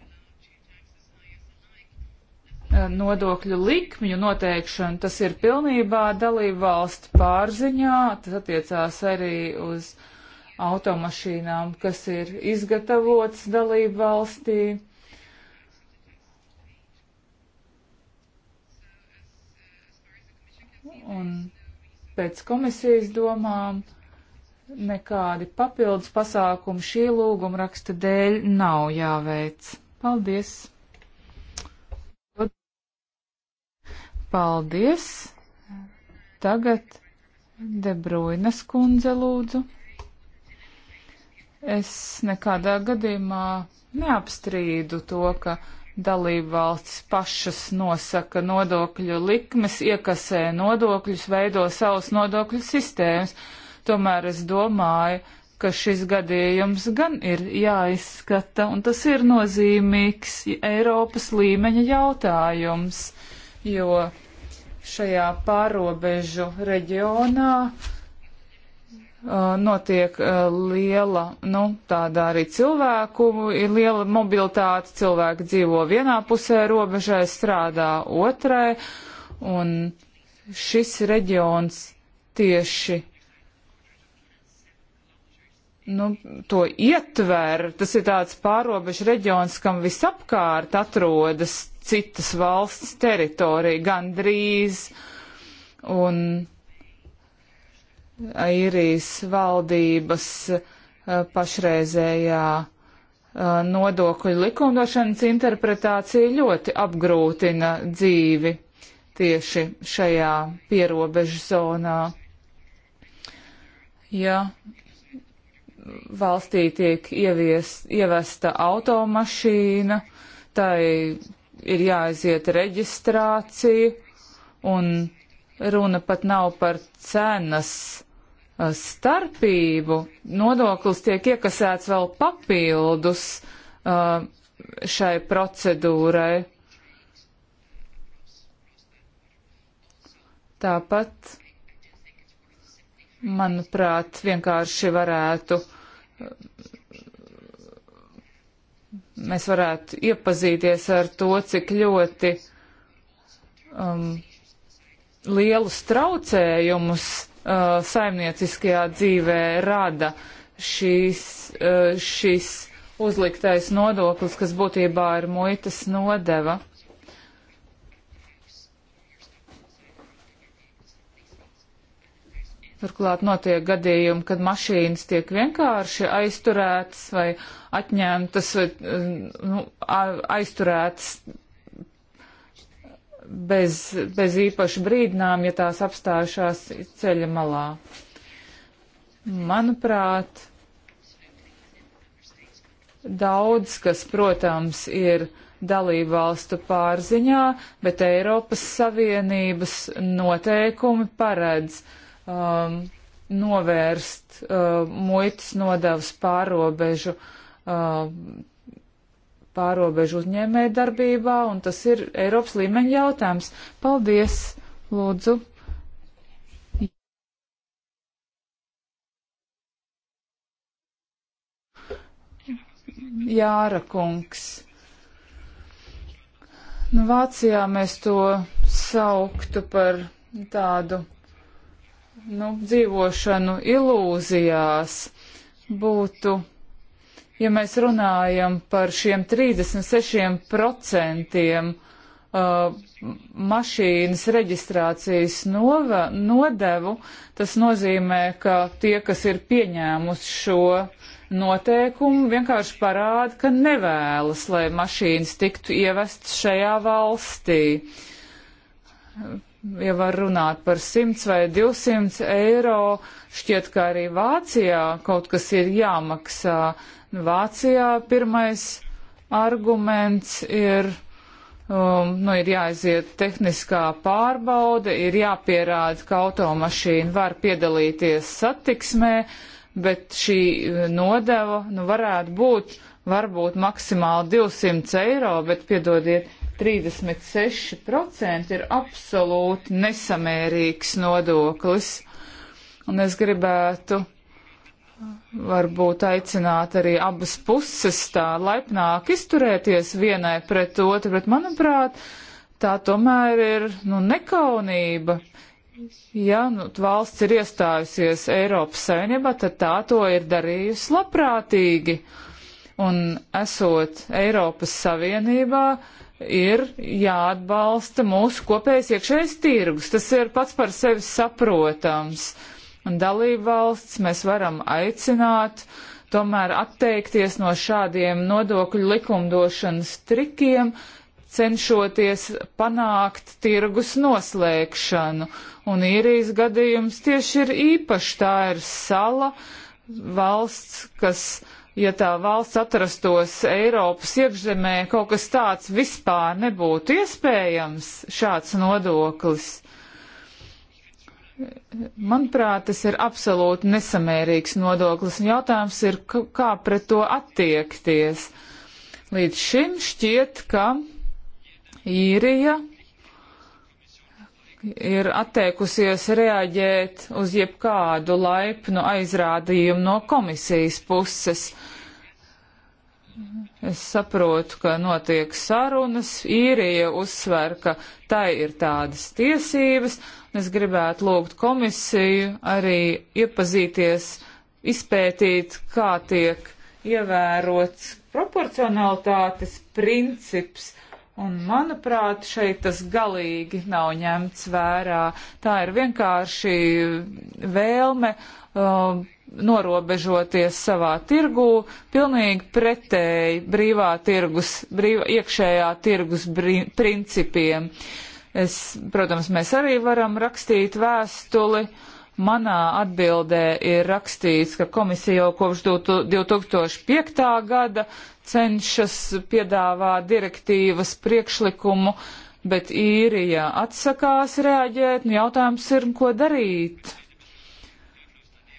nodokļu likmju noteikšanu, tas ir pilnībā dalību valstu pārziņā, tas attiecās arī uz automašīnām, kas ir izgatavotas dalību valstī. Un pēc komisijas domām nekādi papildus pasākumi šī lūguma raksta dēļ nav jāveic. Paldies! Paldies! Tagad Debruinas kundze lūdzu. Es nekādā gadījumā neapstrīdu to, ka Dalībvalstis pašas nosaka nodokļu likmes, iekasē nodokļus, veido savus nodokļu sistēmas. Tomēr es domāju, ka šis gadījums gan ir jāizskata, un tas ir nozīmīgs Eiropas līmeņa jautājums, jo šajā pārobežu reģionā Uh, notiek uh, liela, nu, tāda arī cilvēku, ir liela mobilitāte, cilvēki dzīvo vienā pusē robežai, strādā otrai, un šis reģions tieši, nu, to ietver, tas ir tāds pārobežu reģions, kam visapkārt atrodas citas valsts teritorija gandrīz, un īrijas valdības eh, pašreizējā eh, nodokļu likumdošanas interpretācija ļoti apgrūtina dzīvi tieši šajā pierobežu zonā. Ja valstī tiek ievies, ievesta automašīna, tai ir jāaiziet reģistrācija un Runa pat nav par cenas uh, starpību. Nodoklis tiek iekasēts vēl papildus uh, šai procedūrai. Tāpat, manuprāt, vienkārši varētu, mēs varētu iepazīties ar to, cik ļoti um, lielus traucējumus uh, saimnieciskajā dzīvē rada šīs, uh, šis uzliktais nodoklis, kas būtībā ir muitas nodeva. Turklāt notiek gadījumi, kad mašīnas tiek vienkārši aizturētas vai atņemtas, vai uh, nu, aizturētas bez, bez īpaši brīdinām, ja tās apstājušās ceļa malā. Manuprāt, daudz, kas, protams, ir dalībvalstu pārziņā, bet Eiropas Savienības noteikumi paredz um, novērst uh, muitas nodevas pārobežu uh, pārobežu uzņēmē darbībā, un tas ir Eiropas līmeņa jautājums. Paldies, lūdzu. Jāra kungs. Nu, Vācijā mēs to sauktu par tādu nu, dzīvošanu ilūzijās būtu ja mēs runājam par šiem 36% uh, mašīnas reģistrācijas nova, nodevu, tas nozīmē, ka tie, kas ir pieņēmusi šo noteikumu, vienkārši parāda, ka nevēlas, lai mašīnas tiktu ievestas šajā valstī. Ja var runāt par 100 vai 200 eiro, šķiet, ka arī Vācijā kaut kas ir jāmaksā, Vācijā pirmais arguments ir, um, nu, ir jāiziet tehniskā pārbaude, ir jāpierāda, ka automašīna var piedalīties satiksmē, bet šī nodeva, nu, varētu būt varbūt maksimāli 200 eiro, bet piedodiet, 36% ir absolūti nesamērīgs nodoklis. Un es gribētu varbūt aicināt arī abas puses tā laipnāk izturēties vienai pret otru, bet manuprāt, tā tomēr ir nu, nekaunība. Ja nu, valsts ir iestājusies Eiropas Savienībā, tad tā to ir darījusi labprātīgi. Un esot Eiropas Savienībā, ir jāatbalsta mūsu kopējais iekšējais tirgus. Tas ir pats par sevi saprotams. Uh, un dalību valsts mēs varam aicināt tomēr atteikties no šādiem nodokļu likumdošanas trikiem, cenšoties panākt tirgus noslēgšanu. Un īrijas gadījums tieši ir īpašs. Tā ir sala, valsts, kas, ja tā valsts atrastos Eiropas iekšzemē, kaut kas tāds vispār nebūtu iespējams, šāds nodoklis. Manuprāt, tas ir absolūti nesamērīgs nodoklis, un jautājums ir, kā pret to attiekties. Līdz šim šķiet, ka īrija ir atteikusies reaģēt uz jebkādu laipnu aizrādījumu no komisijas puses. Uh, Es saprotu, ka notiek sarunas, īrija uzsver, ka tai ir tādas tiesības, un es gribētu lūgt komisiju arī iepazīties, izpētīt, kā tiek ievērots proporcionalitātes princips, un manuprāt, šeit tas galīgi nav ņemts vērā. Tā ir vienkārši vēlme. Uh, um, norobežoties savā tirgū, pilnīgi pretēji brīvā tirgus, brīv, iekšējā tirgus brī, principiem. Es, protams, mēs arī varam rakstīt vēstuli. Manā atbildē ir rakstīts, ka komisija jau kopš 2005. gada cenšas piedāvā direktīvas priekšlikumu, bet īrija atsakās reaģēt. Nu, jautājums ir, ko darīt?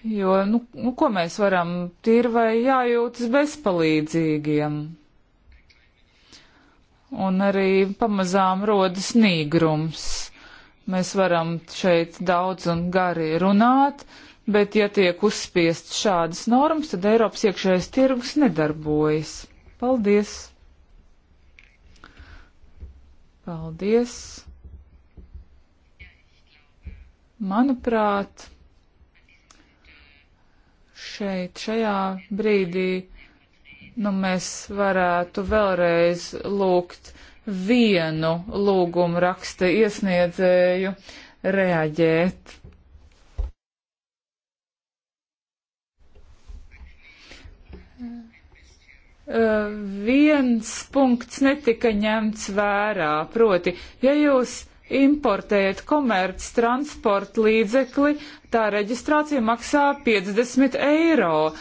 jo, nu, nu ko mēs varam tīri vai jājūtas bezpalīdzīgiem. Un arī pamazām rodas nīgrums. Mēs varam šeit daudz un gari runāt, bet ja tiek uzspiest šādas normas, tad Eiropas iekšējais tirgus nedarbojas. Paldies! Paldies! Manuprāt, šeit, šajā brīdī, nu, mēs varētu vēlreiz lūgt vienu lūgumu raksta iesniedzēju reaģēt. Uh, viens punkts netika ņemts vērā, proti, ja jūs importējat komerc transporta līdzekli, tā reģistrācija maksā 50 eiro,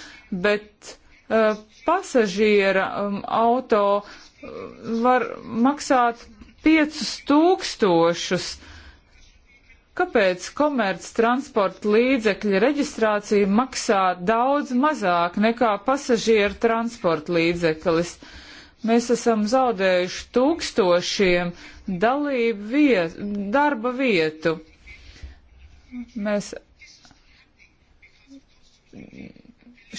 bet uh, pasažiera um, auto uh, var maksāt 5000. Kāpēc komerc transporta līdzekļa reģistrācija maksā daudz mazāk nekā pasažiera transporta līdzeklis? Mēs esam zaudējuši tūkstošiem uh, dalību viet, darba vietu. Mēs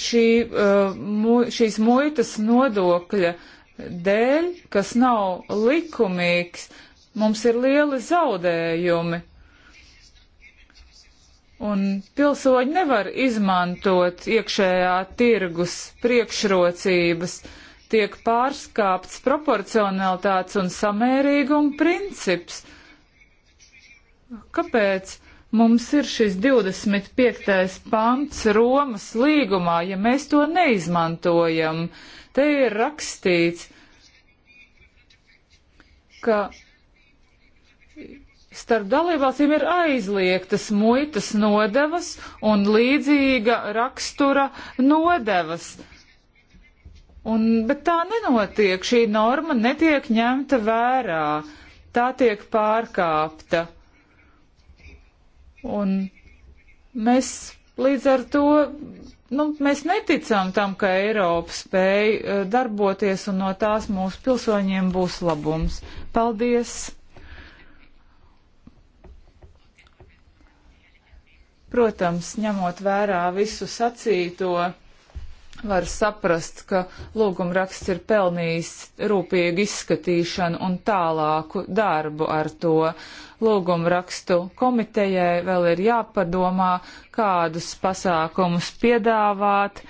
šī, uh, mu, šīs muitas nodokļa dēļ, kas nav likumīgs, mums ir lieli zaudējumi. Un pilsoņi nevar izmantot iekšējā tirgus priekšrocības, uh, tiek pārskāpts proporcionalitātes un samērīguma princips. Kāpēc mums ir šis 25. pants Romas līgumā, ja mēs to neizmantojam? Te ir rakstīts, ka starp dalībvalstīm ir aizliegtas muitas nodevas un līdzīga rakstura nodevas. Un, bet tā nenotiek, šī norma netiek ņemta vērā, tā tiek pārkāpta. Un mēs līdz ar to, nu, mēs neticam tam, ka Eiropa spēj eh, darboties un no tās mūsu pilsoņiem būs labums. Paldies! Protams, ņemot vērā visu sacīto var saprast, ka lūgumraksts ir pelnījis rūpīgu izskatīšanu un tālāku darbu ar to. Lūgumrakstu komitejai vēl ir jāpadomā, kādus pasākumus piedāvāt.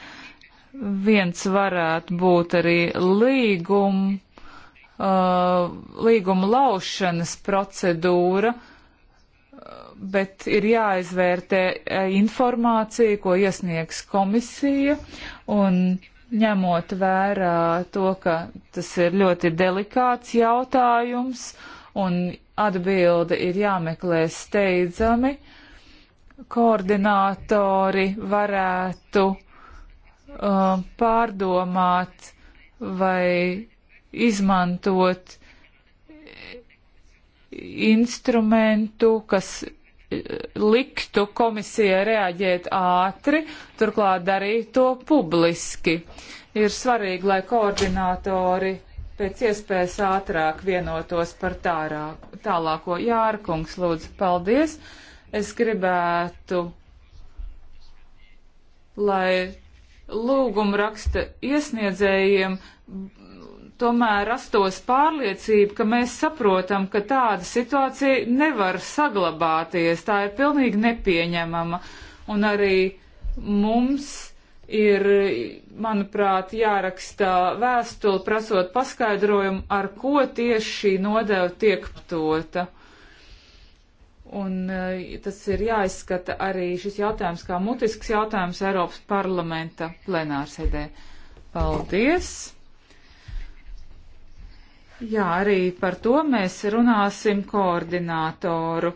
Viens varētu būt arī līgum, uh, līguma laušanas procedūra bet ir jāizvērtē eh, informācija, ko iesniegs komisija, un ņemot vērā to, ka tas ir ļoti delikāts jautājums, un atbilde ir jāmeklē steidzami, koordinātori varētu uh, pārdomāt vai izmantot instrumentu, kas liktu komisijai reaģēt ātri, turklāt darīt to publiski. Ir svarīgi, lai koordinātori pēc iespējas ātrāk vienotos par tārāk, tālāko. Jārkungs, lūdzu, paldies. Es gribētu, lai lūguma raksta iesniedzējiem tomēr rastos pārliecība, ka mēs saprotam, ka tāda situācija nevar saglabāties. Tā ir pilnīgi nepieņemama. Un arī mums ir, manuprāt, jāraksta vēstuli prasot paskaidrojumu, ar ko tieši šī nodeva tiek ptota. Un eh, tas ir jāizskata arī šis jautājums kā mutisks jautājums Eiropas parlamenta plenārsēdē. Paldies! Jā, arī par to mēs runāsim koordinātoru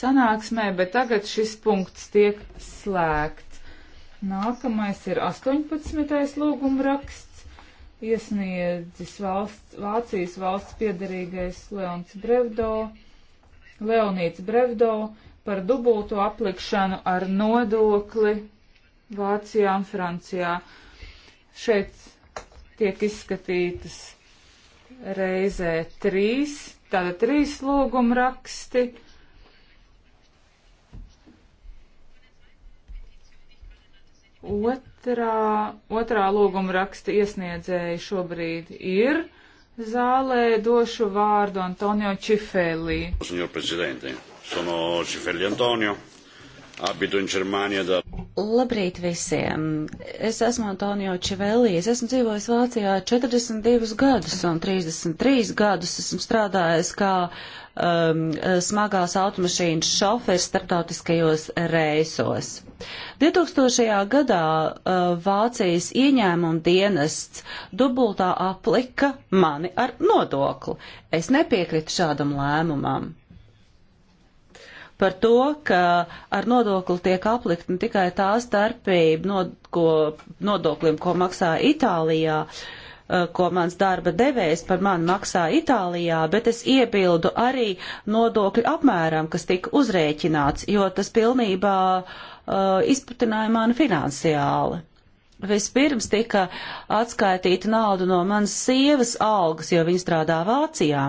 sanāksmē, bet tagad šis punkts tiek slēgts. Nākamais ir 18. lūguma raksts, iesniedzis valsts, Vācijas valsts piedarīgais Leons Brevdo Leonīts Brevdo par dubultu aplikšanu ar nodokli Vācijā un Francijā. Šeit tiek izskatītas reizē trīs, tātad trīs lūguma raksti. Otrā, otrā lūguma raksta iesniedzēji šobrīd ir zālē došu vārdu Antonio Čifēlī. Signor Presidente, sono Čifēlī Antonio abitu in Germania da. Labrīt visiem! Es esmu Antonio Čivelī. Es esmu dzīvojis Vācijā 42 gadus un 33 gadus. Esmu strādājis kā um, smagās automašīnas šoferis starptautiskajos reisos. 2000. gadā uh, Vācijas ieņēmuma dienests dubultā aplika mani ar nodokli. Es nepiekrītu šādam lēmumam par to, ka ar nodokli tiek aplikt ne tikai tā starpība no, ko, nodoklim, ko maksā Itālijā, eh, ko mans darba devējs par mani maksā Itālijā, bet es iebildu arī nodokļu apmēram, kas tika uzrēķināts, jo tas pilnībā uh, izputināja mani finansiāli. Vispirms tika atskaitīta nauda no manas sievas algas, jo viņa strādā Vācijā.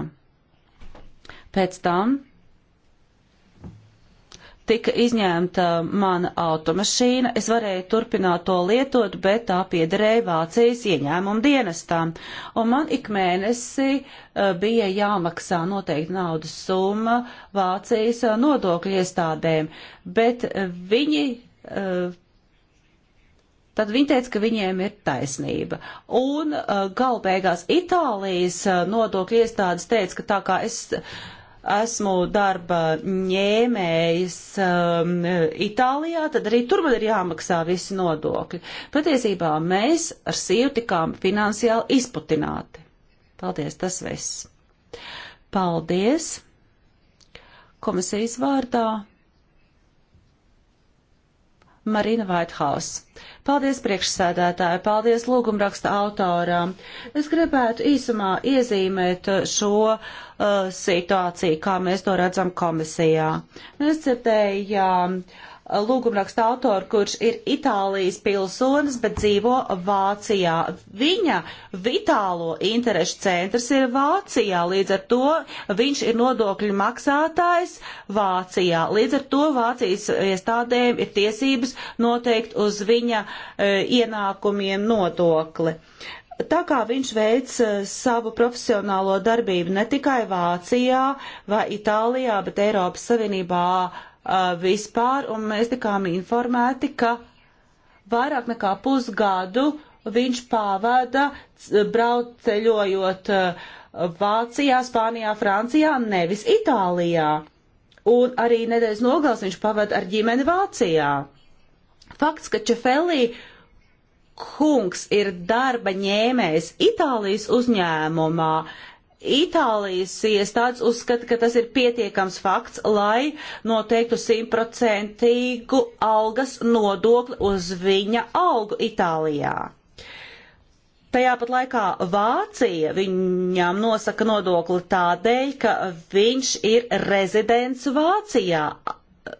Pēc tam tika izņemta mana automašīna. Es varēju turpināt to lietot, bet tā piederēja Vācijas ieņēmuma dienestām. Un man ik mēnesi eh, bija jāmaksā noteikti naudas summa Vācijas eh, nodokļu iestādēm, bet eh, viņi. Tad viņi teica, ka viņiem ir taisnība. Un uh, galbeigās Itālijas uh, nodokļu iestādes teica, ka tā kā es uh, esmu darba ņēmējs um, Itālijā, tad arī tur man ir jāmaksā visi nodokļi. Patiesībā mēs ar sievu tikām finansiāli izputināti. Paldies, tas viss. Paldies komisijas vārdā. Marina Whitehouse. Paldies priekšsēdētāji, paldies lūgumraksta autorām. Es gribētu īsumā iezīmēt šo uh, situāciju, kā mēs to redzam komisijā. Mēs dzirdējām. Uh, lūgumraksta autoru, kurš ir Itālijas pilsonis, bet dzīvo Vācijā. Viņa vitālo interešu centrs ir Vācijā, līdz ar to viņš ir nodokļu maksātājs Vācijā. Līdz ar to Vācijas iestādēm ir tiesības noteikt uz viņa e, ienākumiem nodokli. Tā kā viņš veic e, savu profesionālo darbību ne tikai Vācijā vai Itālijā, bet Eiropas Savienībā Uh, vispār, un mēs tikām informēti, ka vairāk nekā pusgadu viņš pavada brauceļojot uh, Vācijā, Spānijā, Francijā, nevis Itālijā. Un arī nedēļas nogals viņš pavada ar ģimeni Vācijā. Fakts, ka Čefelī kungs ir darba ņēmējs Itālijas uzņēmumā, Itālijas iestādes uzskata, ka tas ir pietiekams fakts, lai noteiktu simtprocentīgu algas nodokli uz viņa algu Itālijā. Tajā pat laikā Vācija viņam nosaka nodokli tādēļ, ka viņš ir rezidents Vācijā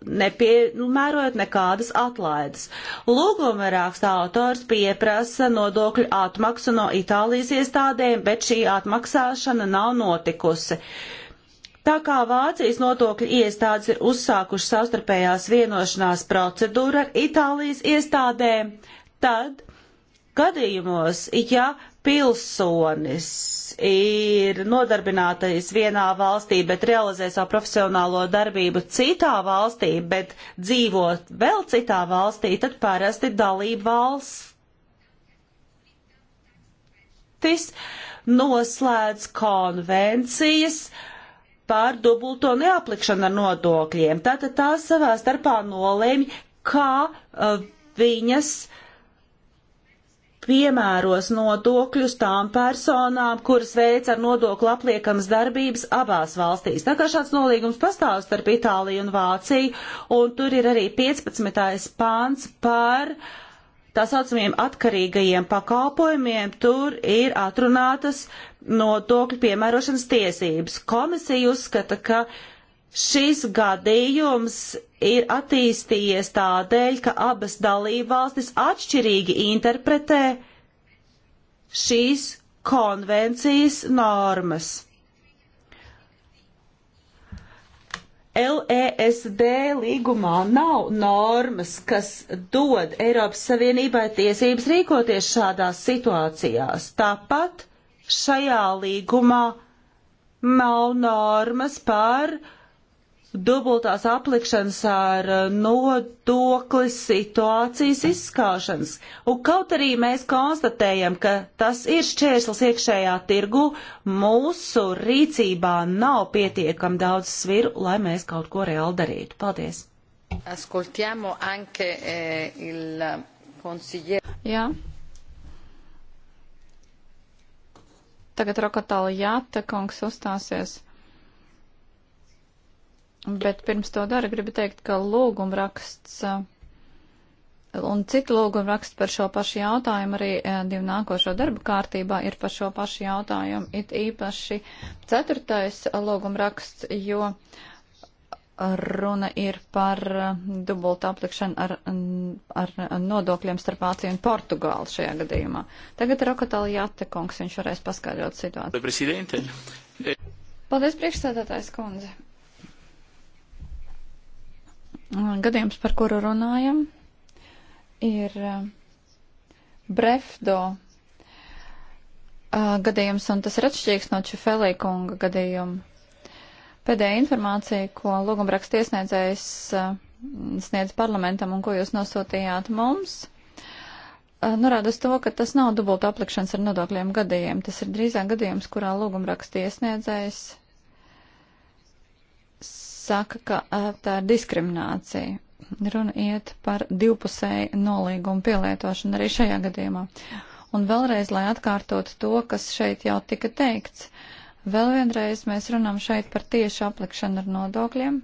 nepiemērojot nekādas atlaides. Lūguma raksta autors pieprasa nodokļu atmaksu no Itālijas iestādēm, bet šī atmaksāšana nav notikusi. Tā kā Vācijas notokļu iestādes ir uzsākušas savstarpējās vienošanās procedūru ar Itālijas iestādēm, tad gadījumos, ja pilsonis ir nodarbinātais vienā valstī, bet realizē savu profesionālo darbību citā valstī, bet dzīvo vēl citā valstī, tad parasti dalība valstis noslēdz konvencijas par dubulto neaplikšanu ar nodokļiem. Tātad tās savā starpā nolēma, kā uh, viņas uh, piemēros nodokļus tām personām, kuras veic ar nodokli apliekams darbības abās valstīs. Tā kā šāds nolīgums pastāv starp Itāliju un Vāciju, un tur ir arī 15. pāns par tā saucamiem atkarīgajiem pakalpojumiem, tur ir atrunātas nodokļu piemērošanas tiesības. Komisija uzskata, ka Šis gadījums ir attīstījies tādēļ, ka abas dalībvalstis atšķirīgi interpretē šīs konvencijas normas. LESD līgumā nav normas, kas dod Eiropas Savienībai tiesības rīkoties šādās situācijās. Tāpat šajā līgumā nav normas par uh, dubultās aplikšanas ar eh, nodokli situācijas izskaušanas. Un kaut arī mēs konstatējam, ka tas ir šķērslis iekšējā tirgu, mūsu rīcībā nav pietiekam daudz sviru, lai mēs kaut ko reāli darītu. Paldies! Ascoltiamo anche eh, il consigliere. Jā. Tagad Rokatāla Jāta kungs uzstāsies. Bet pirms to dara, gribu teikt, ka lūgumraksts eh, un citi lūgumraksti par šo pašu jautājumu arī eh, divu nākošo darbu kārtībā ir par šo pašu jautājumu. It īpaši ceturtais lūgumraksts, jo runa ir par eh, dubultu aplikšanu ar, ar nodokļiem starp Vāciju un Portugālu šajā gadījumā. Tagad Rokatali Jātekungs, viņš varēs paskaidrot situāciju. Paldies, priekšstādātājs kundze gadījums, par kuru runājam, ir uh, Brefdo uh, gadījums, un tas ir atšķirīgs no Čefelī kunga gadījuma. Pēdējā informācija, ko lūgumraksta iesniedzējs uh, sniedz parlamentam un ko jūs nosūtījāt mums, norāda uz to, ka tas nav dubulta aplikšanas ar nodokļiem gadījiem. Tas ir drīzāk gadījums, kurā lūgumraksta iesniedzējs saka, ka tā ir diskriminācija. Runa iet par divpusēju nolīgumu pielietošanu arī šajā gadījumā. Un vēlreiz, lai atkārtotu to, kas šeit jau tika teikts, vēl vienreiz mēs runām šeit par tiešu aplikšanu ar nodokļiem.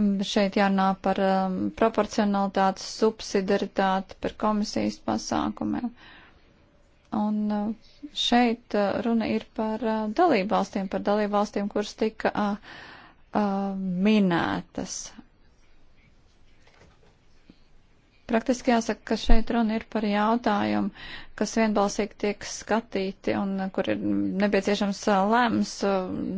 Mm, šeit jārunā par um, proporcionalitātes subsidaritāti, par komisijas pasākumiem. Uh, Un uh, šeit uh, runa ir par uh, dalībvalstīm, par dalībvalstīm, kuras tika a, a, minētas. Praktiski jāsaka, ka šeit runa ir par jautājumu, kas vienbalsīgi tiek skatīti un kur ir nepieciešams lēms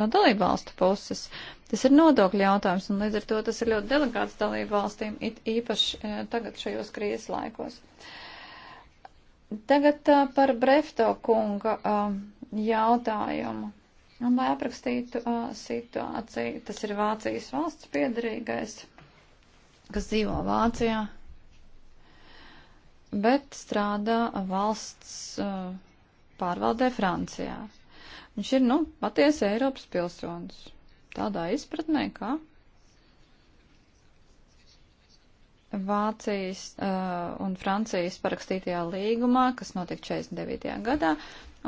no dalībvalstu puses. Tas ir nodokļu jautājums un līdz ar to tas ir ļoti delegāts dalībvalstīm, it īpaši tagad šajos krīzes laikos. Uh, Tagad uh, par Brefto kunga uh, jautājumu. Un, lai aprakstītu uh, situāciju, tas ir Vācijas valsts piedarīgais, kas dzīvo Vācijā, bet strādā valsts uh, pārvaldē Francijā. Viņš ir, nu, patiesi Eiropas pilsonis. Tādā izpratnē, kā Vācijas uh, un Francijas parakstītajā līgumā, kas notika 49. gadā,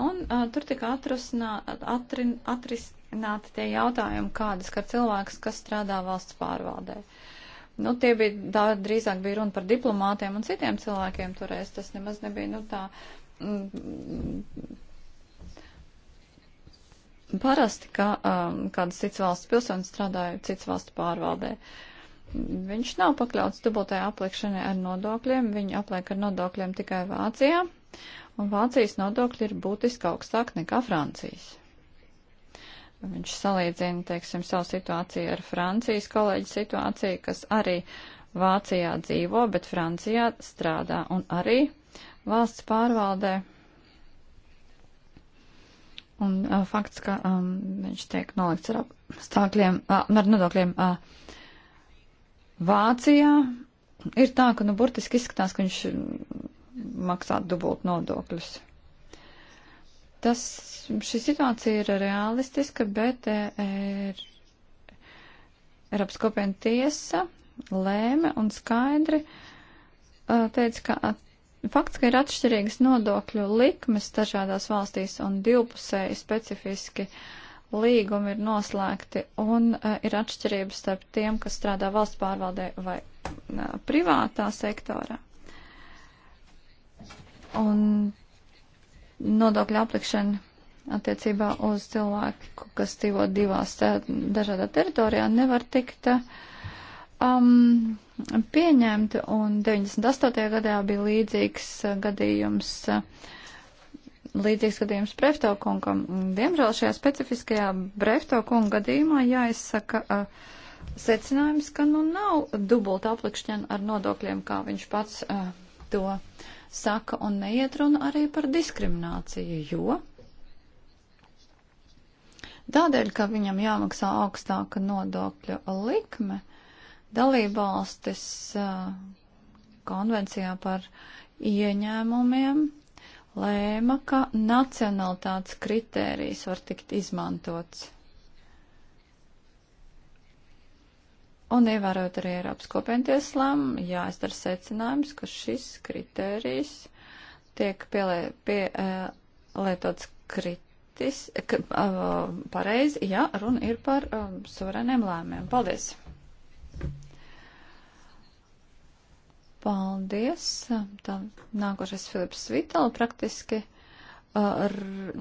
un uh, tur tika atrasnā, atrin, atrisināti tie jautājumi, kādas kā cilvēks, kas strādā valsts pārvaldē. Nu, tie bija, dā, drīzāk bija runa par diplomātiem un citiem cilvēkiem toreiz, tas nemaz nebija, nu, tā. Mm, parasti, ka um, kādas cits valsts pilsonis strādāja cits valsts pārvaldē. Uh, viņš nav pakļauts dubultajā aplikšanai ar nodokļiem. Viņu apliek ar nodokļiem tikai Vācijā, un Vācijas nodokļi ir būtiski augstāk nekā Francijas. Viņš salīdzina, teiksim, savu situāciju ar Francijas kolēģi situāciju, kas arī Vācijā dzīvo, bet Francijā strādā un arī valsts pārvaldē. Un uh, fakts, ka um, viņš tiek nolikts ar apstākļiem, uh, ar nodokļiem. Uh, Vācijā ir tā, ka, nu, burtiski izskatās, ka viņš maksā dubult nodokļus. Tas, šī situācija ir realistiska, bet eh, ir Eiropas kopiena tiesa lēma un skaidri eh, teica, ka fakts, ka ir atšķirīgas nodokļu likmes dažādās valstīs un divpusēji specifiski uh, līgumi ir noslēgti un uh, ir atšķirības starp tiem, kas strādā valsts pārvaldē vai uh, privātā sektorā. Un nodokļu aplikšana attiecībā uz cilvēku, kas dzīvo divās tā, e, dažādā teritorijā, nevar tikt um, pieņemta. Un 98. gadā bija līdzīgs uh, gadījums. Uh, Līdzīgs gadījums Brefto kungam. Diemžēl šajā specifiskajā Brefto kunga gadījumā jāizsaka uh, secinājums, ka nu nav dubulta aplikšķina ar nodokļiem, kā viņš pats uh, to saka, un neiet runa arī par diskrimināciju, jo tādēļ, ka viņam jāmaksā augstāka nodokļa likme, dalībvalstis uh, konvencijā par ieņēmumiem lēma, ka nacionalitātes kritērijs var tikt izmantots. Un ievērot arī Eiropas kopienties lēmumu, jāizdara secinājums, ka šis kritērijs tiek pielietots pie, uh, kritis, ka, uh, pareizi, ja runa ir par uh, suverēniem lēmumiem. Paldies! Paldies. Tā nākošais Filips Vitala praktiski. Uh, ar,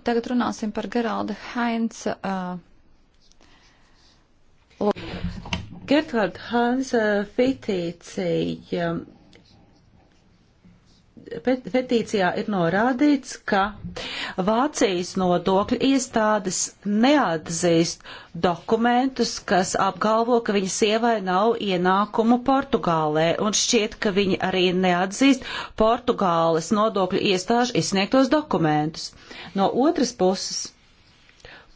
tagad runāsim par Geralda Heinza. Uh, Gertvarda Hansa Fitīcija petīcijā ir norādīts, ka Vācijas nodokļu iestādes neatzīst dokumentus, kas apgalvo, ka viņa sievai nav ienākumu Portugālē, un šķiet, ka viņi arī neatzīst Portugāles nodokļu iestāžu izsniegtos dokumentus. No otras puses,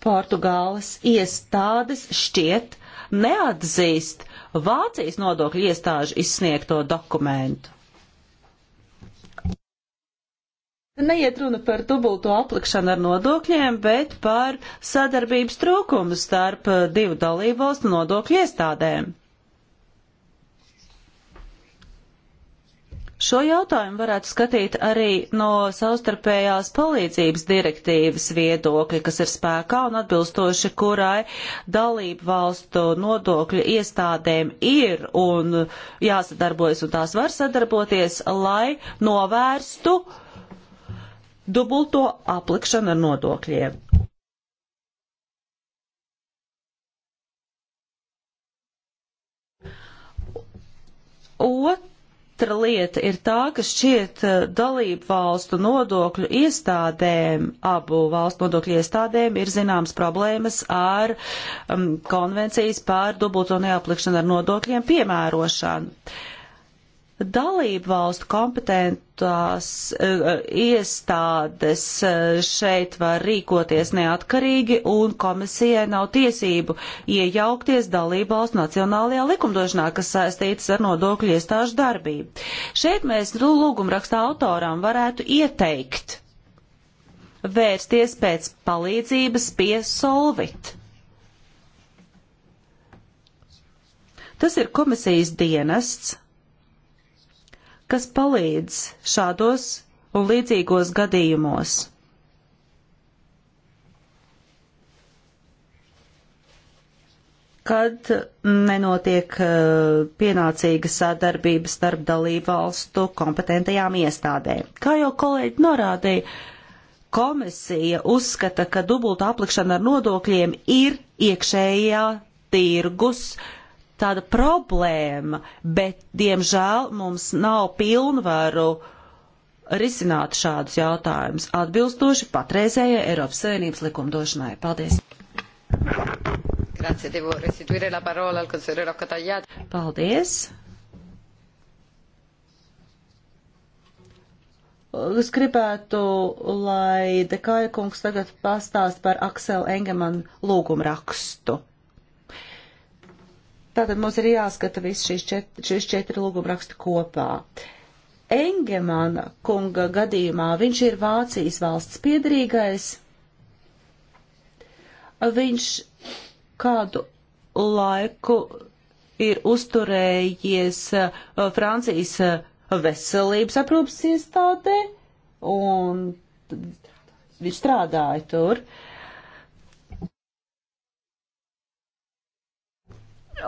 Portugāles iestādes šķiet neatzīst Vācijas nodokļu iestāžu izsniegto dokumentu. Neiet runa par dubulto aplikšanu ar nodokļiem, bet par sadarbības trūkumu starp eh, divu dalībvalstu nodokļu iestādēm. Šo jautājumu varētu skatīt arī no savstarpējās palīdzības direktīvas viedokļa, kas ir spēkā un atbilstoši kurai dalību valstu nodokļu iestādēm ir un jāsadarbojas un tās var sadarboties, lai novērstu uh, dubulto aplikšanu ar nodokļiem. Otra lieta ir tā, ka šķiet eh, dalību valstu nodokļu iestādēm, abu valstu nodokļu iestādēm ir zināmas problēmas ar um, konvencijas pār dubulto neaplikšanu ar nodokļiem piemērošanu. Uh, Dalību valstu kompetentās eh, iestādes eh, šeit var rīkoties neatkarīgi un komisijai nav tiesību iejaukties dalību valstu nacionālajā likumdošanā, kas saistītas ar nodokļu iestāžu darbību. Šeit mēs nu, lūgumraksta autoram varētu ieteikt vērsties pēc palīdzības pie Solvit. Tas ir komisijas dienests, kas palīdz šādos un līdzīgos gadījumos. Kad nenotiek uh, pienācīga sadarbība starp dalību valstu kompetentajām iestādēm. Kā jau kolēģi norādīja, komisija uzskata, ka dubulta aplikšana ar nodokļiem ir iekšējā tirgus uh, tāda problēma, bet, diemžēl, mums nav pilnvaru risināt šādus jautājumus atbilstoši patreizējai Eiropas Savienības likumdošanai. Paldies! Grazie, devo restituire la parola al consigliere Catagliati. Paldies. Es gribētu, lai Dekaja kungs tagad pastāst par Aksela Engemana lūgumu rakstu. Tātad mums ir jāskata viss šīs četri, šīs četri lūgumraksti kopā. Engemana kunga gadījumā viņš ir Vācijas valsts piedarīgais. Viņš kādu laiku ir uzturējies uh, Francijas uh, veselības aprūpas iestādē, un viņš strādāja tur. Uh,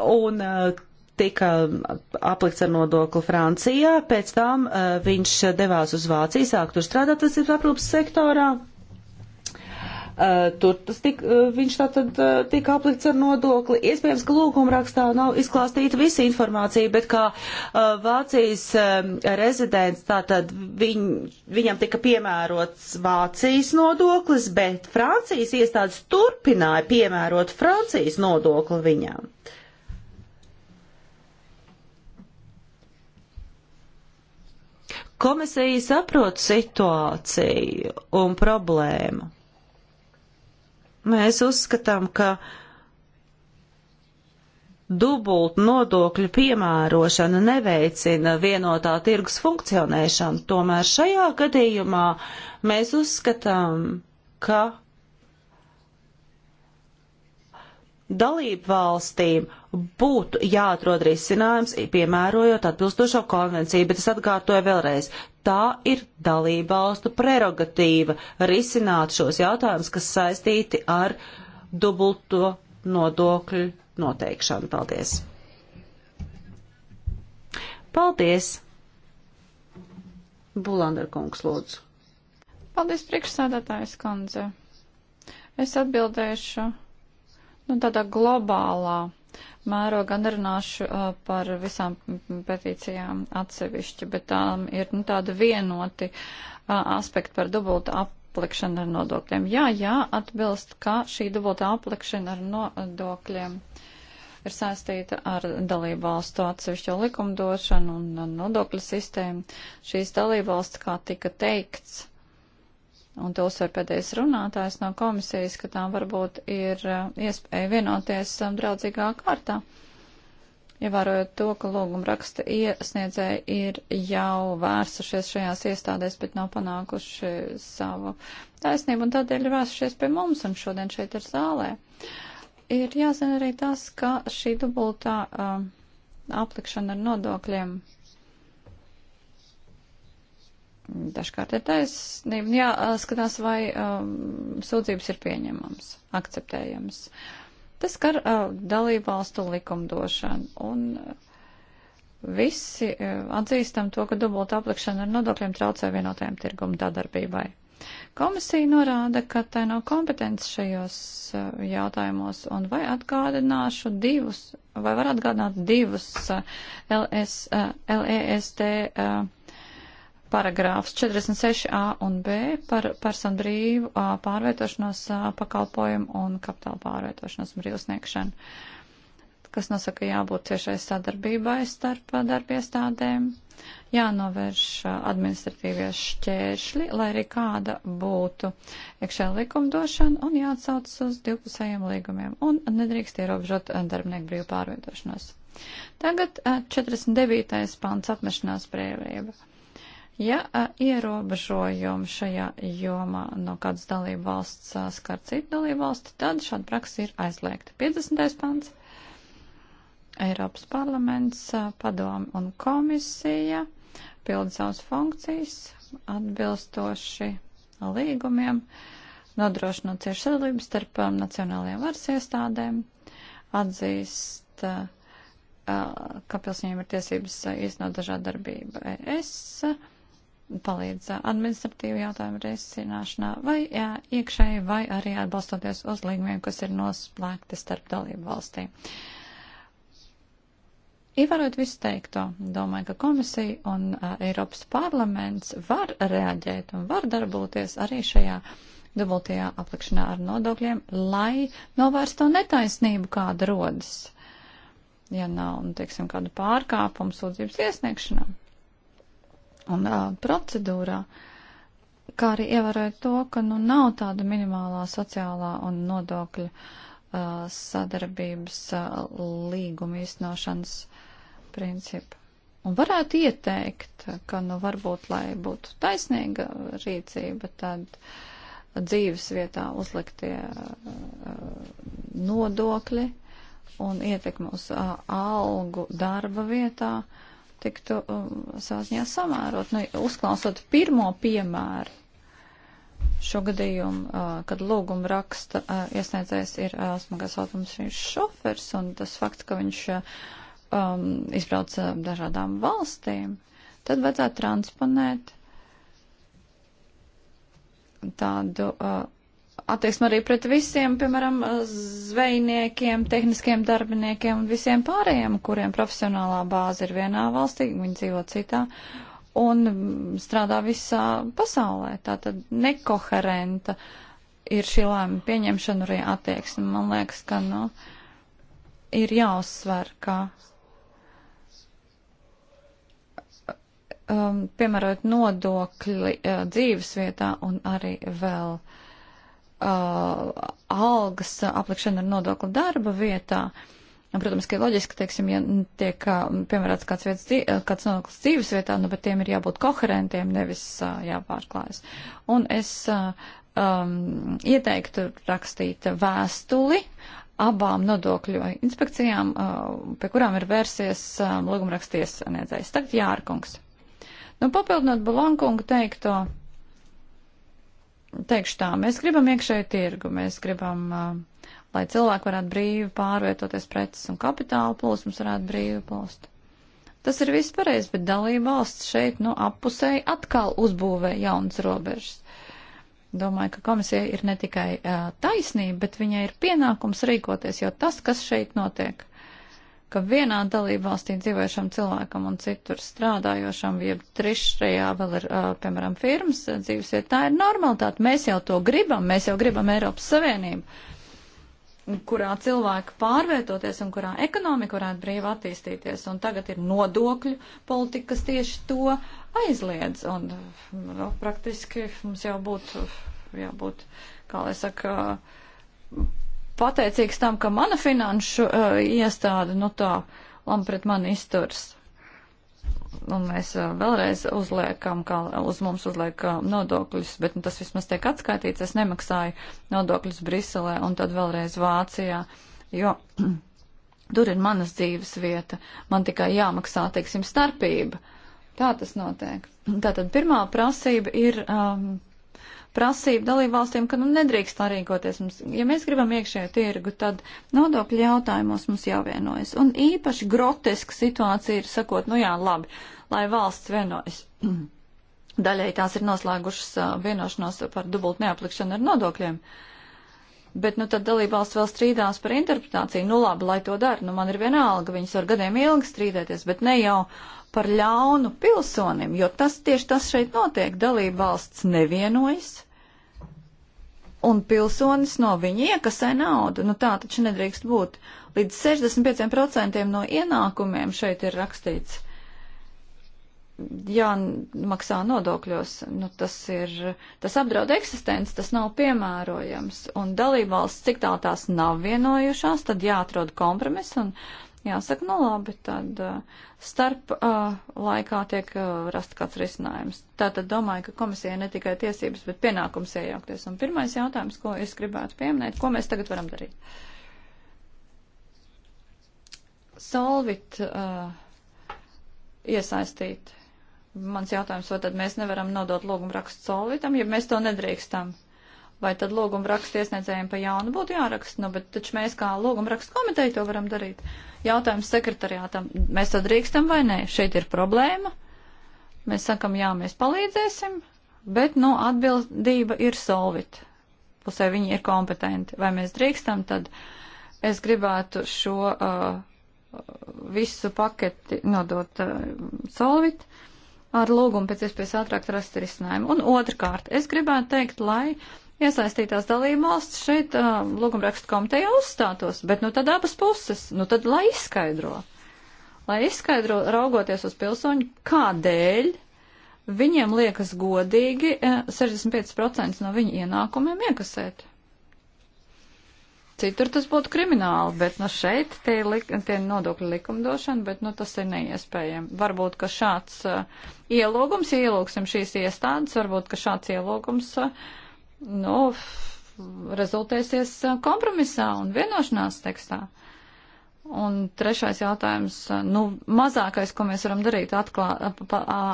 un uh, tika aplikts ar nodokli Francijā, pēc tam uh, viņš devās uz Vāciju, sāk tur strādāt veselības aprūpas sektorā. Uh, tur tik, viņš tātad tika aplikts ar nodokli. Iespējams, ka lūgumrakstā nav izklāstīta visa informācija, bet kā Vācijas um, rezidents, tātad viņ, viņam tika piemērots Vācijas nodoklis, bet Francijas iestādes turpināja piemērot Francijas nodokli viņam. Uh, Komisija saprot situāciju un problēmu. Mēs uzskatām, ka dubult nodokļu piemērošana neveicina vienotā tirgus funkcionēšanu. Tomēr šajā gadījumā mēs uzskatām, ka Dalību valstīm būtu jāatrod risinājums, piemērojot atbilstošo konvenciju, bet es atkārtoju vēlreiz. Tā ir dalību valstu prerogatīva risināt šos jautājumus, kas saistīti ar dubulto nodokļu noteikšanu. Paldies! Paldies! Bulandar kungs, lūdzu. Paldies, priekšsādātājs kundze. Es atbildēšu nu, tādā globālā mērogā nerunāšu uh, par visām petīcijām atsevišķi, bet tām ir nu, tāda vienoti uh, aspekti par dubultu aplikšanu ar nodokļiem. Jā, jā, atbilst, ka šī dubulta aplikšana ar nodokļiem ir saistīta ar dalību valstu atsevišķo likumdošanu un nodokļu sistēmu. Šīs dalību valsts, kā tika teikts, un to uzsver pēdējais runātājs no komisijas, ka tām varbūt ir uh, iespēja vienoties um, draudzīgā kārtā. Ievērojot to, ka lūguma raksta iesniedzēji ir jau vērsušies šajās iestādēs, bet nav panākuši savu taisnību, un tādēļ ir vērsušies pie mums, un šodien šeit ir zālē. Ir jāzina arī tas, ka šī dubultā uh, aplikšana ar nodokļiem Dažkārt ir taisnība. Jā, skatās, vai um, sūdzības ir pieņemams, akceptējams. Tas skar uh, dalībvalstu likumdošanu. Un, uh, visi atzīstam to, ka dubulta aplikšana ar nodokļiem traucē vienotajam tirgumu darbībai. Komisija norāda, ka tai nav kompetences šajos jautājumos, un vai atgādināšu divus, vai var atgādināt divus LS, LEST paragrāfs 46a un b par personu brīvu pārvietošanos pakalpojumu un kapitāla pārvietošanos brīvsniegšanu, kas nosaka jābūt tiešai sadarbībai starp darbiestādēm, jānovērš administratīvie šķēršļi, lai arī kāda būtu iekšē likumdošana un jāatsauc uz divpusējiem līgumiem un nedrīkst ierobežot darbinieku brīvu pārvietošanos. Tagad 49. pants apmešanās brīvība. Ja ierobežojumi šajā jomā no kādas dalību valsts skar citu dalību valsti, tad šāda praksa ir aizliegta. 50. pants. Eiropas parlaments, padomi un komisija pilda savas funkcijas atbilstoši līgumiem, nodrošinot ciešu sadalību starp nacionālajām varas iestādēm, atzīst ka pilsņiem ir tiesības īstenot dažādu darbību. Es palīdz administratīvu jautājumu risināšanā vai jā, iekšēji vai arī atbalstoties uz līgumiem, kas ir noslēgti starp dalību valstīm. Ievarot visu teikto, domāju, ka komisija un uh, Eiropas parlaments var reaģēt un var darboties arī šajā dubultajā aplikšanā ar nodokļiem, lai novērstu to netaisnību, kāda rodas, ja nav, nu, teiksim, kādu pārkāpumu sūdzības iesniegšanā un uh, procedūrā, kā arī ievērojot to, ka nu nav tāda minimālā sociālā un nodokļu uh, sadarbības uh, līguma īstenošanas principu. Un varētu ieteikt, ka, nu, varbūt, lai būtu taisnīga rīcība, tad dzīves vietā uzliktie nodokļi un ietekme uz algu darba vietā tiktu um, savā ziņā samērot. Nu, uzklausot pirmo piemēru šo gadījumu, uh, kad lūguma raksta uh, iesniedzējs ir uh, smagās automašīnas šofers un tas fakts, ka viņš uh, um, izbrauc uh, dažādām valstīm, tad vajadzētu transponēt tādu. Uh, attieksme arī pret visiem, piemēram, zvejniekiem, tehniskiem darbiniekiem un visiem pārējiem, kuriem profesionālā bāze ir vienā valstī, viņi dzīvo citā un strādā visā pasaulē. Tā tad nekoherenta ir šī lēma pieņemšana arī attieksme. Man liekas, ka, nu, ir jāuzsver, ka um, piemērot nodokli uh, dzīves vietā un arī vēl uh, Uh, algas aplikšana ar nodokli darba vietā. Protams, ka ir loģiski, teiksim, ja tiek uh, piemērots kāds, vietas, uh, kāds nonākums dzīves vietā, nu, bet tiem ir jābūt koherentiem, nevis jāpārklājas. Un es um, ieteiktu rakstīt vēstuli abām nodokļu inspekcijām, uh, pie kurām ir vērsies um, lūgumrakstiesniedzējs. Tagad Jārkungs. Nu, papildinot Balonkungu teikto teikšu tā, mēs gribam iekšēju tirgu, mēs gribam, uh, lai cilvēki varētu brīvi pārvietoties preces un kapitāla plūsmas varētu brīvi plūst. Tas ir viss pareizi, bet dalība valsts šeit, nu, appusēji atkal uzbūvē jaunas robežas. Domāju, ka komisija ir ne tikai uh, taisnība, bet viņai ir pienākums rīkoties, jo tas, kas šeit notiek, ka vienā dalībvalstī dzīvojušam cilvēkam un citur strādājošam, jeb trešajā vēl ir, uh, piemēram, firmas dzīvesvieta, tā ir normalitāte. Mēs jau to gribam, mēs jau gribam Eiropas Savienību, kurā cilvēki pārvietoties un kurā ekonomika varētu brīvi attīstīties. Un tagad ir nodokļu politika, kas tieši to aizliedz. Un nu, praktiski mums jau būtu, jābūt, kā lai saka, pateicīgs tam, ka mana finanšu uh, iestāde, nu tā, labi pret mani izturs. Un mēs uh, vēlreiz uzliekam, kā uz mums uzliek uh, nodokļus, bet nu, tas vismaz tiek atskaitīts, es nemaksāju nodokļus Briselē un tad vēlreiz Vācijā, jo tur ir manas dzīves vieta, man tikai jāmaksā, teiksim, starpība. Tā tas notiek. Tātad pirmā prasība ir um, prasību dalībvalstīm, ka nu, nedrīkst tā rīkoties. Mums, ja mēs gribam iekšējo tirgu, tad nodokļu jautājumos mums jāvienojas. Un īpaši groteska situācija ir sakot, nu jā, labi, lai valsts vienojas. Daļai tās ir noslēgušas uh, vienošanos par dubult neaplikšanu ar nodokļiem. Uh, Bet nu tad dalībvalsts vēl strīdās par interpretāciju. Nu labi, lai to dara, nu man ir vienalga, viņas var gadiem ilgi strīdēties, bet ne jau par ļaunu pilsonim, jo tas tieši tas šeit notiek. Dalībvalsts nevienojas un pilsonis no viņa iekasē naudu. Nu tā taču nedrīkst būt. Līdz 65% no ienākumiem šeit ir rakstīts jāmaksā nodokļos, nu, tas ir, tas apdraud eksistenci, tas nav piemērojams. Un dalībvalsts, cik tālu tās nav vienojušās, tad jāatrod kompromis un jāsaka, nu labi, tad eh, starp uh, laikā tiek uh, rast kāds risinājums. Tātad domāju, ka komisija ne tikai tiesības, bet pienākums iejaukties. Un pirmais jautājums, ko es gribētu pieminēt, ko mēs tagad varam darīt? Solvit uh, iesaistīt Mans jautājums, vai tad mēs nevaram nodot lūgumu rakstu solvitam, ja mēs to nedrīkstam? Vai tad lūgumu rakstu iesniedzējiem pa jaunu būtu jāraksta? Nu, bet taču mēs kā lūgumu rakstu komiteju to varam darīt. Jautājums sekretariātam, mēs to drīkstam vai nē? Šeit ir problēma. Mēs sakam, jā, mēs palīdzēsim, bet, nu, atbildība ir solvit. Pusē viņi ir kompetenti. Vai mēs drīkstam, tad es gribētu šo uh, visu paketi nodot uh, solvit ar lūgumu pēc iespējas ātrāk rast risinājumu. Un otrkārt, es gribētu teikt, lai iesaistītās dalībvalsts šeit uh, lūgumrakstu komiteja uzstātos, bet nu tad abas puses, nu tad lai izskaidro, lai izskaidro raugoties uz pilsoņu, kādēļ viņiem liekas godīgi 65% no viņu ienākumiem iekasēt. Citur tas būtu krimināli, bet nu, šeit tie ir lik, tie nodokļu likumdošana, bet nu, tas ir neiespējami. Varbūt, ka šāds uh, ielūgums, ja ielūgsim šīs iestādes, varbūt, ka šāds ielūgums uh, nu, rezultēsies uh, kompromisā un vienošanās tekstā. Un trešais jautājums, uh, nu, mazākais, ko mēs varam darīt, atklā,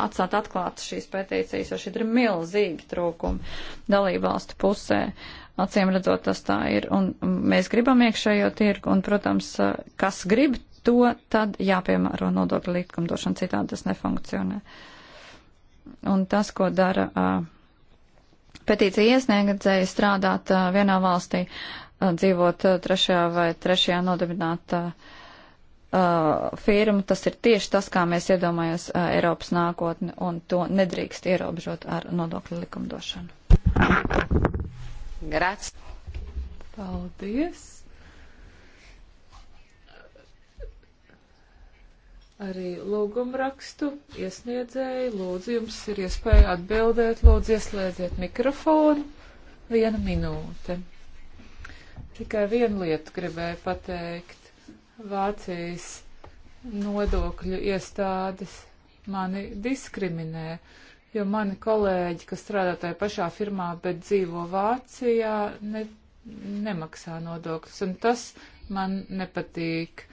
atstāt atklātas šīs pētīcijas, jo šeit ir milzīgi trūkumi dalībvalstu pusē. Uh, Acīm redzot, tas tā ir. Un mēs gribam iekšējo tirgu, un, protams, kas grib to, tad jāpiemēro nodokļu likumdošana, citādi tas nefunkcionē. Un tas, ko dara petīcija iesniegadzēja strādāt vienā valstī, dzīvot trešajā vai trešajā nodibināt firmu, tas ir tieši tas, kā mēs iedomājamies Eiropas nākotni, un to nedrīkst ierobežot ar nodokļu likumdošanu. Grāts. Paldies. Arī lūgumrakstu iesniedzēji, lūdzu, jums ir iespēja atbildēt, lūdzu, ieslēdziet mikrofonu. Viena minūte. Tikai vienu lietu gribēju pateikt. Vācijas nodokļu iestādes mani diskriminē. Uh, jo mani kolēģi, kas strādā tajā pašā firmā, bet dzīvo Vācijā, ne, nemaksā nodokļus, un tas man nepatīk.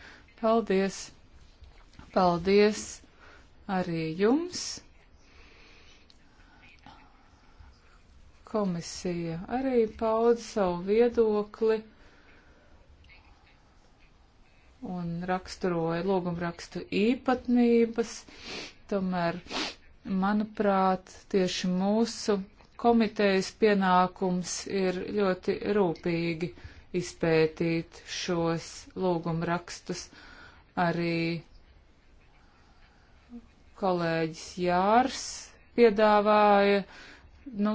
Paldies! Paldies arī jums! Komisija arī pauda savu viedokli un raksturoja lūgumrakstu īpatnības, tomēr Manuprāt, tieši mūsu komitejas pienākums ir ļoti rūpīgi izpētīt šos lūgumrakstus. Arī kolēģis Jārs piedāvāja nu,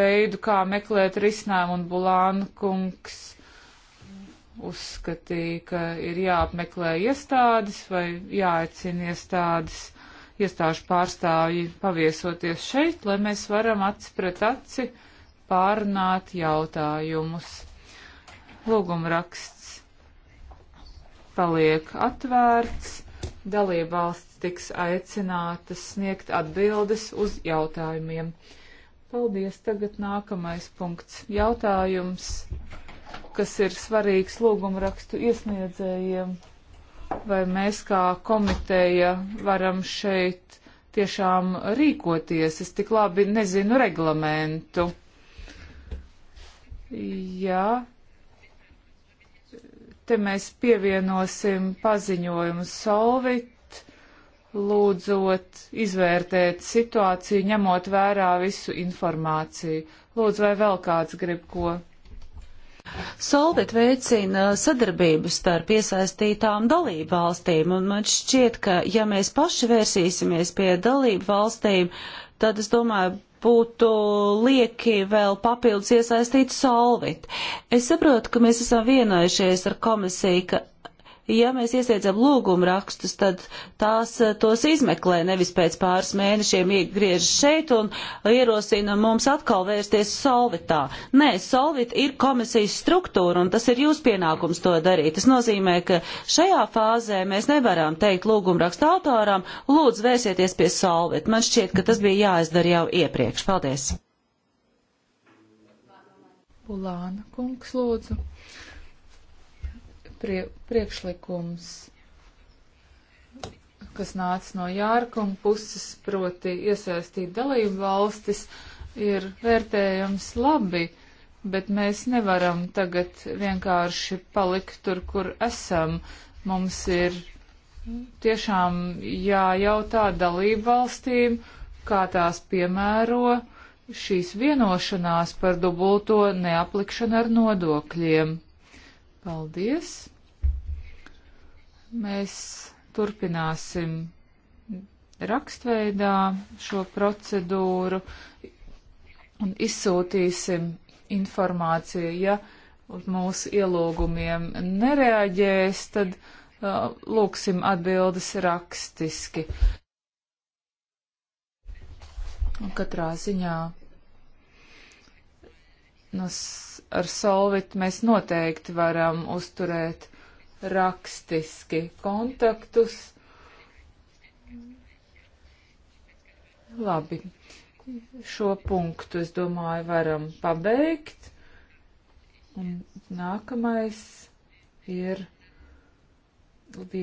veidu, kā meklēt risinājumu, un Bulāna kungs uzskatīja, ka ir jāapmeklē iestādes vai jāaicina iestādes iestāžu pārstāvji paviesoties šeit, lai mēs varam acis pret aci pārunāt jautājumus. Lūgumraksts paliek atvērts, dalībvalsts tiks aicinātas sniegt atbildes uz jautājumiem. Paldies, tagad nākamais punkts. Jautājums, kas ir svarīgs lūgumrakstu iesniedzējiem vai mēs kā komiteja varam šeit tiešām rīkoties. Es tik labi nezinu reglamentu. Jā. Te mēs pievienosim paziņojumu Solvit, lūdzot izvērtēt situāciju, ņemot vērā visu informāciju. Lūdzu, vai vēl kāds grib ko Solvit veicina sadarbību starp iesaistītām dalību valstīm, un man šķiet, ka ja mēs paši vērsīsimies pie dalību valstīm, tad es domāju, būtu lieki vēl papildus iesaistīt solvit. Es saprotu, ka mēs esam vienojušies ar komisiju, ka ja mēs iesniedzam lūgumu rakstus, tad tās eh, tos izmeklē, nevis pēc pāris mēnešiem iegriež šeit un ierosina mums atkal vērsties solvitā. Nē, solvit ir komisijas struktūra un tas ir jūs pienākums to darīt. Tas nozīmē, ka šajā fāzē mēs nevaram teikt lūgumu rakstu autoram, lūdzu vērsieties pie solvit. Man šķiet, ka tas bija jāizdara jau iepriekš. Paldies! Ulāna kungs lūdzu. Prie, priekšlikums, kas nāca no Jārkuma puses, proti iesaistīt dalību valstis, ir vērtējams labi, bet mēs nevaram tagad vienkārši palikt tur, kur esam. Mums ir tiešām jājautā dalību valstīm, kā tās piemēro šīs vienošanās par dubulto neaplikšanu ar nodokļiem. Paldies! Mēs turpināsim rakstveidā šo procedūru un izsūtīsim informāciju. Ja uz mūsu ielūgumiem nereaģēs, tad uh, lūksim atbildes rakstiski. Un katrā ziņā nos, ar solvit mēs noteikti varam uzturēt rakstiski kontaktus. Labi, šo punktu, es domāju, varam pabeigt. Un nākamais ir,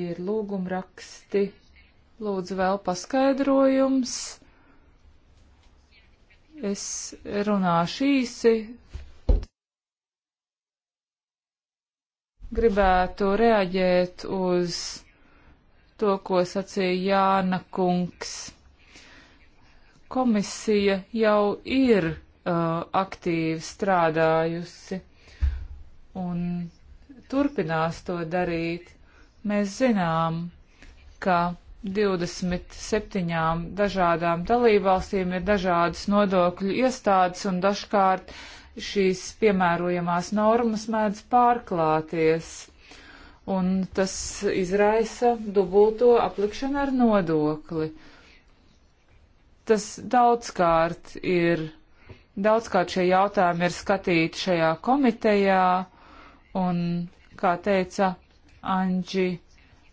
ir lūgumraksti. Lūdzu, vēl paskaidrojums. Es runāšu īsi, gribētu reaģēt uz to, ko sacīja Jāna Kungs. Komisija jau ir uh, aktīvi strādājusi un turpinās to darīt. Mēs zinām, ka 27 dažādām dalībvalstīm ir dažādas nodokļu iestādes un dažkārt uh, šīs piemērojamās normas mēdz pārklāties, un tas izraisa dubulto aplikšanu ar nodokli. Tas daudzkārt ir, daudzkārt šie jautājumi ir skatīti šajā komitejā, un, kā teica Anģi,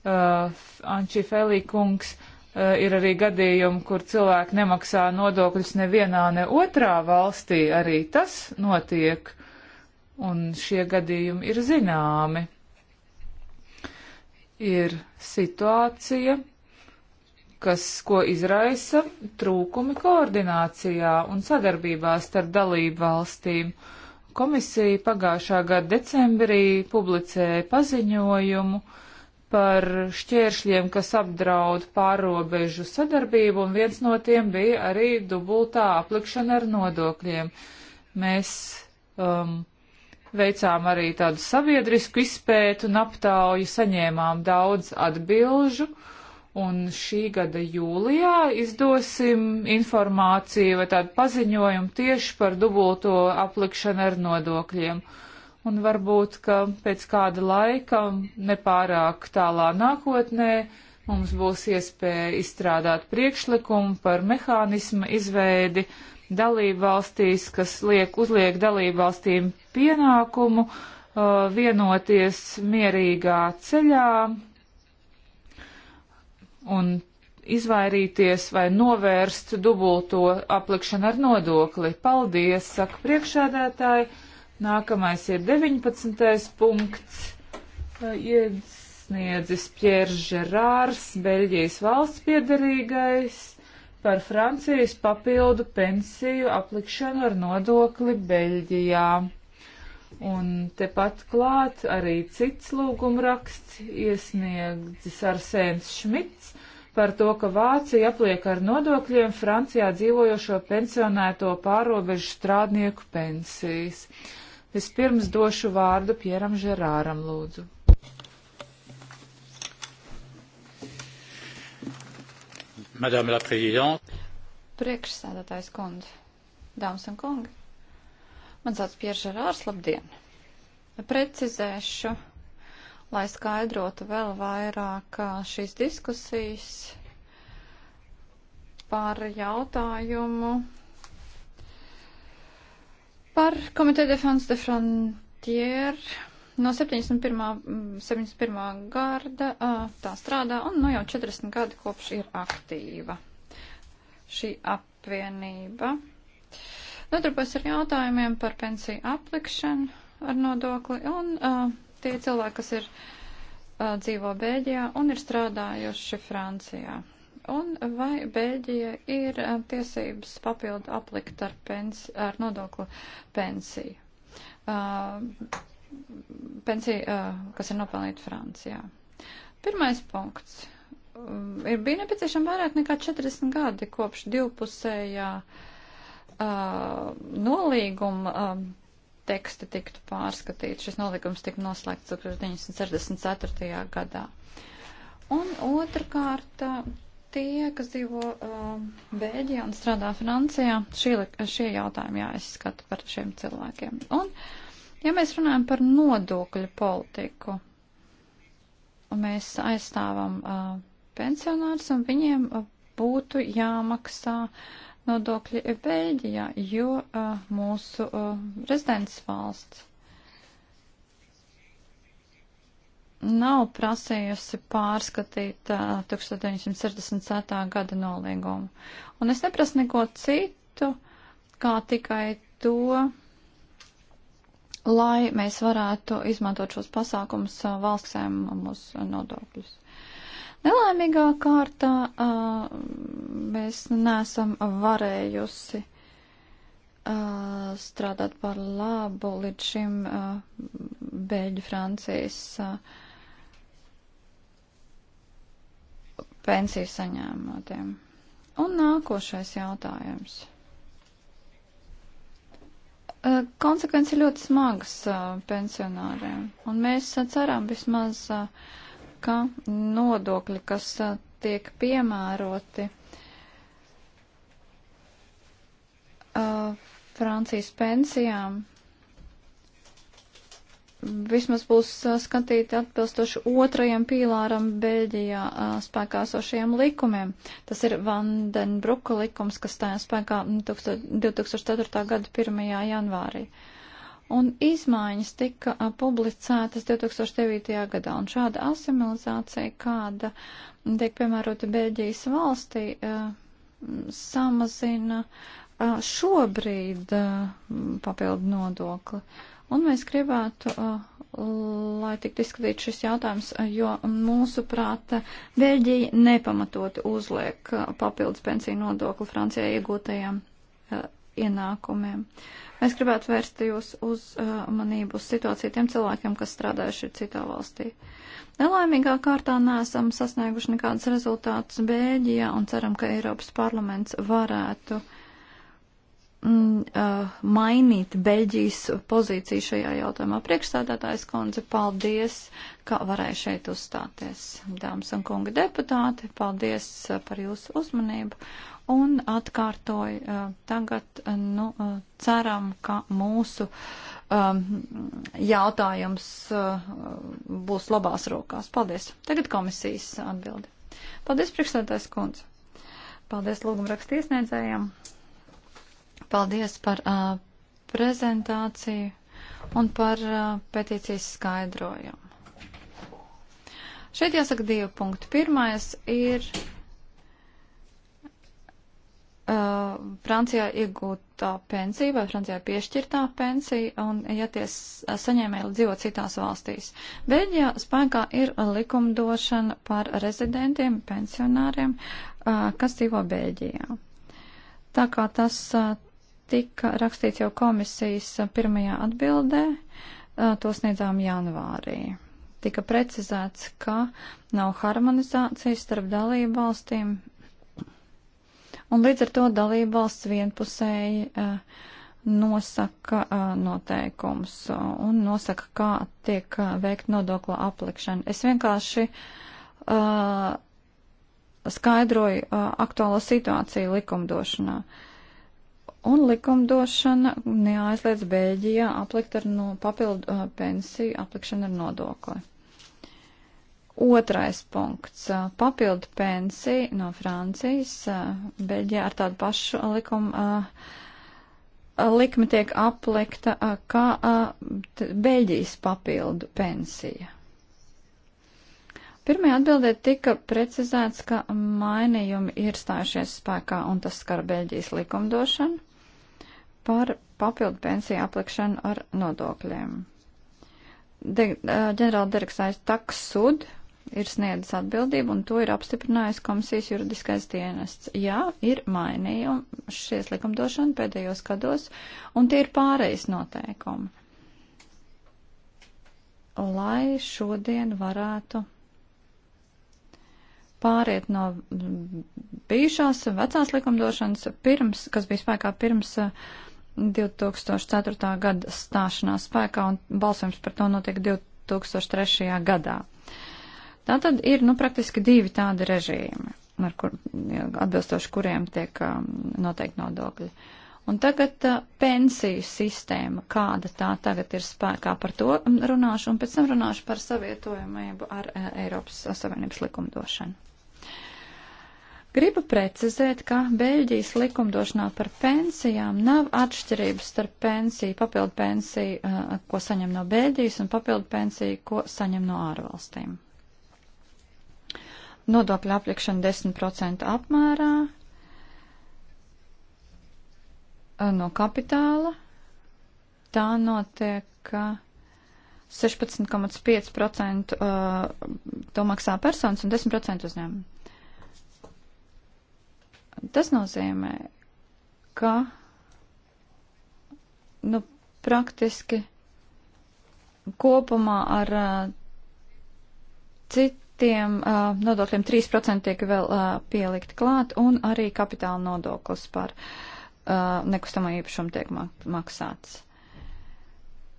uh, Anģi Felīkungs, uh, Eh, ir arī gadījumi, kur cilvēki nemaksā nodokļus nevienā, ne otrā valstī. Arī tas notiek, un šie gadījumi ir zināmi. Ir situācija, kas, ko izraisa trūkumi koordinācijā un sadarbībā starp dalību valstīm. Komisija pagājušā gada decembrī publicēja paziņojumu, uh, par šķēršļiem, kas apdraud pārobežu sadarbību, un viens no tiem bija arī dubultā aplikšana ar nodokļiem. Mēs um, veicām arī tādu sabiedrisku izpētu un aptauju, saņēmām daudz atbilžu, un šī gada jūlijā izdosim informāciju vai tādu paziņojumu tieši par dubulto aplikšanu ar nodokļiem. Uh, un varbūt, ka pēc kāda laika, nepārāk tālā nākotnē, mums būs iespēja izstrādāt priekšlikumu par mehānismu izveidi dalībvalstīs, kas liek, uzliek dalībvalstīm pienākumu uh, vienoties mierīgā ceļā un izvairīties vai novērst dubulto aplikšanu ar nodokli. Paldies, saka priekšādētāji. Nākamais ir 19. punkts. Iesniedzis Pjērs Žerārs, Beļģijas valsts piedarīgais, par Francijas papildu pensiju aplikšanu ar nodokli Beļģijā. Un tepat klāt arī cits lūgumraksts iesniegts Arsēns Šmits par to, ka Vācija apliek ar nodokļiem Francijā dzīvojošo pensionēto pārobežu strādnieku pensijas. Uh, Vispirms došu vārdu Pieram Žerāram, lūdzu. Madame la Présidente. Priekšsēdētājs kundze, dāmas un kungi, man sauc Pierre Žerārs, labdien! Precizēšu, lai skaidrotu vēl vairāk šīs diskusijas par jautājumu Par komiteju Defense de Frontier no 71. 71. Mm, garda tā strādā un nu no jau 40 gadi kopš ir aktīva šī apvienība. Nodarbojas ar jautājumiem par pensiju aplikšanu ar nodokli un uh, tie cilvēki, kas ir uh, dzīvo Bēļģijā un ir strādājuši Francijā. Un vai Bēļģija ir eh, tiesības papildu aplikt ar, pens, ar nodokli pensiju? Uh, pensija, uh, kas ir nopelnīta Francijā. Pirmais punkts. Uh, ir bija nepieciešama vairāk nekā 40 gadi kopš divpusējā uh, nolīguma uh, teksta tiktu pārskatīts. Šis nolīgums tika noslēgts 1964. gadā. Un otrkārt, Tie, kas dzīvo uh, Bēļģijā un strādā Francijā, šie, šie jautājumi jāizskata par šiem cilvēkiem. Un, ja mēs runājam par nodokļu politiku, un mēs aizstāvam uh, pensionārs, un viņiem uh, būtu jāmaksā nodokļi Bēļģijā, jo uh, mūsu uh, rezidents valsts nav prasījusi pārskatīt uh, 1967. gada nolīgumu. Un es neprasu neko citu, kā tikai to, lai mēs varētu izmantot šos pasākumus uh, valstsēm mūsu nodokļus. Nelaimīgā kārtā uh, mēs nesam varējusi uh, strādāt par labu līdz šim uh, Beļģu Francijas uh, pensiju saņēmotiem. Un nākošais jautājums. Konsekvences ir ļoti smagas pensionāriem, un mēs ceram vismaz, ka nodokļi, kas tiek piemēroti Francijas pensijām, vismaz būs skatīti atbilstoši otrajam pīlāram Beļģijā spēkā sošajiem likumiem. Tas ir Vandenbruka likums, kas stāja spēkā 2004. gada 1. janvārī. Un izmaiņas tika publicētas 2009. gadā, un šāda asimilizācija, kāda tiek piemērota Beļģijas valstī, samazina šobrīd papildu nodokli. Un mēs gribētu, uh, lai tiktu izskatīts šis jautājums, uh, jo mūsu prāta Beļģija nepamatoti uzliek uh, papildus pensiju nodokli Francijai iegūtajām ienākumiem. Mēs gribētu vērst jūs uzmanību uz situāciju tiem cilvēkiem, kas strādājuši citā valstī. Nelaimīgā kārtā nesam sasnieguši nekādus rezultātus Bēļģijā un ceram, ka Eiropas parlaments varētu uh, Mm, eh, mainīt Beļģijas pozīciju šajā jautājumā. Priekšstādātājs kundze, paldies, ka varēja šeit uzstāties. Dāmas un kunga deputāti, paldies eh, par jūsu uzmanību. Un atkārtoju, eh, tagad nu, ceram, ka mūsu jautājums būs labās rokās. Paldies. Tagad komisijas atbildi. Paldies, priekšstādātājs kundze. Paldies lūgumrakstiesniedzējiem. Paldies par uh, prezentāciju un par uh, petīcijas skaidrojumu. Šeit jāsaka divi punkti. Pirmais ir uh, Francijā iegūtā pensija vai Francijā piešķirtā pensija un, ja ties saņēmēji dzīvo citās valstīs. Beļģijā spēkā ir likumdošana par rezidentiem, pensionāriem, uh, kas dzīvo Beļģijā. Tā kā tas uh, tika rakstīts jau komisijas pirmajā atbildē, to sniedzām janvārī. Tika precizēts, ka nav harmonizācijas starp dalību valstīm, un līdz ar to dalību valsts vienpusēji uh, nosaka noteikums un nosaka, kā tiek veikt nodokla aplikšana. Es vienkārši uh, skaidroju uh, aktuālo situāciju likumdošanā. Uh, Un likumdošana neaizliedz Bēļģijā aplikt ar no papildu pensiju, aplikšanu ar nodokli. Otrais punkts. Papildu pensija no Francijas. Bēļģijā ar tādu pašu likumu likme tiek aplikta kā Bēļģijas papildu pensija. Pirmajā atbildē tika precizēts, ka mainījumi ir stājušies spēkā un tas skar Bēļģijas likumdošanu par papildu pensiju aplikšanu ar nodokļiem. De, eh, ģenerāla direksājas taksud ir sniedzis atbildību, un to ir apstiprinājis komisijas juridiskais dienests. Jā, ir mainījumi šies likumdošana pēdējos gados, un tie ir pārejas noteikumi. Lai šodien varētu pāriet no bijušās vecās likumdošanas, pirms, kas bija spēkā pirms uh, 2004. gada stāšanās spēkā un balsojums par to notiek 2003. gadā. Tā tad ir, nu, praktiski divi tādi režīmi, ar kur, atbilstoši kuriem tiek um, noteikti nodokļi. Un tagad uh, pensiju sistēma, kāda tā tagad ir spēkā, par to runāšu, un pēc tam runāšu par savietojumību ar uh, Eiropas Savienības likumdošanu. Gribu precizēt, ka Beļģijas likumdošanā par pensijām nav atšķirības starp pensiju, papildu pensiju, eh, ko saņem no Beļģijas, un papildu pensiju, ko saņem no ārvalstīm. Nodokļu aplikšana 10% apmērā eh, no kapitāla. Tā notiek 16,5% eh, to maksā personas un 10% uzņēmumi. Tas nozīmē, ka, nu, praktiski kopumā ar uh, citiem uh, nodokļiem 3% tiek vēl uh, pielikt klāt un arī kapitāla nodoklis par uh, nekustamo īpašumu tiek mak maksāts.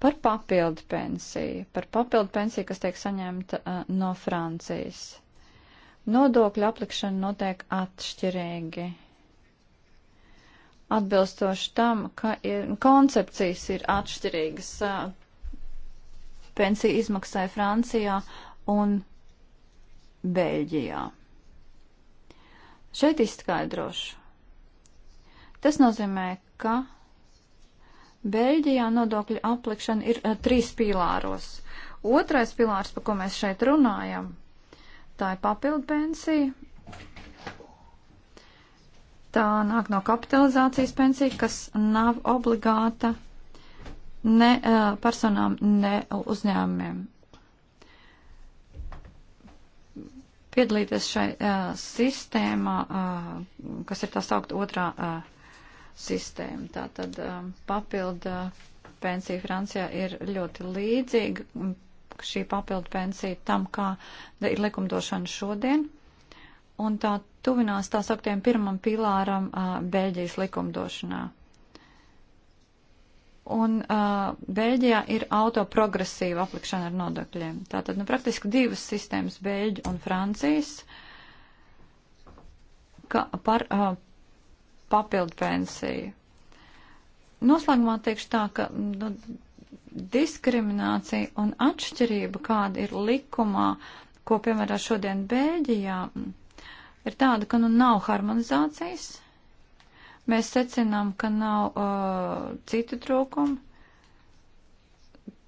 Par papildu pensiju, par papildu pensiju, kas tiek saņemta uh, no Francijas. Nodokļu aplikšana notiek atšķirīgi. Atbilstoši tam, ka ir, koncepcijas ir atšķirīgas pensiju izmaksai Francijā un Beļģijā. Šeit izskaidrošu. Tas nozīmē, ka Beļģijā nodokļu aplikšana ir a, trīs pīlāros. Otrais pilārs, pa ko mēs šeit runājam, Tā ir papildu pensija. Tā nāk no kapitalizācijas pensija, kas nav obligāta ne uh, personām, ne uzņēmumiem. Piedalīties šai uh, sistēmā, uh, kas ir tā saukt otrā uh, sistēma, tā tad um, papildu. Uh, pensija Francijā ir ļoti līdzīga šī papildu pensija tam, kā ir likumdošana šodien, un tā tuvinās tā sauktiem pirmam pilāram uh, Bēļģijas likumdošanā. Un uh, Bēļģijā ir autoprogresīva aplikšana ar nodokļiem. Tātad, nu, praktiski divas sistēmas Bēļģu un Francijas ka, par uh, papildu pensiju. Noslēgumā teikšu tā, ka nu, diskriminācija un atšķirība, kāda ir likumā, ko piemērā šodien Bēļģijā, ir tāda, ka nu nav harmonizācijas. Mēs secinām, ka nav uh, citu trūkumu.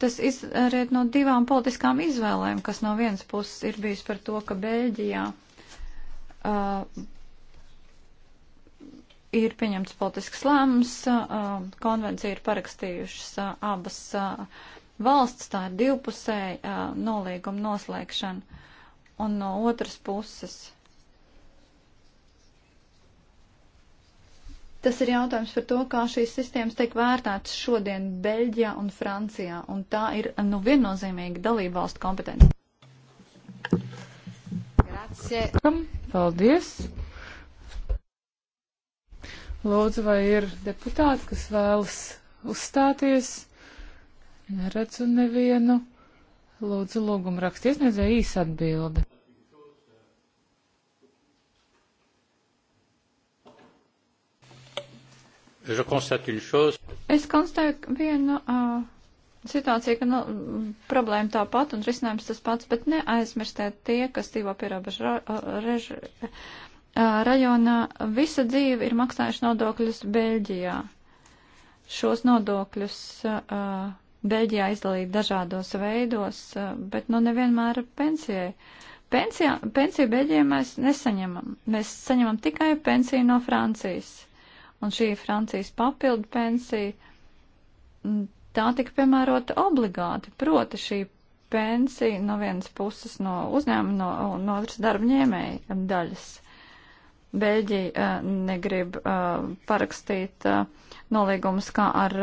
Tas izriet no divām politiskām izvēlēm, kas no vienas puses ir bijis par to, ka Bēļģijā uh, ir pieņemts politisks lēmums, konvenciju ir parakstījušas abas valsts, tā ir divpusēja nolīguma noslēgšana. Un no otras puses. Tas ir jautājums par to, kā šīs sistēmas tiek vērtētas šodien Beļģijā un Francijā, un tā ir nu viennozīmīgi dalība valstu kompetence. Grazie. Paldies. Lūdzu, vai ir deputāti, kas vēlas uzstāties? Neredzu nevienu. Lūdzu, lūgumu rakstiet, nezēju īsa atbildi. Es konstatēju vienu uh, situāciju, ka nu, problēma tā pat un risinājums tas pats, bet neaizmirstiet tie, kas dzīvo pie robežas rajonā visa dzīve ir maksājuši nodokļus Beļģijā. Šos nodokļus uh, Beļģijā izdalīt dažādos veidos, uh, bet nu nevienmēr pensijai. Pensijā, pensiju Beļģijā mēs nesaņemam. Mēs saņemam tikai pensiju no Francijas. Un šī Francijas papildu pensija, tā tika piemērota obligāti. Proti šī pensija no vienas puses no uzņēmuma, no, no otras darbņēmēja daļas. Beļģija eh, negrib eh, parakstīt eh, nolīgumus kā ar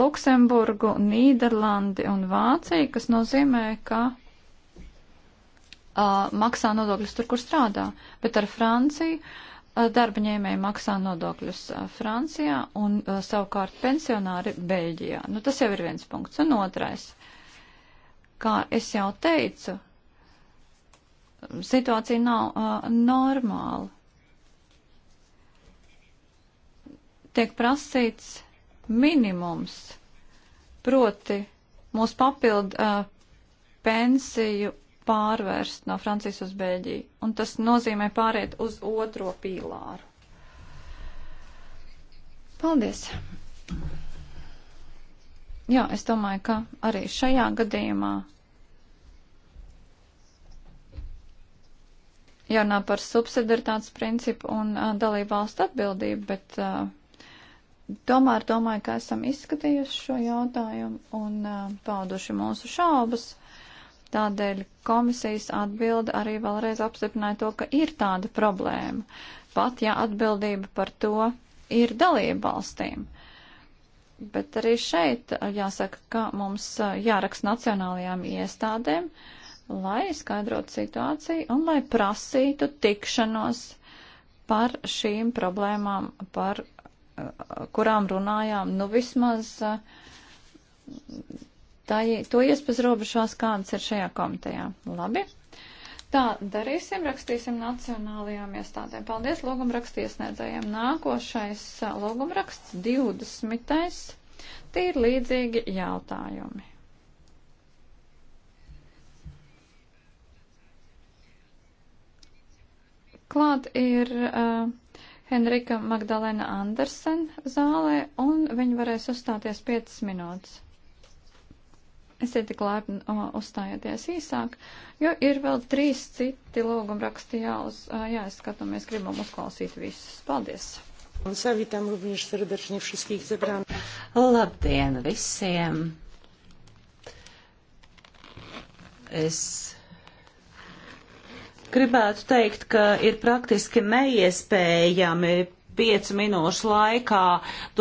Luksemburgu, Nīderlandi un Vāciju, kas nozīmē, ka maksā nodokļus tur, kur strādā, bet ar Franciju darba ņēmēji maksā nodokļus Francijā un savukārt pensionāri Beļģijā. Nu, tas jau ir viens punkts. Un otrais, kā es jau teicu, situācija nav uh, normāla. Tiek prasīts minimums, proti mūsu papildu uh, pensiju pārvērst no Francijas uz Bēļģiju, un tas nozīmē pāriet uz otro pīlāru. Paldies! Jā, es domāju, ka arī šajā gadījumā jārunā par subsidaritātes principu un uh, dalību valstu atbildību, bet uh, tomēr domāju, ka esam izskatījuši šo jautājumu un uh, pauduši mūsu šaubas. Tādēļ komisijas atbilde arī vēlreiz apstiprināja to, ka ir tāda problēma, pat ja atbildība par to ir dalību valstīm. Bet arī šeit jāsaka, ka mums jāraksta nacionālajām iestādēm, uh, lai skaidrotu situāciju un lai prasītu tikšanos par šīm problēmām, par eh, kurām runājām, nu vismaz eh, tā, to iespazrobežos, kādas ir šajā komitejā. Labi. Tā, darīsim, rakstīsim nacionālajām iestādēm. Paldies logumrakstiesniedzējiem. Nākošais eh, logumraksts 20. Tie ir līdzīgi jautājumi. Klāt ir uh, Henrika Magdalena Andersen zālē, un viņa varēs uzstāties 5 minūtes. Esiet tik laipni uh, uzstājieties īsāk, jo ir vēl trīs citi lūgumraksti jāuz, uh, jāizskata, un mēs gribam uzklausīt visus. Paldies! Zavitam również serdecznie wszystkich zebranych. Labdien visiem! Es Gribētu teikt, ka ir praktiski neiespējami piecu minūšu laikā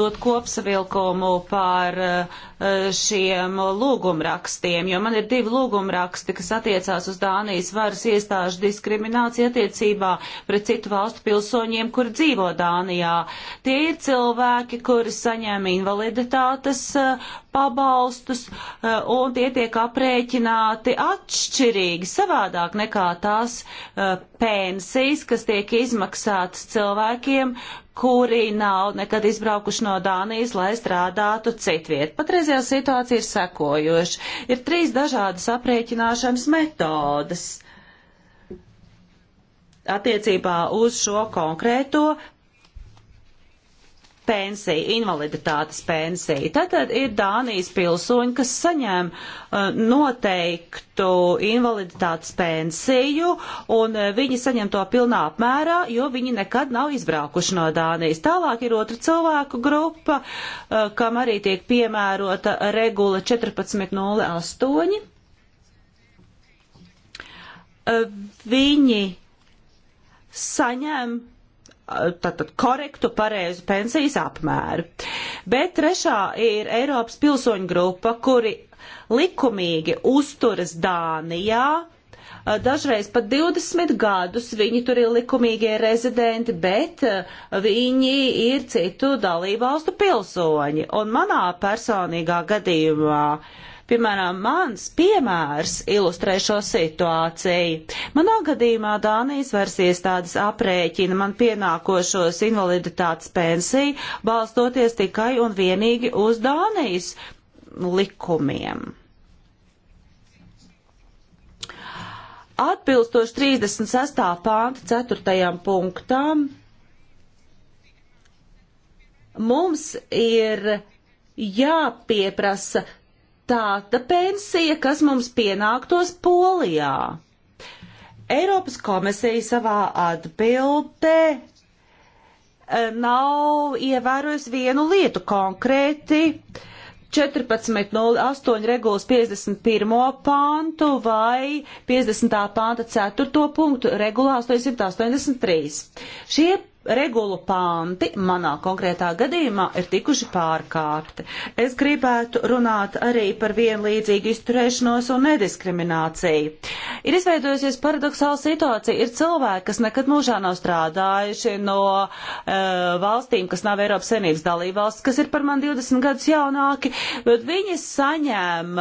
dot kopsavilkumu par uh, Eh, šiem lūgumrakstiem, jo man ir divi lūgumraksti, kas attiecās uz Dānijas varas iestāžu diskrimināciju attiecībā pret citu valstu pilsoņiem, kur dzīvo Dānijā. Tie ir cilvēki, kuri saņem invaliditātes eh, pabalstus, eh, un tie tiek aprēķināti atšķirīgi, savādāk nekā tās pensijas, kas tiek izmaksātas cilvēkiem, kuri nav nekad izbraukuši no Dānijas, lai strādātu citviet. Patreizajā situācija ir sekojoša. Ir trīs dažādas aprēķināšanas metodas attiecībā uz šo konkrēto pensija, invaliditātes pensija. Tātad ir Dānijas pilsoņi, kas saņem uh, noteiktu invaliditātes pensiju, un uh, viņi saņem to pilnā apmērā, jo viņi nekad nav izbraukuši no Dānijas. Tālāk ir otra cilvēku grupa, uh, kam arī tiek piemērota regula 1408. Uh, viņi saņem tātad korektu, pareizu pensijas apmēru. Bet trešā ir Eiropas pilsoņu grupa, kuri likumīgi uzturas Dānijā, dažreiz pat 20 gadus viņi tur ir likumīgie rezidenti, bet viņi ir citu dalībvalstu pilsoņi. Un manā personīgā gadījumā uh, Piemēram, mans piemērs ilustrē šo situāciju. Manā gadījumā Dānijas varas iestādes aprēķina man pienākošos invaliditātes pensiju, balstoties tikai un vienīgi uz Dānijas likumiem. Atbilstoši 36. pānta 4. punktam mums ir jāpieprasa tāda pensija, kas mums pienāktos Polijā. Eiropas komisija savā atbildē eh, nav ievērojusi vienu lietu konkrēti 14.08 regulas 51. pantu vai 50. panta 4. punktu regulā 883. Šie regulu panti manā konkrētā gadījumā ir tikuši pārkāpti. Es gribētu runāt arī par vienlīdzīgu izturēšanos un nediskrimināciju. Ir izveidojusies paradoxāla situācija. Ir cilvēki, kas nekad mūžā nav strādājuši no e, valstīm, kas nav Eiropas Savienības dalībvalsts, kas ir par mani 20 gadus jaunāki, bet viņi saņēma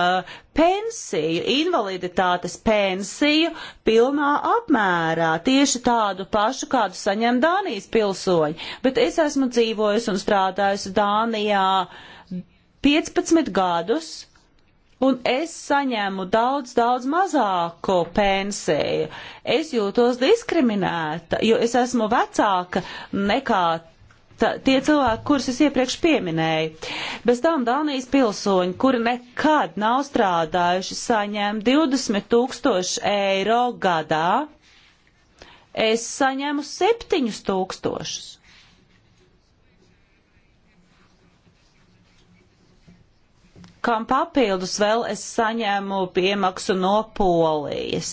pensiju, invaliditātes pensiju pilnā apmērā, tieši tādu pašu, kādu saņem Dānijas pilsoņi. Bet es esmu dzīvojusi un strādājusi Dānijā 15 gadus, un es saņēmu daudz, daudz mazāko pensiju. Es jūtos diskriminēta, jo es esmu vecāka nekā tā, tie cilvēki, kurus es iepriekš pieminēju. Bez tam Dānijas pilsoņi, kuri nekad nav strādājuši, saņem 20 tūkstoši eiro gadā. Es saņemu 7 tūkstošus. kam papildus vēl es saņēmu piemaksu no polijas.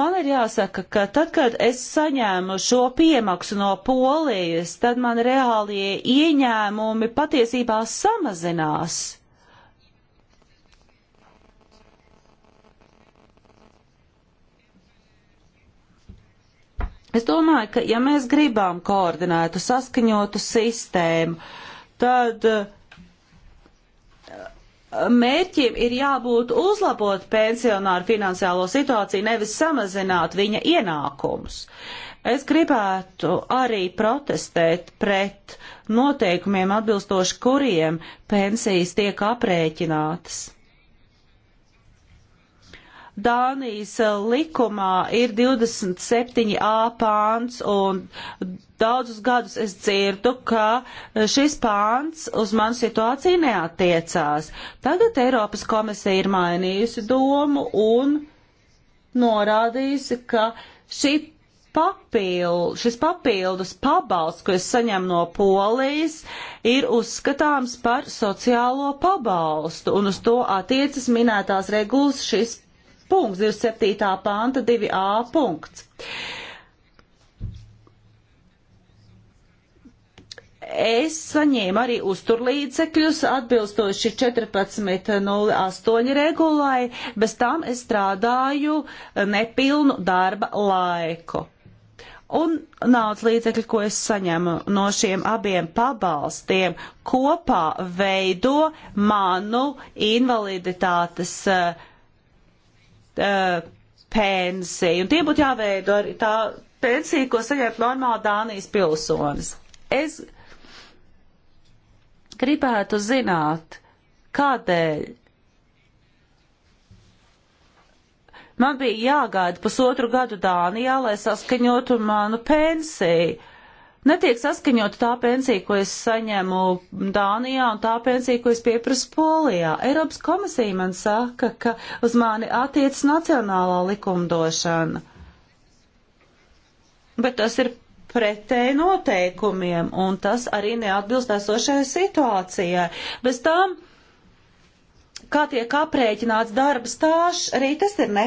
Man ir jāsaka, ka tad, kad es saņēmu šo piemaksu no polijas, tad man reālie ieņēmumi patiesībā samazinās. Es domāju, ka ja mēs gribam koordinētu, saskaņotu sistēmu, tad uh, mērķim ir jābūt uzlabot pensionāru finansiālo situāciju, nevis samazināt viņa ienākumus. Es gribētu arī protestēt pret noteikumiem, atbilstoši kuriem pensijas tiek aprēķinātas. Dānijas likumā ir 27a pāns un daudzus gadus es dzirdu, ka e, šis pāns uz manu situāciju neatiecās. Tagad Eiropas komisija ir mainījusi domu un norādījusi, ka šī papild, šis papildus pabalsts, ko es saņemu no polijas, ir uzskatāms par sociālo pabalstu, un uz to attiecas minētās regulas šis punkts, 27. panta 2a punkts. Uh, es saņēmu arī uzturlīdzekļus atbilstoši 14.08 regulai, bez tām es strādāju nepilnu darba laiku. Un naudas līdzekļi, ko es saņemu no šiem abiem pabalstiem, kopā veido manu invaliditātes uh, uh, pensiju. Un tie būtu jāveido arī tā pensija, ko saņemt normāli Dānijas pilsonis. Es gribētu zināt, kādēļ man bija jāgaida pusotru gadu Dānijā, lai saskaņotu manu pensiju. Netiek saskaņota tā pensija, ko es saņemu Dānijā, un tā pensija, ko es pieprasu Polijā. Eiropas komisija man saka, ka uz mani attiec nacionālā likumdošana. Bet tas ir pretēji noteikumiem, un tas arī neatbilst esošajai situācijai. Bez tām, kā tiek aprēķināts darba stāžs, arī tas ir ne,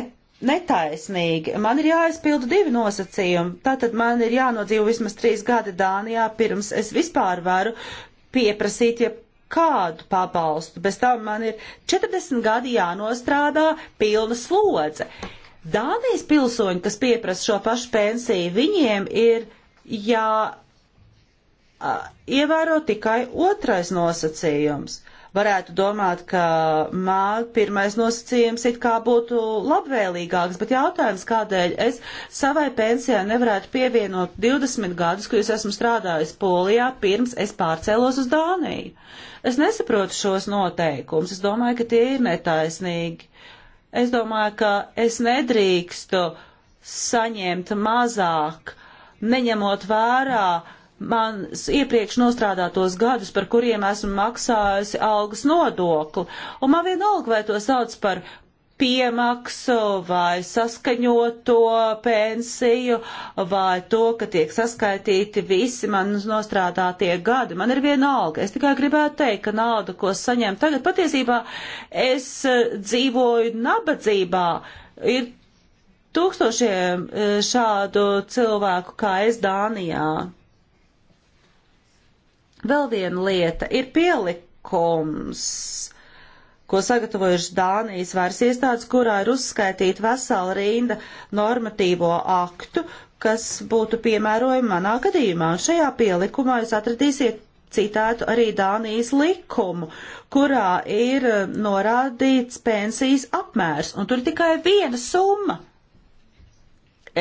netaisnīgi. Man ir jāaizpildu divi nosacījumi. Tātad man ir jānodzīvo vismaz trīs gadi Dānijā, pirms es vispār varu pieprasīt, ja kādu pabalstu. Bez tam man ir 40 gadi jānostrādā pilna slodze. Dānijas pilsoņi, kas pieprasa šo pašu pensiju, viņiem ir ja ievēro tikai otrais nosacījums. Varētu domāt, ka mā, pirmais nosacījums it kā būtu labvēlīgāks, bet jautājums, kādēļ es savai pensijai nevarētu pievienot 20 gadus, ko es esmu strādājis Polijā, pirms es pārcēlos uz Dāniju. Es nesaprotu šos noteikumus, es domāju, ka tie ir netaisnīgi. Es domāju, ka es nedrīkstu saņemt mazāk neņemot vērā mans iepriekš nostrādātos gadus, par kuriem esmu maksājusi algas nodokli. Un man vienalga, vai to sauc par piemaksu vai saskaņoto pensiju vai to, ka tiek saskaitīti visi man nostrādātie gadi. Man ir viena alga. Es tikai gribētu teikt, ka nauda, ko saņem tagad, patiesībā es eh, dzīvoju nabadzībā. Ir tūkstošiem e, šādu cilvēku kā es Dānijā. Vēl viena lieta ir pielikums, ko sagatavojuši Dānijas varas iestādes, kurā ir uzskaitīta vesela rinda normatīvo aktu, kas būtu piemērojami manā gadījumā. Un šajā pielikumā jūs atradīsiet citētu arī Dānijas likumu, kurā ir norādīts pensijas apmērs, un tur tikai viena summa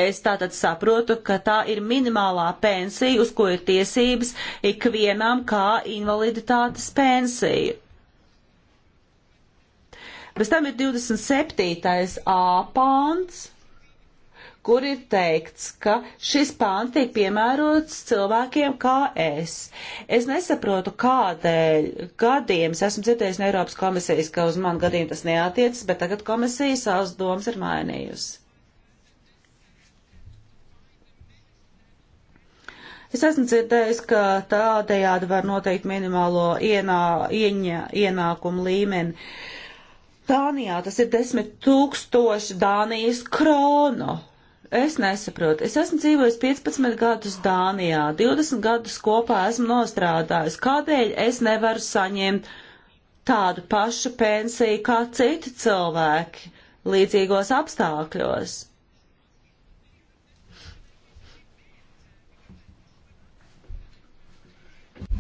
Es tātad saprotu, ka tā ir minimālā pensija, uz ko ir tiesības ikvienam kā invaliditātes pensiju. Bez tam ir 27. A pāns, kur ir teikts, ka šis pāns tiek piemērots cilvēkiem kā es. Es nesaprotu, kādēļ gadiem es esmu dzirdējis no Eiropas komisijas, ka uz man gadiem tas neatiecas, bet tagad komisija savas domas ir mainījusi. Es esmu dzirdējis, ka tādējādi var noteikt minimālo ienā, ieņa, ienākumu līmeni. Dānijā tas ir desmit tūkstoši Dānijas kronu. Es nesaprotu. Es esmu dzīvojis 15 gadus Dānijā, 20 gadus kopā esmu nostrādājis. Kādēļ es nevaru saņemt tādu pašu pensiju kā citi cilvēki līdzīgos apstākļos?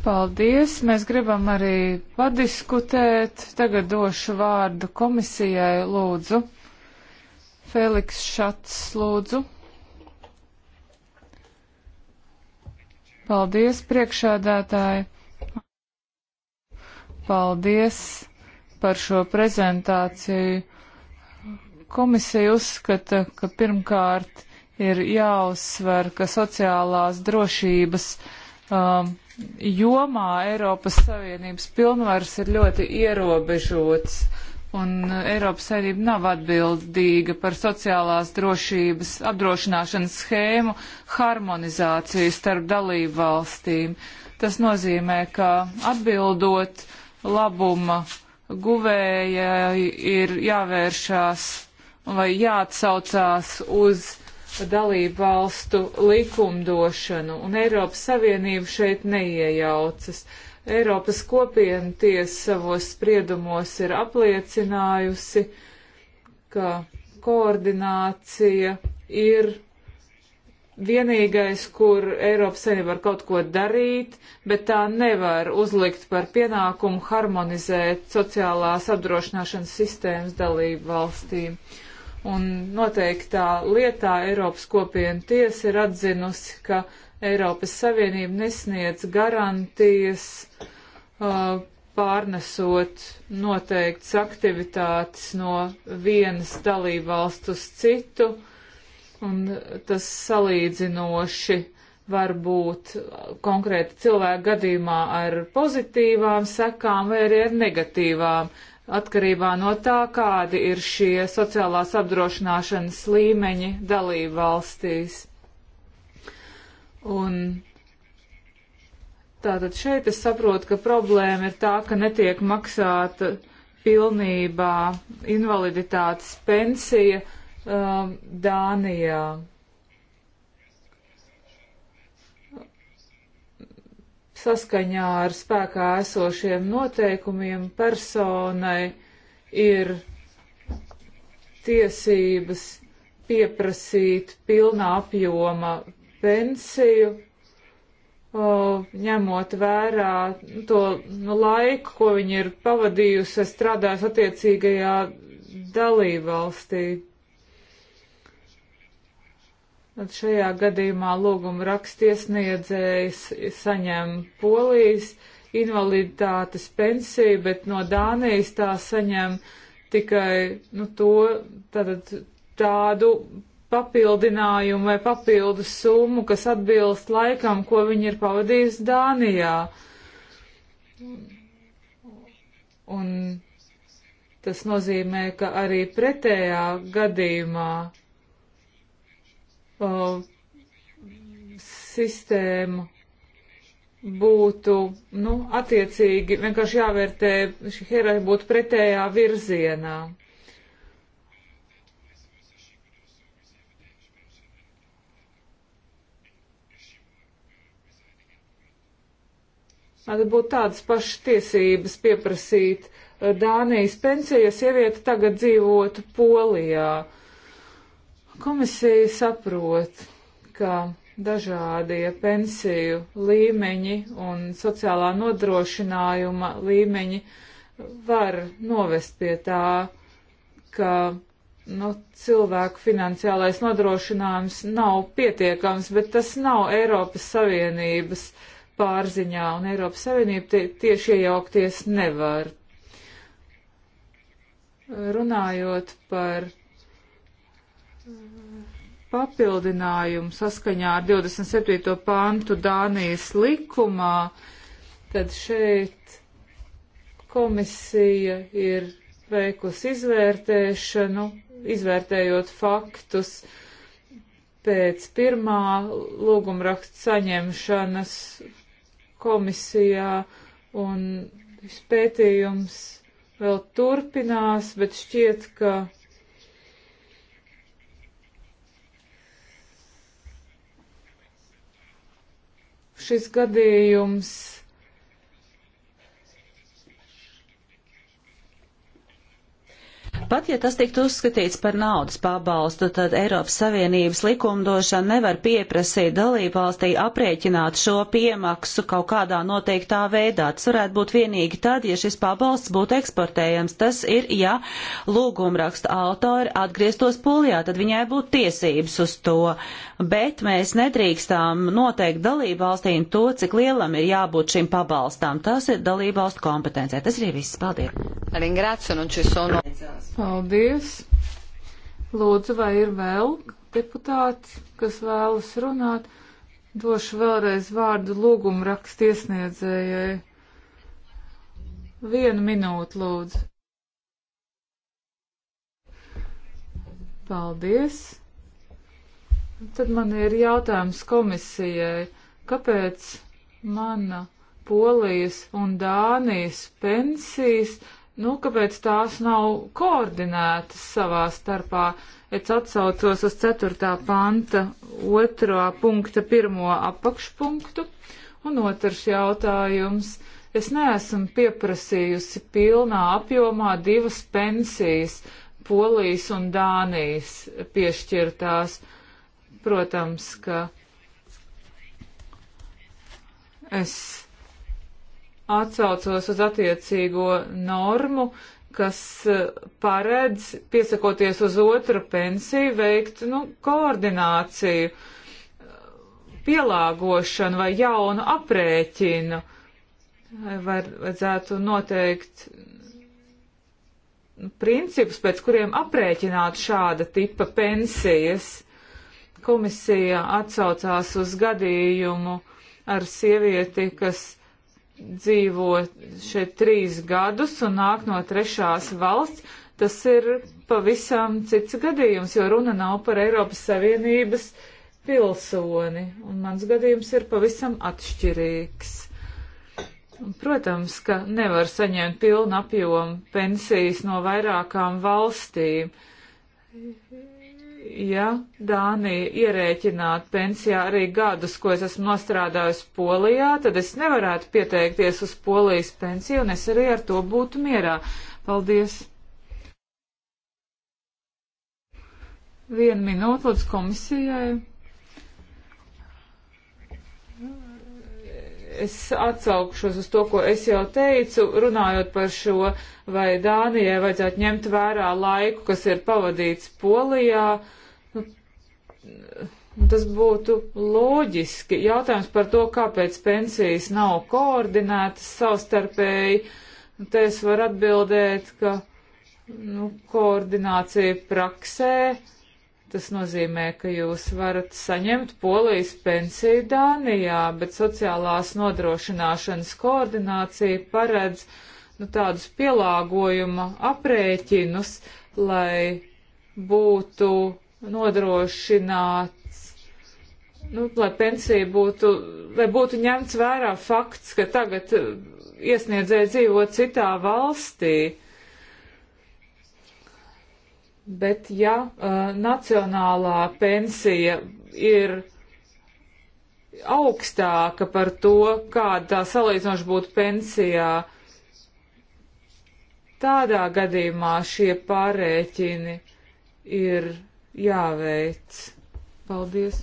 Paldies! Mēs gribam arī padiskutēt. Tagad došu vārdu komisijai, lūdzu. Feliks Šats, lūdzu. Paldies, priekšādātāji! Paldies par šo prezentāciju. Komisija uzskata, ka pirmkārt ir jāuzsver, ka sociālās drošības um, jomā Eiropas Savienības pilnvaras ir ļoti ierobežots, un uh, Eiropas Savienība nav atbildīga par sociālās drošības apdrošināšanas schēmu harmonizāciju starp dalību valstīm. Tas nozīmē, ka atbildot labuma guvēja ir jāvēršās vai jāatsaucās uz dalību valstu likumdošanu, un Eiropas Savienība šeit neiejaucas. Eiropas kopiena tiesa savos spriedumos ir apliecinājusi, ka koordinācija ir vienīgais, kur Eiropas Savienība var kaut ko darīt, bet tā nevar uzlikt par pienākumu harmonizēt sociālās apdrošināšanas sistēmas dalību valstīm. Uh, Un noteiktā lietā Eiropas kopiena tiesa ir atzinusi, ka Eiropas Savienība nesniedz garantijas uh, pārnesot noteikts aktivitātes no vienas dalībvalsts uz citu, un tas salīdzinoši var būt konkrēti cilvēku gadījumā ar pozitīvām sekām vai arī ar negatīvām atkarībā no tā, kādi ir šie sociālās apdrošināšanas līmeņi dalību valstīs. Un tātad šeit es saprotu, ka problēma ir tā, ka netiek maksāta pilnībā invaliditātes pensija um, Dānijā. Saskaņā ar spēkā esošiem noteikumiem personai ir tiesības pieprasīt pilnā apjoma pensiju, ņemot vērā to laiku, ko viņi ir pavadījusi strādājot attiecīgajā dalībvalstī. Tad šajā gadījumā lūguma rakstiesniedzējs saņem polijas invaliditātes pensiju, bet no Dānijas tā saņem tikai nu, to, tātad, tādu papildinājumu vai papildu summu, kas atbilst laikam, ko viņi ir pavadījusi Dānijā. Un tas nozīmē, ka arī pretējā gadījumā uh, sistēmu būtu, nu, attiecīgi vienkārši jāvērtē, šī hierarhija būtu pretējā virzienā. Tad būtu tādas pašas tiesības pieprasīt eh, Dānijas pensiju, ja sieviete tagad dzīvotu Polijā. Uh, Komisija saprot, ka dažādie pensiju līmeņi un sociālā nodrošinājuma līmeņi var novest pie tā, ka nu, cilvēku finansiālais nodrošinājums nav pietiekams, bet tas nav Eiropas Savienības pārziņā, un Eiropas Savienība tie, tieši iejaukties nevar. Runājot par papildinājumu saskaņā ar 27. pantu Dānijas likumā, tad šeit komisija ir veikusi izvērtēšanu, izvērtējot faktus pēc pirmā lūgumraksta saņemšanas komisijā, un pētījums vēl turpinās, bet šķiet, ka šis gadījums Pat ja tas tiktu uzskatīts par naudas pabalstu, tad Eiropas Savienības likumdošana nevar pieprasīt dalībvalstī aprēķināt šo piemaksu kaut kādā noteiktā veidā. Tas varētu būt vienīgi tad, ja šis pabalsts būtu eksportējams. Tas ir, ja lūgumraksta autori atgrieztos polijā, tad viņai būtu tiesības uz to. Bet mēs nedrīkstām noteikt dalībvalstīm to, cik lielam ir jābūt šim pabalstam. Tas ir dalībvalstu kompetencē. Tas ir viss. Paldies! Ringrazio, non nu, ci sono. Paldies! Lūdzu, vai ir vēl deputāts, kas vēlas runāt? Došu vēlreiz vārdu lūgumu rakstiesniedzējai. Vienu minūtu, lūdzu. Paldies! Tad man ir jautājums komisijai, kāpēc mana Polijas un Dānijas pensijas nu, kāpēc tās nav koordinētas savā starpā. Es atsaucos uz 4. panta 2. punkta 1. apakšpunktu. Un otrs jautājums. Es neesmu pieprasījusi pilnā apjomā divas pensijas Polijas un Dānijas piešķirtās. Protams, ka es atsaucos uz attiecīgo normu, kas eh, paredz, piesakoties uz otru pensiju, veikt nu, koordināciju, pielāgošanu vai jaunu aprēķinu. Vai vajadzētu noteikt nu, principus, pēc kuriem aprēķināt šāda tipa pensijas. Komisija atsaucās uz gadījumu ar sievieti, kas dzīvo šeit trīs gadus un nāk no trešās valsts, tas ir pavisam cits gadījums, jo runa nav par Eiropas Savienības pilsoni, un mans gadījums ir pavisam atšķirīgs. Protams, ka nevar saņemt pilnu apjomu pensijas no vairākām valstīm ja Dānija ierēķinātu pensijā arī gadus, ko es esmu nostrādājusi Polijā, tad es nevarētu pieteikties uz Polijas pensiju, un es arī ar to būtu mierā. Paldies! Vienu minūtu līdz komisijai. es atsaukšos uz to, ko es jau teicu, runājot par šo, vai Dānijai vajadzētu ņemt vērā laiku, kas ir pavadīts Polijā. Nu, tas būtu loģiski. Jautājums par to, kāpēc pensijas nav koordinētas savstarpēji, te es varu atbildēt, ka nu, koordinācija praksē Tas nozīmē, ka jūs varat saņemt polijas pensiju Dānijā, bet sociālās nodrošināšanas koordinācija paredz nu, tādus pielāgojuma aprēķinus, lai būtu nodrošināts, nu, lai pensija būtu, lai būtu ņemts vērā fakts, ka tagad iesniedzēji dzīvo citā valstī. Uh, Bet ja uh, nacionālā pensija ir augstāka par to, kāda tā salīdzinoši būtu pensijā, tādā gadījumā šie pārēķini ir jāveic. Paldies!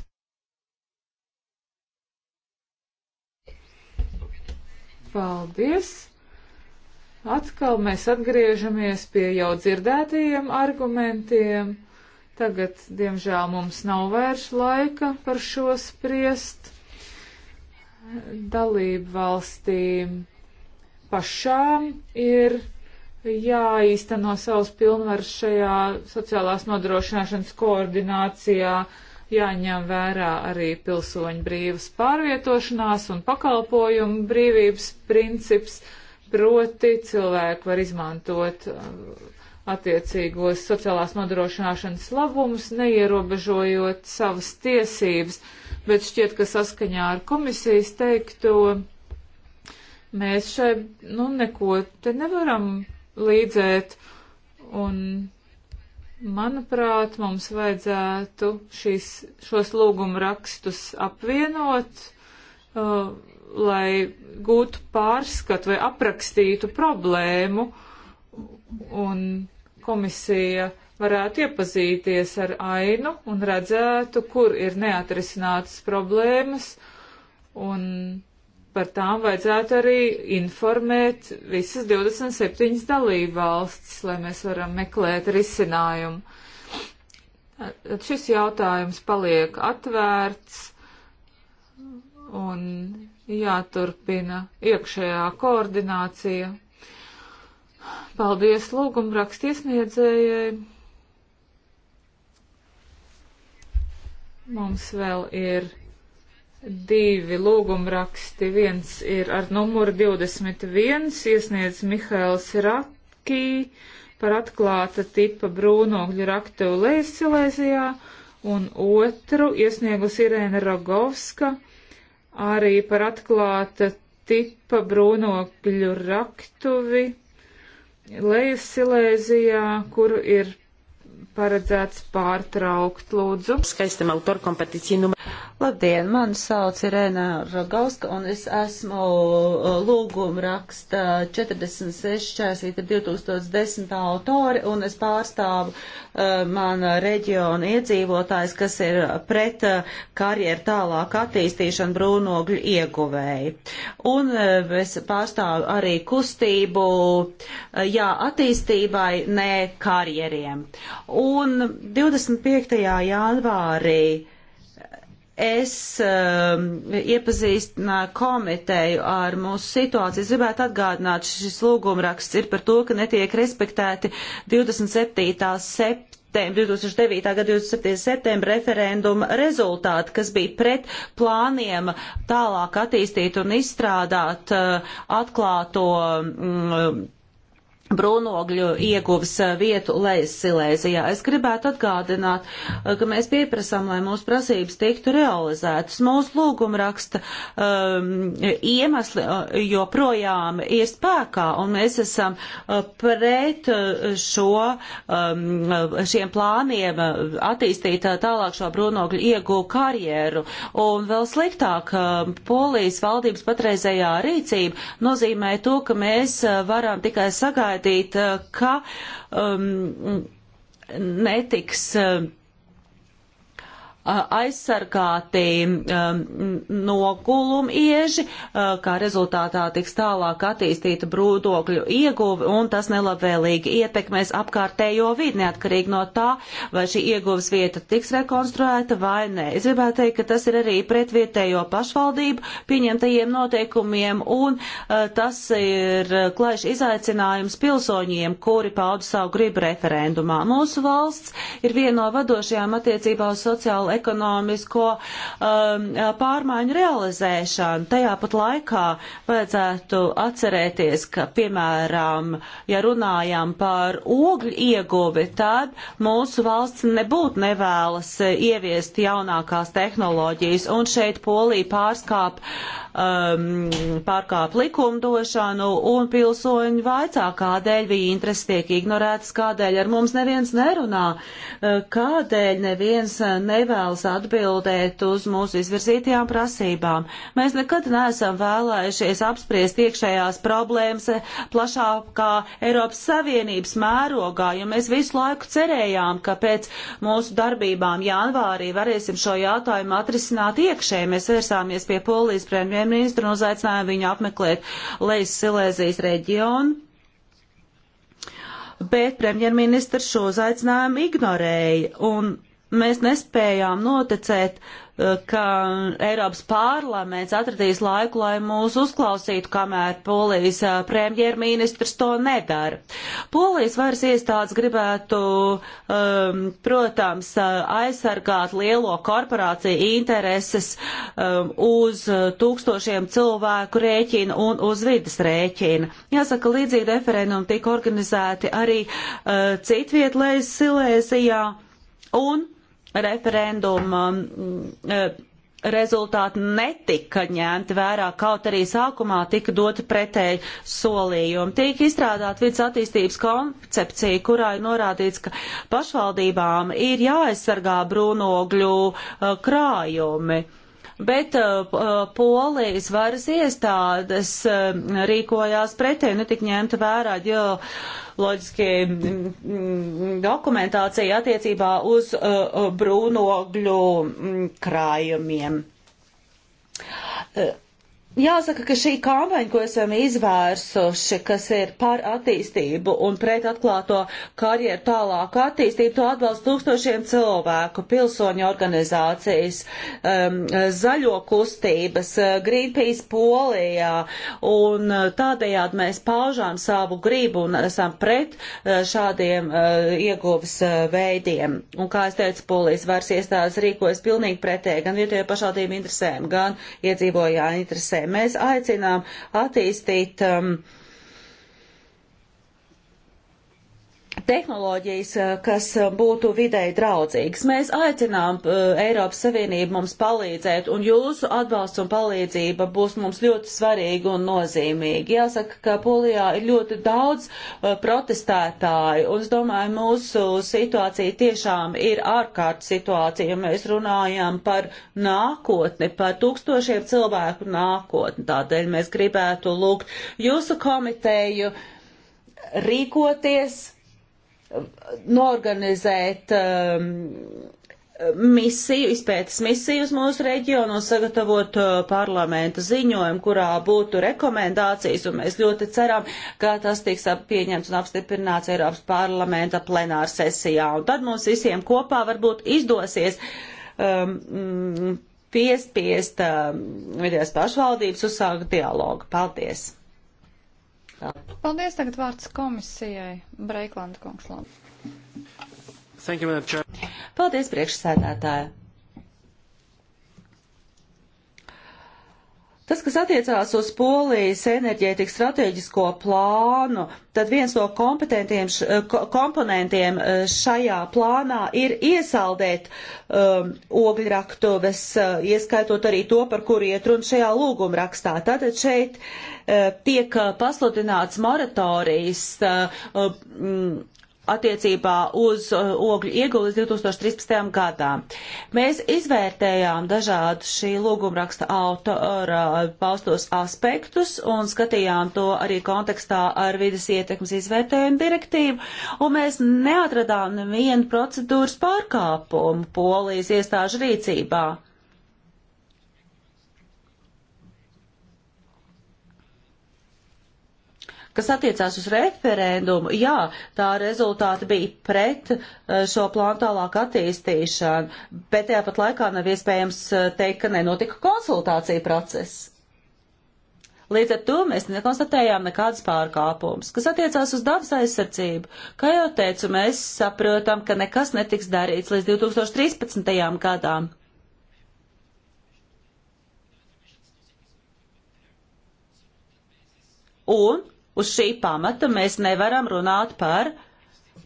Paldies! Atkal mēs atgriežamies pie jau dzirdētajiem argumentiem. Tagad, diemžēl, mums nav vairs laika par šo spriest. Dalību valstīm pašām ir jāīsteno savas pilnvaras šajā sociālās nodrošināšanas koordinācijā, jāņem vērā arī pilsoņu brīvas pārvietošanās un pakalpojumu brīvības princips Proti cilvēki var izmantot uh, attiecīgos sociālās nodrošināšanas labumus, neierobežojot savas tiesības, bet šķiet, ka saskaņā ar komisijas teikto mēs šai, nu, neko te nevaram līdzēt, un, manuprāt, mums vajadzētu šīs, šos lūgumu rakstus apvienot, uh, lai gūtu pārskatu vai aprakstītu problēmu, un komisija varētu iepazīties ar ainu un redzētu, kur ir neatrisinātas problēmas, un par tām vajadzētu arī informēt visas 27 dalībvalstis, lai mēs varam meklēt risinājumu. Šis jautājums paliek atvērts, un jāturpina iekšējā koordinācija. Paldies lūgumrakstu iesniedzējai. Mums vēl ir divi lūgumraksti. Viens ir ar numuru 21, iesniedz Mihails Rakī par atklāta tipa brūnogļu raktuvu Lēsilēzijā, un otru iesniegus Irēna Rogovska arī par atklāta tipa brūnokļu raktuvi Lejas Silēzijā, kur ir paredzēts pārtraukt lūdzu. Skaistam autoru kompeticiju. Labdien, mani sauc Irēna Rogauska un es esmu uh, lūguma raksta 46.2010 autori un es pārstāvu uh, man reģionu iedzīvotājs, kas ir pret uh, karjeru tālāk attīstīšanu brūnogļu ieguvēji. Un uh, es pārstāvu arī kustību, uh, jā, attīstībai, ne karjeriem. Un 25. janvārī es um, iepazīstināju komiteju ar mūsu situāciju. Es gribētu atgādināt, šis lūgumraksts ir par to, ka netiek respektēti 27. septembrī. 2009. gada 27. septembra referenduma rezultāti, kas bija pret plāniem tālāk attīstīt un izstrādāt uh, atklāto mm, brūnogļu ieguvis eh, vietu lejas Silēzijā. Es gribētu atgādināt, eh, ka mēs pieprasām, lai mūsu prasības tiktu realizētas. Mūsu lūguma raksta um, ehm, iemesli eh, joprojām ir spēkā, un mēs esam pret šo, um, šiem plāniem attīstīt tālāk šo brūnogļu ieguvu karjeru. Un vēl sliktāk, ehm, polijas valdības patreizējā rīcība nozīmē to, ka mēs varam tikai sagaidīt, norādīt, eh, ka um, netiks. Uh, aizsargāti nogulumi ieži, kā rezultātā tiks tālāk attīstīta brūdokļu ieguve, un tas nelabvēlīgi ietekmēs apkārtējo vidi, neatkarīgi no tā, vai šī ieguves vieta tiks rekonstruēta vai nē. Es gribētu teikt, ka tas ir arī pret vietējo pašvaldību pieņemtajiem noteikumiem, un tas ir klaišs izaicinājums pilsoņiem, kuri pauda savu gribu referendumā. Mūsu valsts ir viena no vadošajām attiecībā uz sociālo ekonomisko um, pārmaiņu realizēšanu. Tajā pat laikā vajadzētu atcerēties, ka, piemēram, ja runājam par ogļu ieguvi, tad mūsu valsts nebūtu nevēlas ieviest jaunākās tehnoloģijas, un šeit Polija pārskāp um, pārkāp likumdošanu un pilsoņi vaicā, kādēļ viņa intereses tiek ignorētas, kādēļ ar mums neviens nerunā, uh, kādēļ neviens nevēlas nevēlas atbildēt uz mūsu izvirzītajām prasībām. Mēs nekad neesam vēlējušies apspriest iekšējās problēmas plašākā Eiropas Savienības mērogā, jo mēs visu laiku cerējām, ka pēc mūsu darbībām janvārī varēsim šo jautājumu atrisināt iekšē. Mēs vērsāmies pie Polijas premjerministru un uzaicinājām viņu apmeklēt Lejas Silēzijas reģionu bet premjerministrs šo uzaicinājumu ignorēja. Un mēs nespējām noticēt, eh, ka Eiropas parlaments atradīs laiku, lai mūs uzklausītu, kamēr Polijas eh, premjerministrs to nedara. Polijas varas iestādes gribētu, um, protams, eh, aizsargāt lielo korporāciju intereses um, uz tūkstošiem cilvēku rēķina un uz vidas rēķina. Jāsaka, līdzīgi referendumi tika organizēti arī uh, citvietlēs Silēzijā un referenduma mm, eh, rezultāti netika ņemti vērā, kaut arī sākumā tika doti pretēji solījumi. Tika izstrādāta vidas attīstības koncepcija, kurā ir norādīts, ka pašvaldībām ir jāaizsargā brūnogļu eh, krājumi. Uh, bet uh, uh, polijas varas iestādes uh, rīkojās pretēji, nu tik ņemta vērā ģeoloģiskie mm, mm, dokumentācija attiecībā uz brūnogļu mm, krājumiem. Uh, Jāsaka, ka šī kampaņa, ko esam izvērsuši, kas ir par attīstību un pret atklāto karjeru tālāku attīstību, to atbalsta tūkstošiem cilvēku, pilsoņu organizācijas, um, zaļo kustības, uh, Greenpeace Polijā, un uh, tādējādi mēs paužām savu gribu un esam pret uh, šādiem uh, ieguves veidiem. Un, kā es teicu, Polijas varas iestādes rīkojas pilnīgi pretēji gan vietējo pašvaldību interesēm, gan iedzīvojā interesēm pusē. Mēs aicinām attīstīt um, tehnoloģijas, eh, kas eh, būtu videi draudzīgas. Mēs aicinām eh, Eiropas Savienību mums palīdzēt, un jūsu atbalsts un palīdzība būs mums ļoti svarīga un nozīmīga. Jāsaka, ka Polijā ir ļoti daudz protestētāju, un es domāju, mūsu situācija tiešām ir ārkārtas situācija. Mēs runājam par nākotni, par tūkstošiem cilvēku nākotni. Tādēļ mēs gribētu lūgt jūsu komiteju rīkoties norganizēt um, misiju, izpētes misiju uz mūsu reģionu un sagatavot uh, parlamenta ziņojumu, kurā būtu rekomendācijas, un mēs ļoti ceram, ka tas tiks pieņemts un apstiprināts Eiropas parlamenta plenāra sesijā. Un tad mums visiem kopā varbūt izdosies um, mm, piespiest um, vietējās pašvaldības uzsākt dialogu. Paldies! Paldies, tagad vārds komisijai. Breiklanda kungs, lūdzu. Paldies, priekšsēdētāja. Tas, kas attiecās uz Polijas enerģētikas strateģisko plānu, tad viens no komponentiem e, šajā plānā ir iesaldēt um, ogļraktuves, e, ieskaitot arī to, par kuru iet runa šajā lūgumrakstā. Tātad šeit uh, Eh, tiek eh, pasludināts moratorijas eh, attiecībā uz ogļu ieguldes 2013. gadā. Mēs izvērtējām dažādu šī lūgumraksta autora paustos aspektus un skatījām to arī kontekstā ar vidas ietekmes izvērtējumu direktīvu, un mēs neatradām nevienu procedūras pārkāpumu polijas iestāžu rīcībā. Kas attiecās uz referendumu, jā, tā rezultāti bija pret eh, šo plānu tālāk attīstīšanu, bet tajā pat laikā nav iespējams eh, teikt, ka nenotika konsultācija process. Līdz ar to mēs nekonstatējām nekādas pārkāpumus. Kas attiecās uz dabas aizsardzību, kā jau teicu, mēs saprotam, ka nekas netiks darīts līdz 2013. gadām. Un Uz šī pamata mēs nevaram runāt par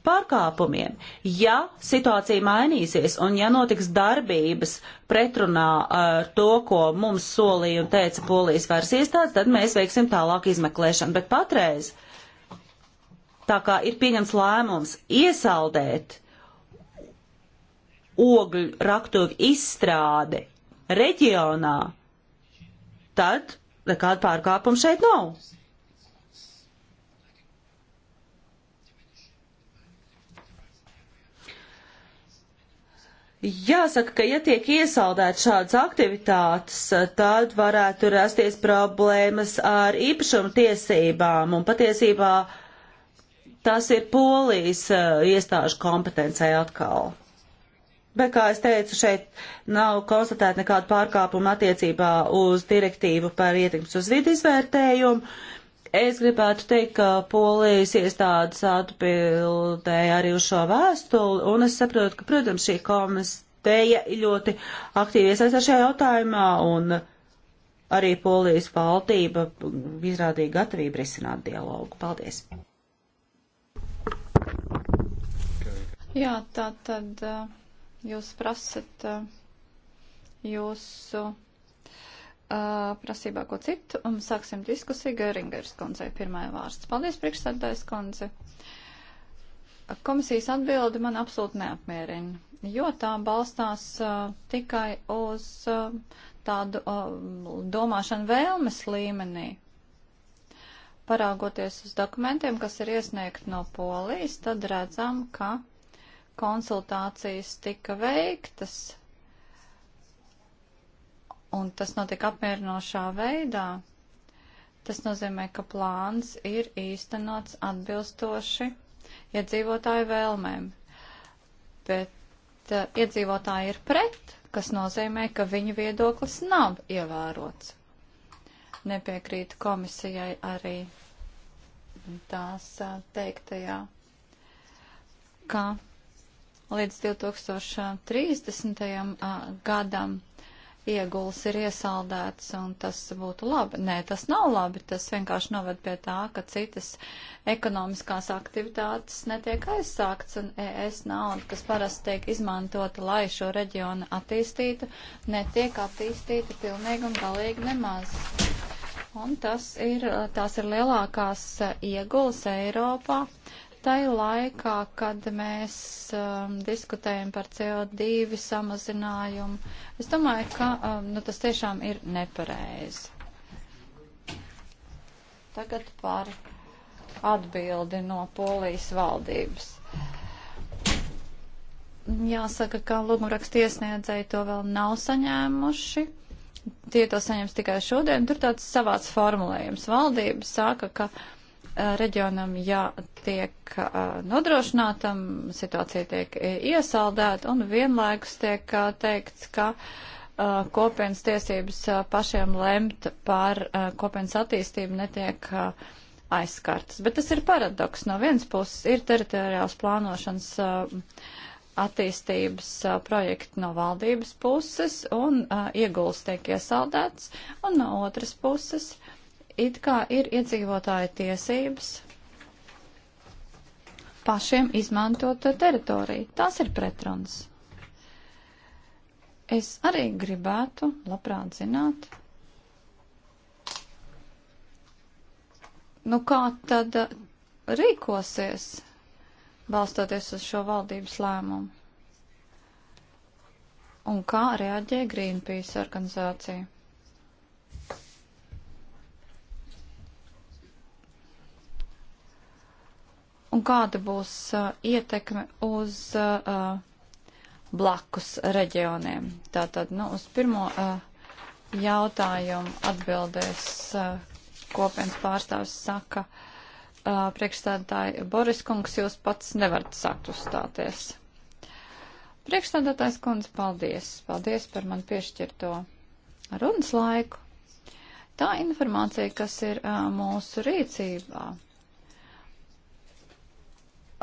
pārkāpumiem. Ja situācija mainīsies un ja notiks darbības pretrunā ar to, ko mums solīja un teica polijas varas iestādes, tad mēs veiksim tālāk izmeklēšanu. Bet patreiz, tā kā ir pieņems lēmums iesaldēt ogļu raktuvi izstrādi reģionā, tad nekāda pārkāpuma šeit nav. Jāsaka, ka ja tiek iesaldēt šādas aktivitātes, tad varētu rasties problēmas ar īpašumu tiesībām, un patiesībā tas ir polijas eh, iestāžu kompetencē atkal. Bet, kā es teicu, šeit nav konstatēta nekāda pārkāpuma attiecībā uz direktīvu par ietekmes uz vidu izvērtējumu, Es gribētu teikt, ka polijas iestādes atbildēja arī uz šo vēstuli, un es saprotu, ka, protams, šī komisteja ļoti aktīvi iesaistās šajā jautājumā, un arī polijas valdība izrādīja gatavību risināt dialogu. Paldies! Jā, tā tad uh, jūs prasat uh, jūsu uh, prasībā ko citu un sāksim diskusiju Göringers koncei pirmajā vārsts. Paldies, priekšsēdājs konce. Komisijas atbildi man absolūti neapmierina, jo tā balstās uh, tikai uz uh, tādu uh, domāšanu vēlmes līmenī. Paraugoties uz dokumentiem, kas ir iesniegt no polijas, tad redzam, ka konsultācijas tika veiktas un tas notiek apmierinošā veidā, tas nozīmē, ka plāns ir īstenots atbilstoši iedzīvotāju vēlmēm. Bet uh, iedzīvotāji ir pret, kas nozīmē, ka viņu viedoklis nav ievērots. Nepiekrītu komisijai arī tās uh, teiktajā, ka līdz 2030. Eh, gadam ieguls ir iesaldēts un tas būtu labi. Nē, tas nav labi, tas vienkārši noved pie tā, ka citas ekonomiskās aktivitātes netiek aizsākts un ES nauda, kas parasti tiek izmantota, lai šo reģionu attīstītu, netiek attīstīta pilnīgi un galīgi nemaz. Un tas ir, tās ir lielākās iegulas Eiropā. Uh, Tai laikā, kad mēs um, diskutējam par CO2 samazinājumu, es domāju, ka um, nu, tas tiešām ir nepareizi. Tagad par atbildi no polijas valdības. Jāsaka, ka lūgumrakstu iesniedzēji to vēl nav saņēmuši. Tie to saņems tikai šodien. Tur tāds savāds formulējums. Valdība saka, ka Eh, reģionam jātiek eh, nodrošinātam, situācija tiek eh, iesaldēta un vienlaikus tiek teikts, ka kopienas tiesības pašiem lemt par kopienas attīstību netiek aizskartas. Bet tas ir paradoks. No vienas puses ir teritoriāls plānošanas attīstības a, projekti no valdības puses un a, ieguls tiek iesaldēts, un no otras puses it kā ir iedzīvotāja tiesības pašiem izmantot teritoriju. Tas ir pretruns. Es arī gribētu labprāt zināt, nu kā tad uh, rīkosies, balstoties uz šo valdības lēmumu? Un kā reaģē Greenpeace organizācija? un kāda būs uh, ietekme uz uh, blakus reģioniem. Tātad, nu, uz pirmo uh, jautājumu atbildēs uh, kopienas pārstāvis saka, uh, priekšstādātāji Boris Kungs, jūs pats nevarat sākt uzstāties. Priekšstādātājs Kungs, paldies. Paldies par man piešķirto runas laiku. Tā informācija, kas ir uh, mūsu rīcībā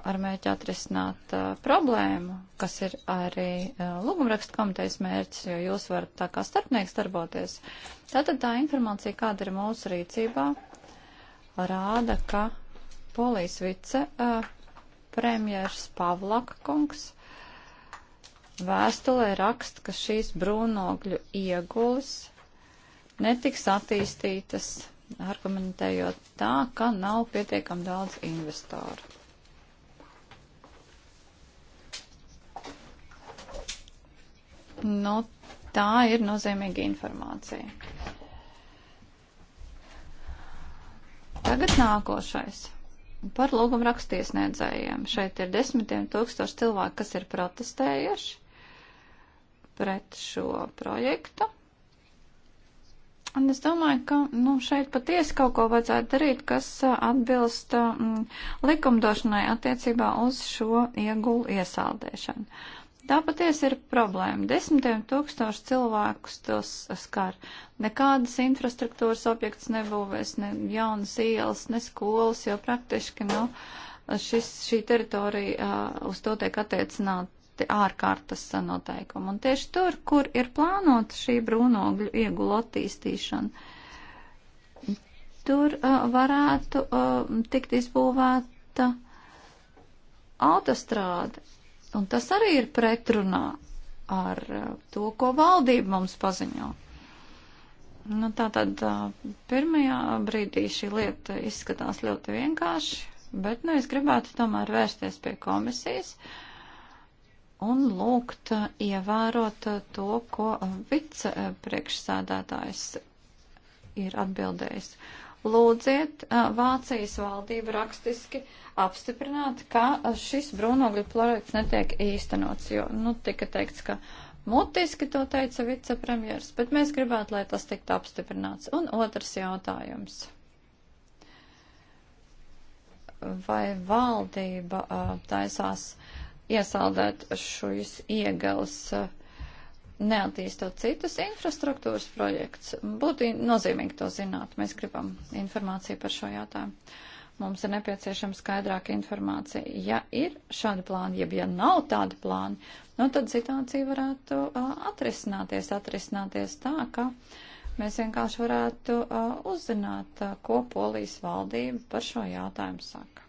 ar mērķi atrisināt uh, problēmu, kas ir arī uh, lūgumrakstu komitejas mērķis, jo jūs varat tā kā starpnieks darboties. Tātad tā informācija, kāda ir mūsu rīcībā, rāda, ka polijas vice uh, premjers Pavlaka kungs vēstulē raksta, ka šīs brūnogļu iegulis netiks attīstītas, argumentējot tā, ka nav pietiekam daudz investoru. Nu, tā ir nozīmīga informācija. Tagad nākošais. Par lūgumu rakstiesniedzējiem. Šeit ir desmitiem tūkstoši cilvēku, kas ir protestējuši pret šo projektu. Un es domāju, ka nu, šeit patiesi kaut ko vajadzētu darīt, kas uh, atbilst mm, likumdošanai attiecībā uz šo iegulu iesaldēšanu. Uh, Tā patiesi ir problēma. Desmitiem tūkstoši cilvēkus tos skar. Nekādas infrastruktūras objekts nebūvēs, ne jaunas ielas, ne skolas, jo praktiski, nu, šis, šī teritorija uz to tiek attiecināti ārkārtas noteikumi. Un tieši tur, kur ir plānota šī brūnogļu iegula attīstīšana, tur uh, varētu uh, tikt izbūvēta autostrāde Un tas arī ir pretrunā ar eh, to, ko valdība mums paziņo. Nu, tā tad eh, pirmajā brīdī šī lieta izskatās ļoti vienkārši, bet nu, es gribētu tomēr vērsties pie komisijas un lūgt eh, ievērot to, ko vicepriekšsēdētājs ir atbildējis lūdziet Vācijas valdību rakstiski apstiprināt, ka šis brūnogļu projekts netiek īstenots, jo, nu, tika teikts, ka mutiski to teica vicepremjers, bet mēs gribētu, lai tas tiktu apstiprināts. Un otrs jautājums. Vai valdība taisās iesaldēt šīs iegalas? Uh, neattīstot citus infrastruktūras projekts. Būtu nozīmīgi to zināt. Mēs gribam informāciju par šo jautājumu. Mums ir nepieciešama skaidrāka informācija. Ja ir šādi plāni, jeb ja nav tādi plāni, nu tad situācija varētu uh, atrisināties, atrisināties tā, ka mēs vienkārši varētu uh, uzzināt, uh, ko Polijas valdība par šo jautājumu saka.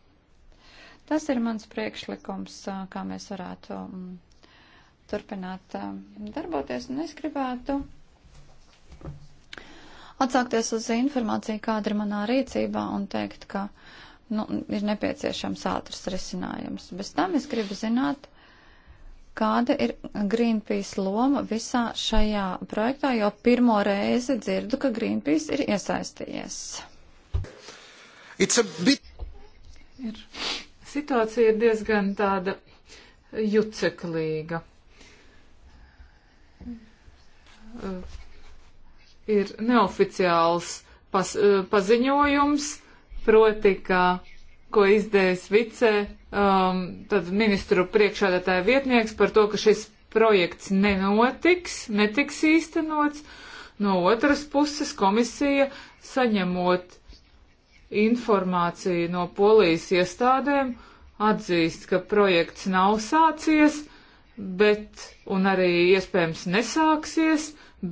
Tas ir mans priekšlikums, uh, kā mēs varētu. Um, turpināt um, darboties, un es gribētu atsākties uz informāciju, kāda ir manā rīcībā, un teikt, ka nu, ir nepieciešams ātrs risinājums. Bez tam es gribu zināt, kāda ir Greenpeace loma visā šajā projektā, jo pirmo reizi dzirdu, ka Greenpeace ir iesaistījies. Bit... Ir. Situācija ir diezgan tāda juceklīga. Eh, ir neoficiāls pas, eh, paziņojums, proti, ka, ko izdējas vicē, um, tad ministru priekšādātāja vietnieks par to, ka šis projekts nenotiks, netiks īstenots. No otras puses komisija saņemot informāciju no polijas iestādēm atzīst, ka projekts nav sācies bet, un arī iespējams nesāksies,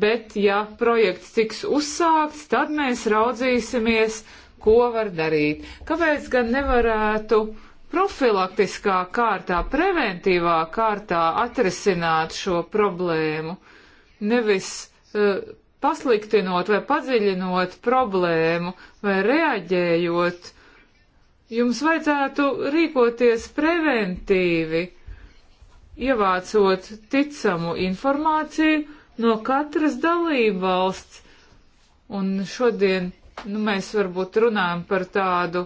bet ja projekts tiks uzsākts, tad mēs raudzīsimies, ko var darīt. Kāpēc gan nevarētu profilaktiskā kārtā, preventīvā kārtā atrisināt šo problēmu, nevis uh, pasliktinot vai padziļinot problēmu vai reaģējot, jums vajadzētu rīkoties preventīvi ievācot ticamu informāciju no katras dalībvalsts. Un šodien nu, mēs varbūt runājam par tādu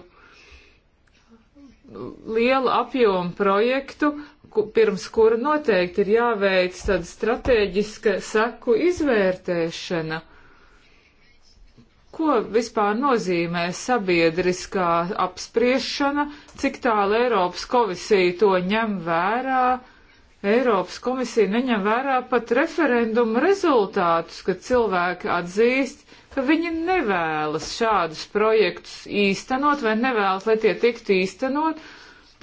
lielu apjomu projektu, ku, pirms kura noteikti ir jāveic tāda strateģiska seku izvērtēšana. Ko vispār nozīmē sabiedriskā apspriešana, cik tālu Eiropas komisija to ņem vērā, Eiropas komisija neņem vērā pat referendumu rezultātus, kad cilvēki atzīst, ka viņi nevēlas šādus projektus īstenot vai nevēlas, lai tie tiktu īstenot,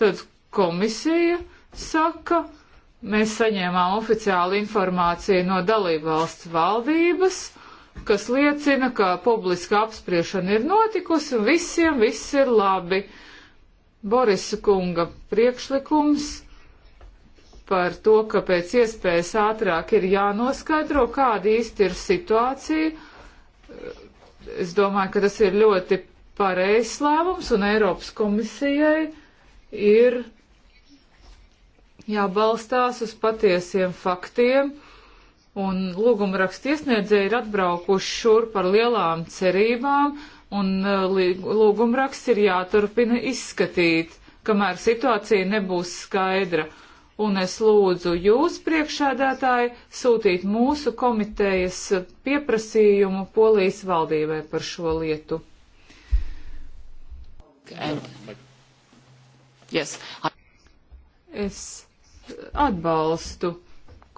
tad komisija saka, mēs saņēmām oficiālu informāciju no dalībvalsts valdības, kas liecina, ka publiska apspriešana ir notikusi un visiem viss ir labi. Borisa kunga priekšlikums par to, ka pēc iespējas ātrāk ir jānoskaidro, kāda īsti ir situācija. Es domāju, ka tas ir ļoti pareizs lēmums un Eiropas komisijai ir jābalstās uz patiesiem faktiem. Un lūguma raksta iesniedzēji ir atbraukuši šurp ar lielām cerībām, un uh, lūguma raksts ir jāturpina izskatīt, kamēr situācija nebūs skaidra un es lūdzu jūs priekšādātāji sūtīt mūsu komitejas pieprasījumu Polijas valdībai par šo lietu. Yes. Es atbalstu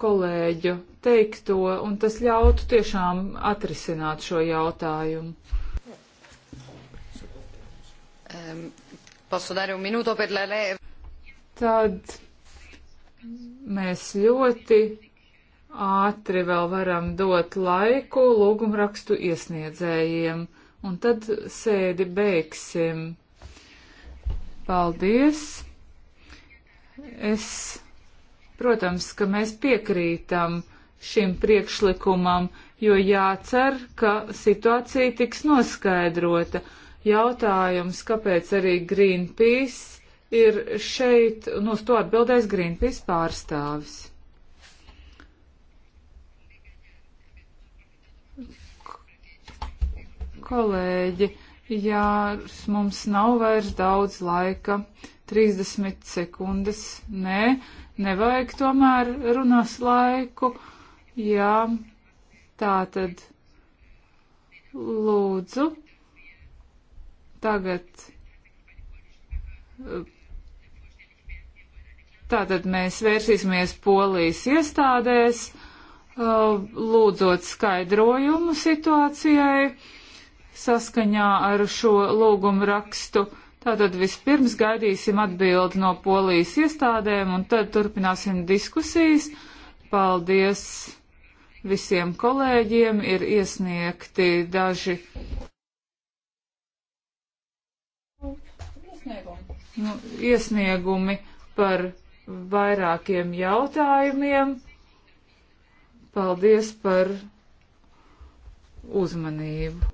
kolēģu teikto, un tas ļautu tiešām atrisināt šo jautājumu. Um, posso dare un minuto per la leva? Tad mēs ļoti ātri vēl varam dot laiku lūgumrakstu iesniedzējiem, un tad sēdi beigsim. Paldies! Es, protams, ka mēs piekrītam šim priekšlikumam, jo jācer, ka situācija tiks noskaidrota. Jautājums, kāpēc arī Greenpeace ir šeit, un uz to atbildēs Greenpeace pārstāvis. Kolēģi, jā, mums nav vairs daudz laika, 30 sekundes, nē, nevajag tomēr runas laiku, jā, tā tad lūdzu tagad Tātad mēs vērsīsimies polijas iestādēs, lūdzot skaidrojumu situācijai saskaņā ar šo lūgumu rakstu. Tātad vispirms gaidīsim atbildi no polijas iestādēm un tad turpināsim diskusijas. Paldies visiem kolēģiem, ir iesniegti daži. Iesniegumi. Nu, iesniegumi par vairākiem jautājumiem. Paldies par uzmanību!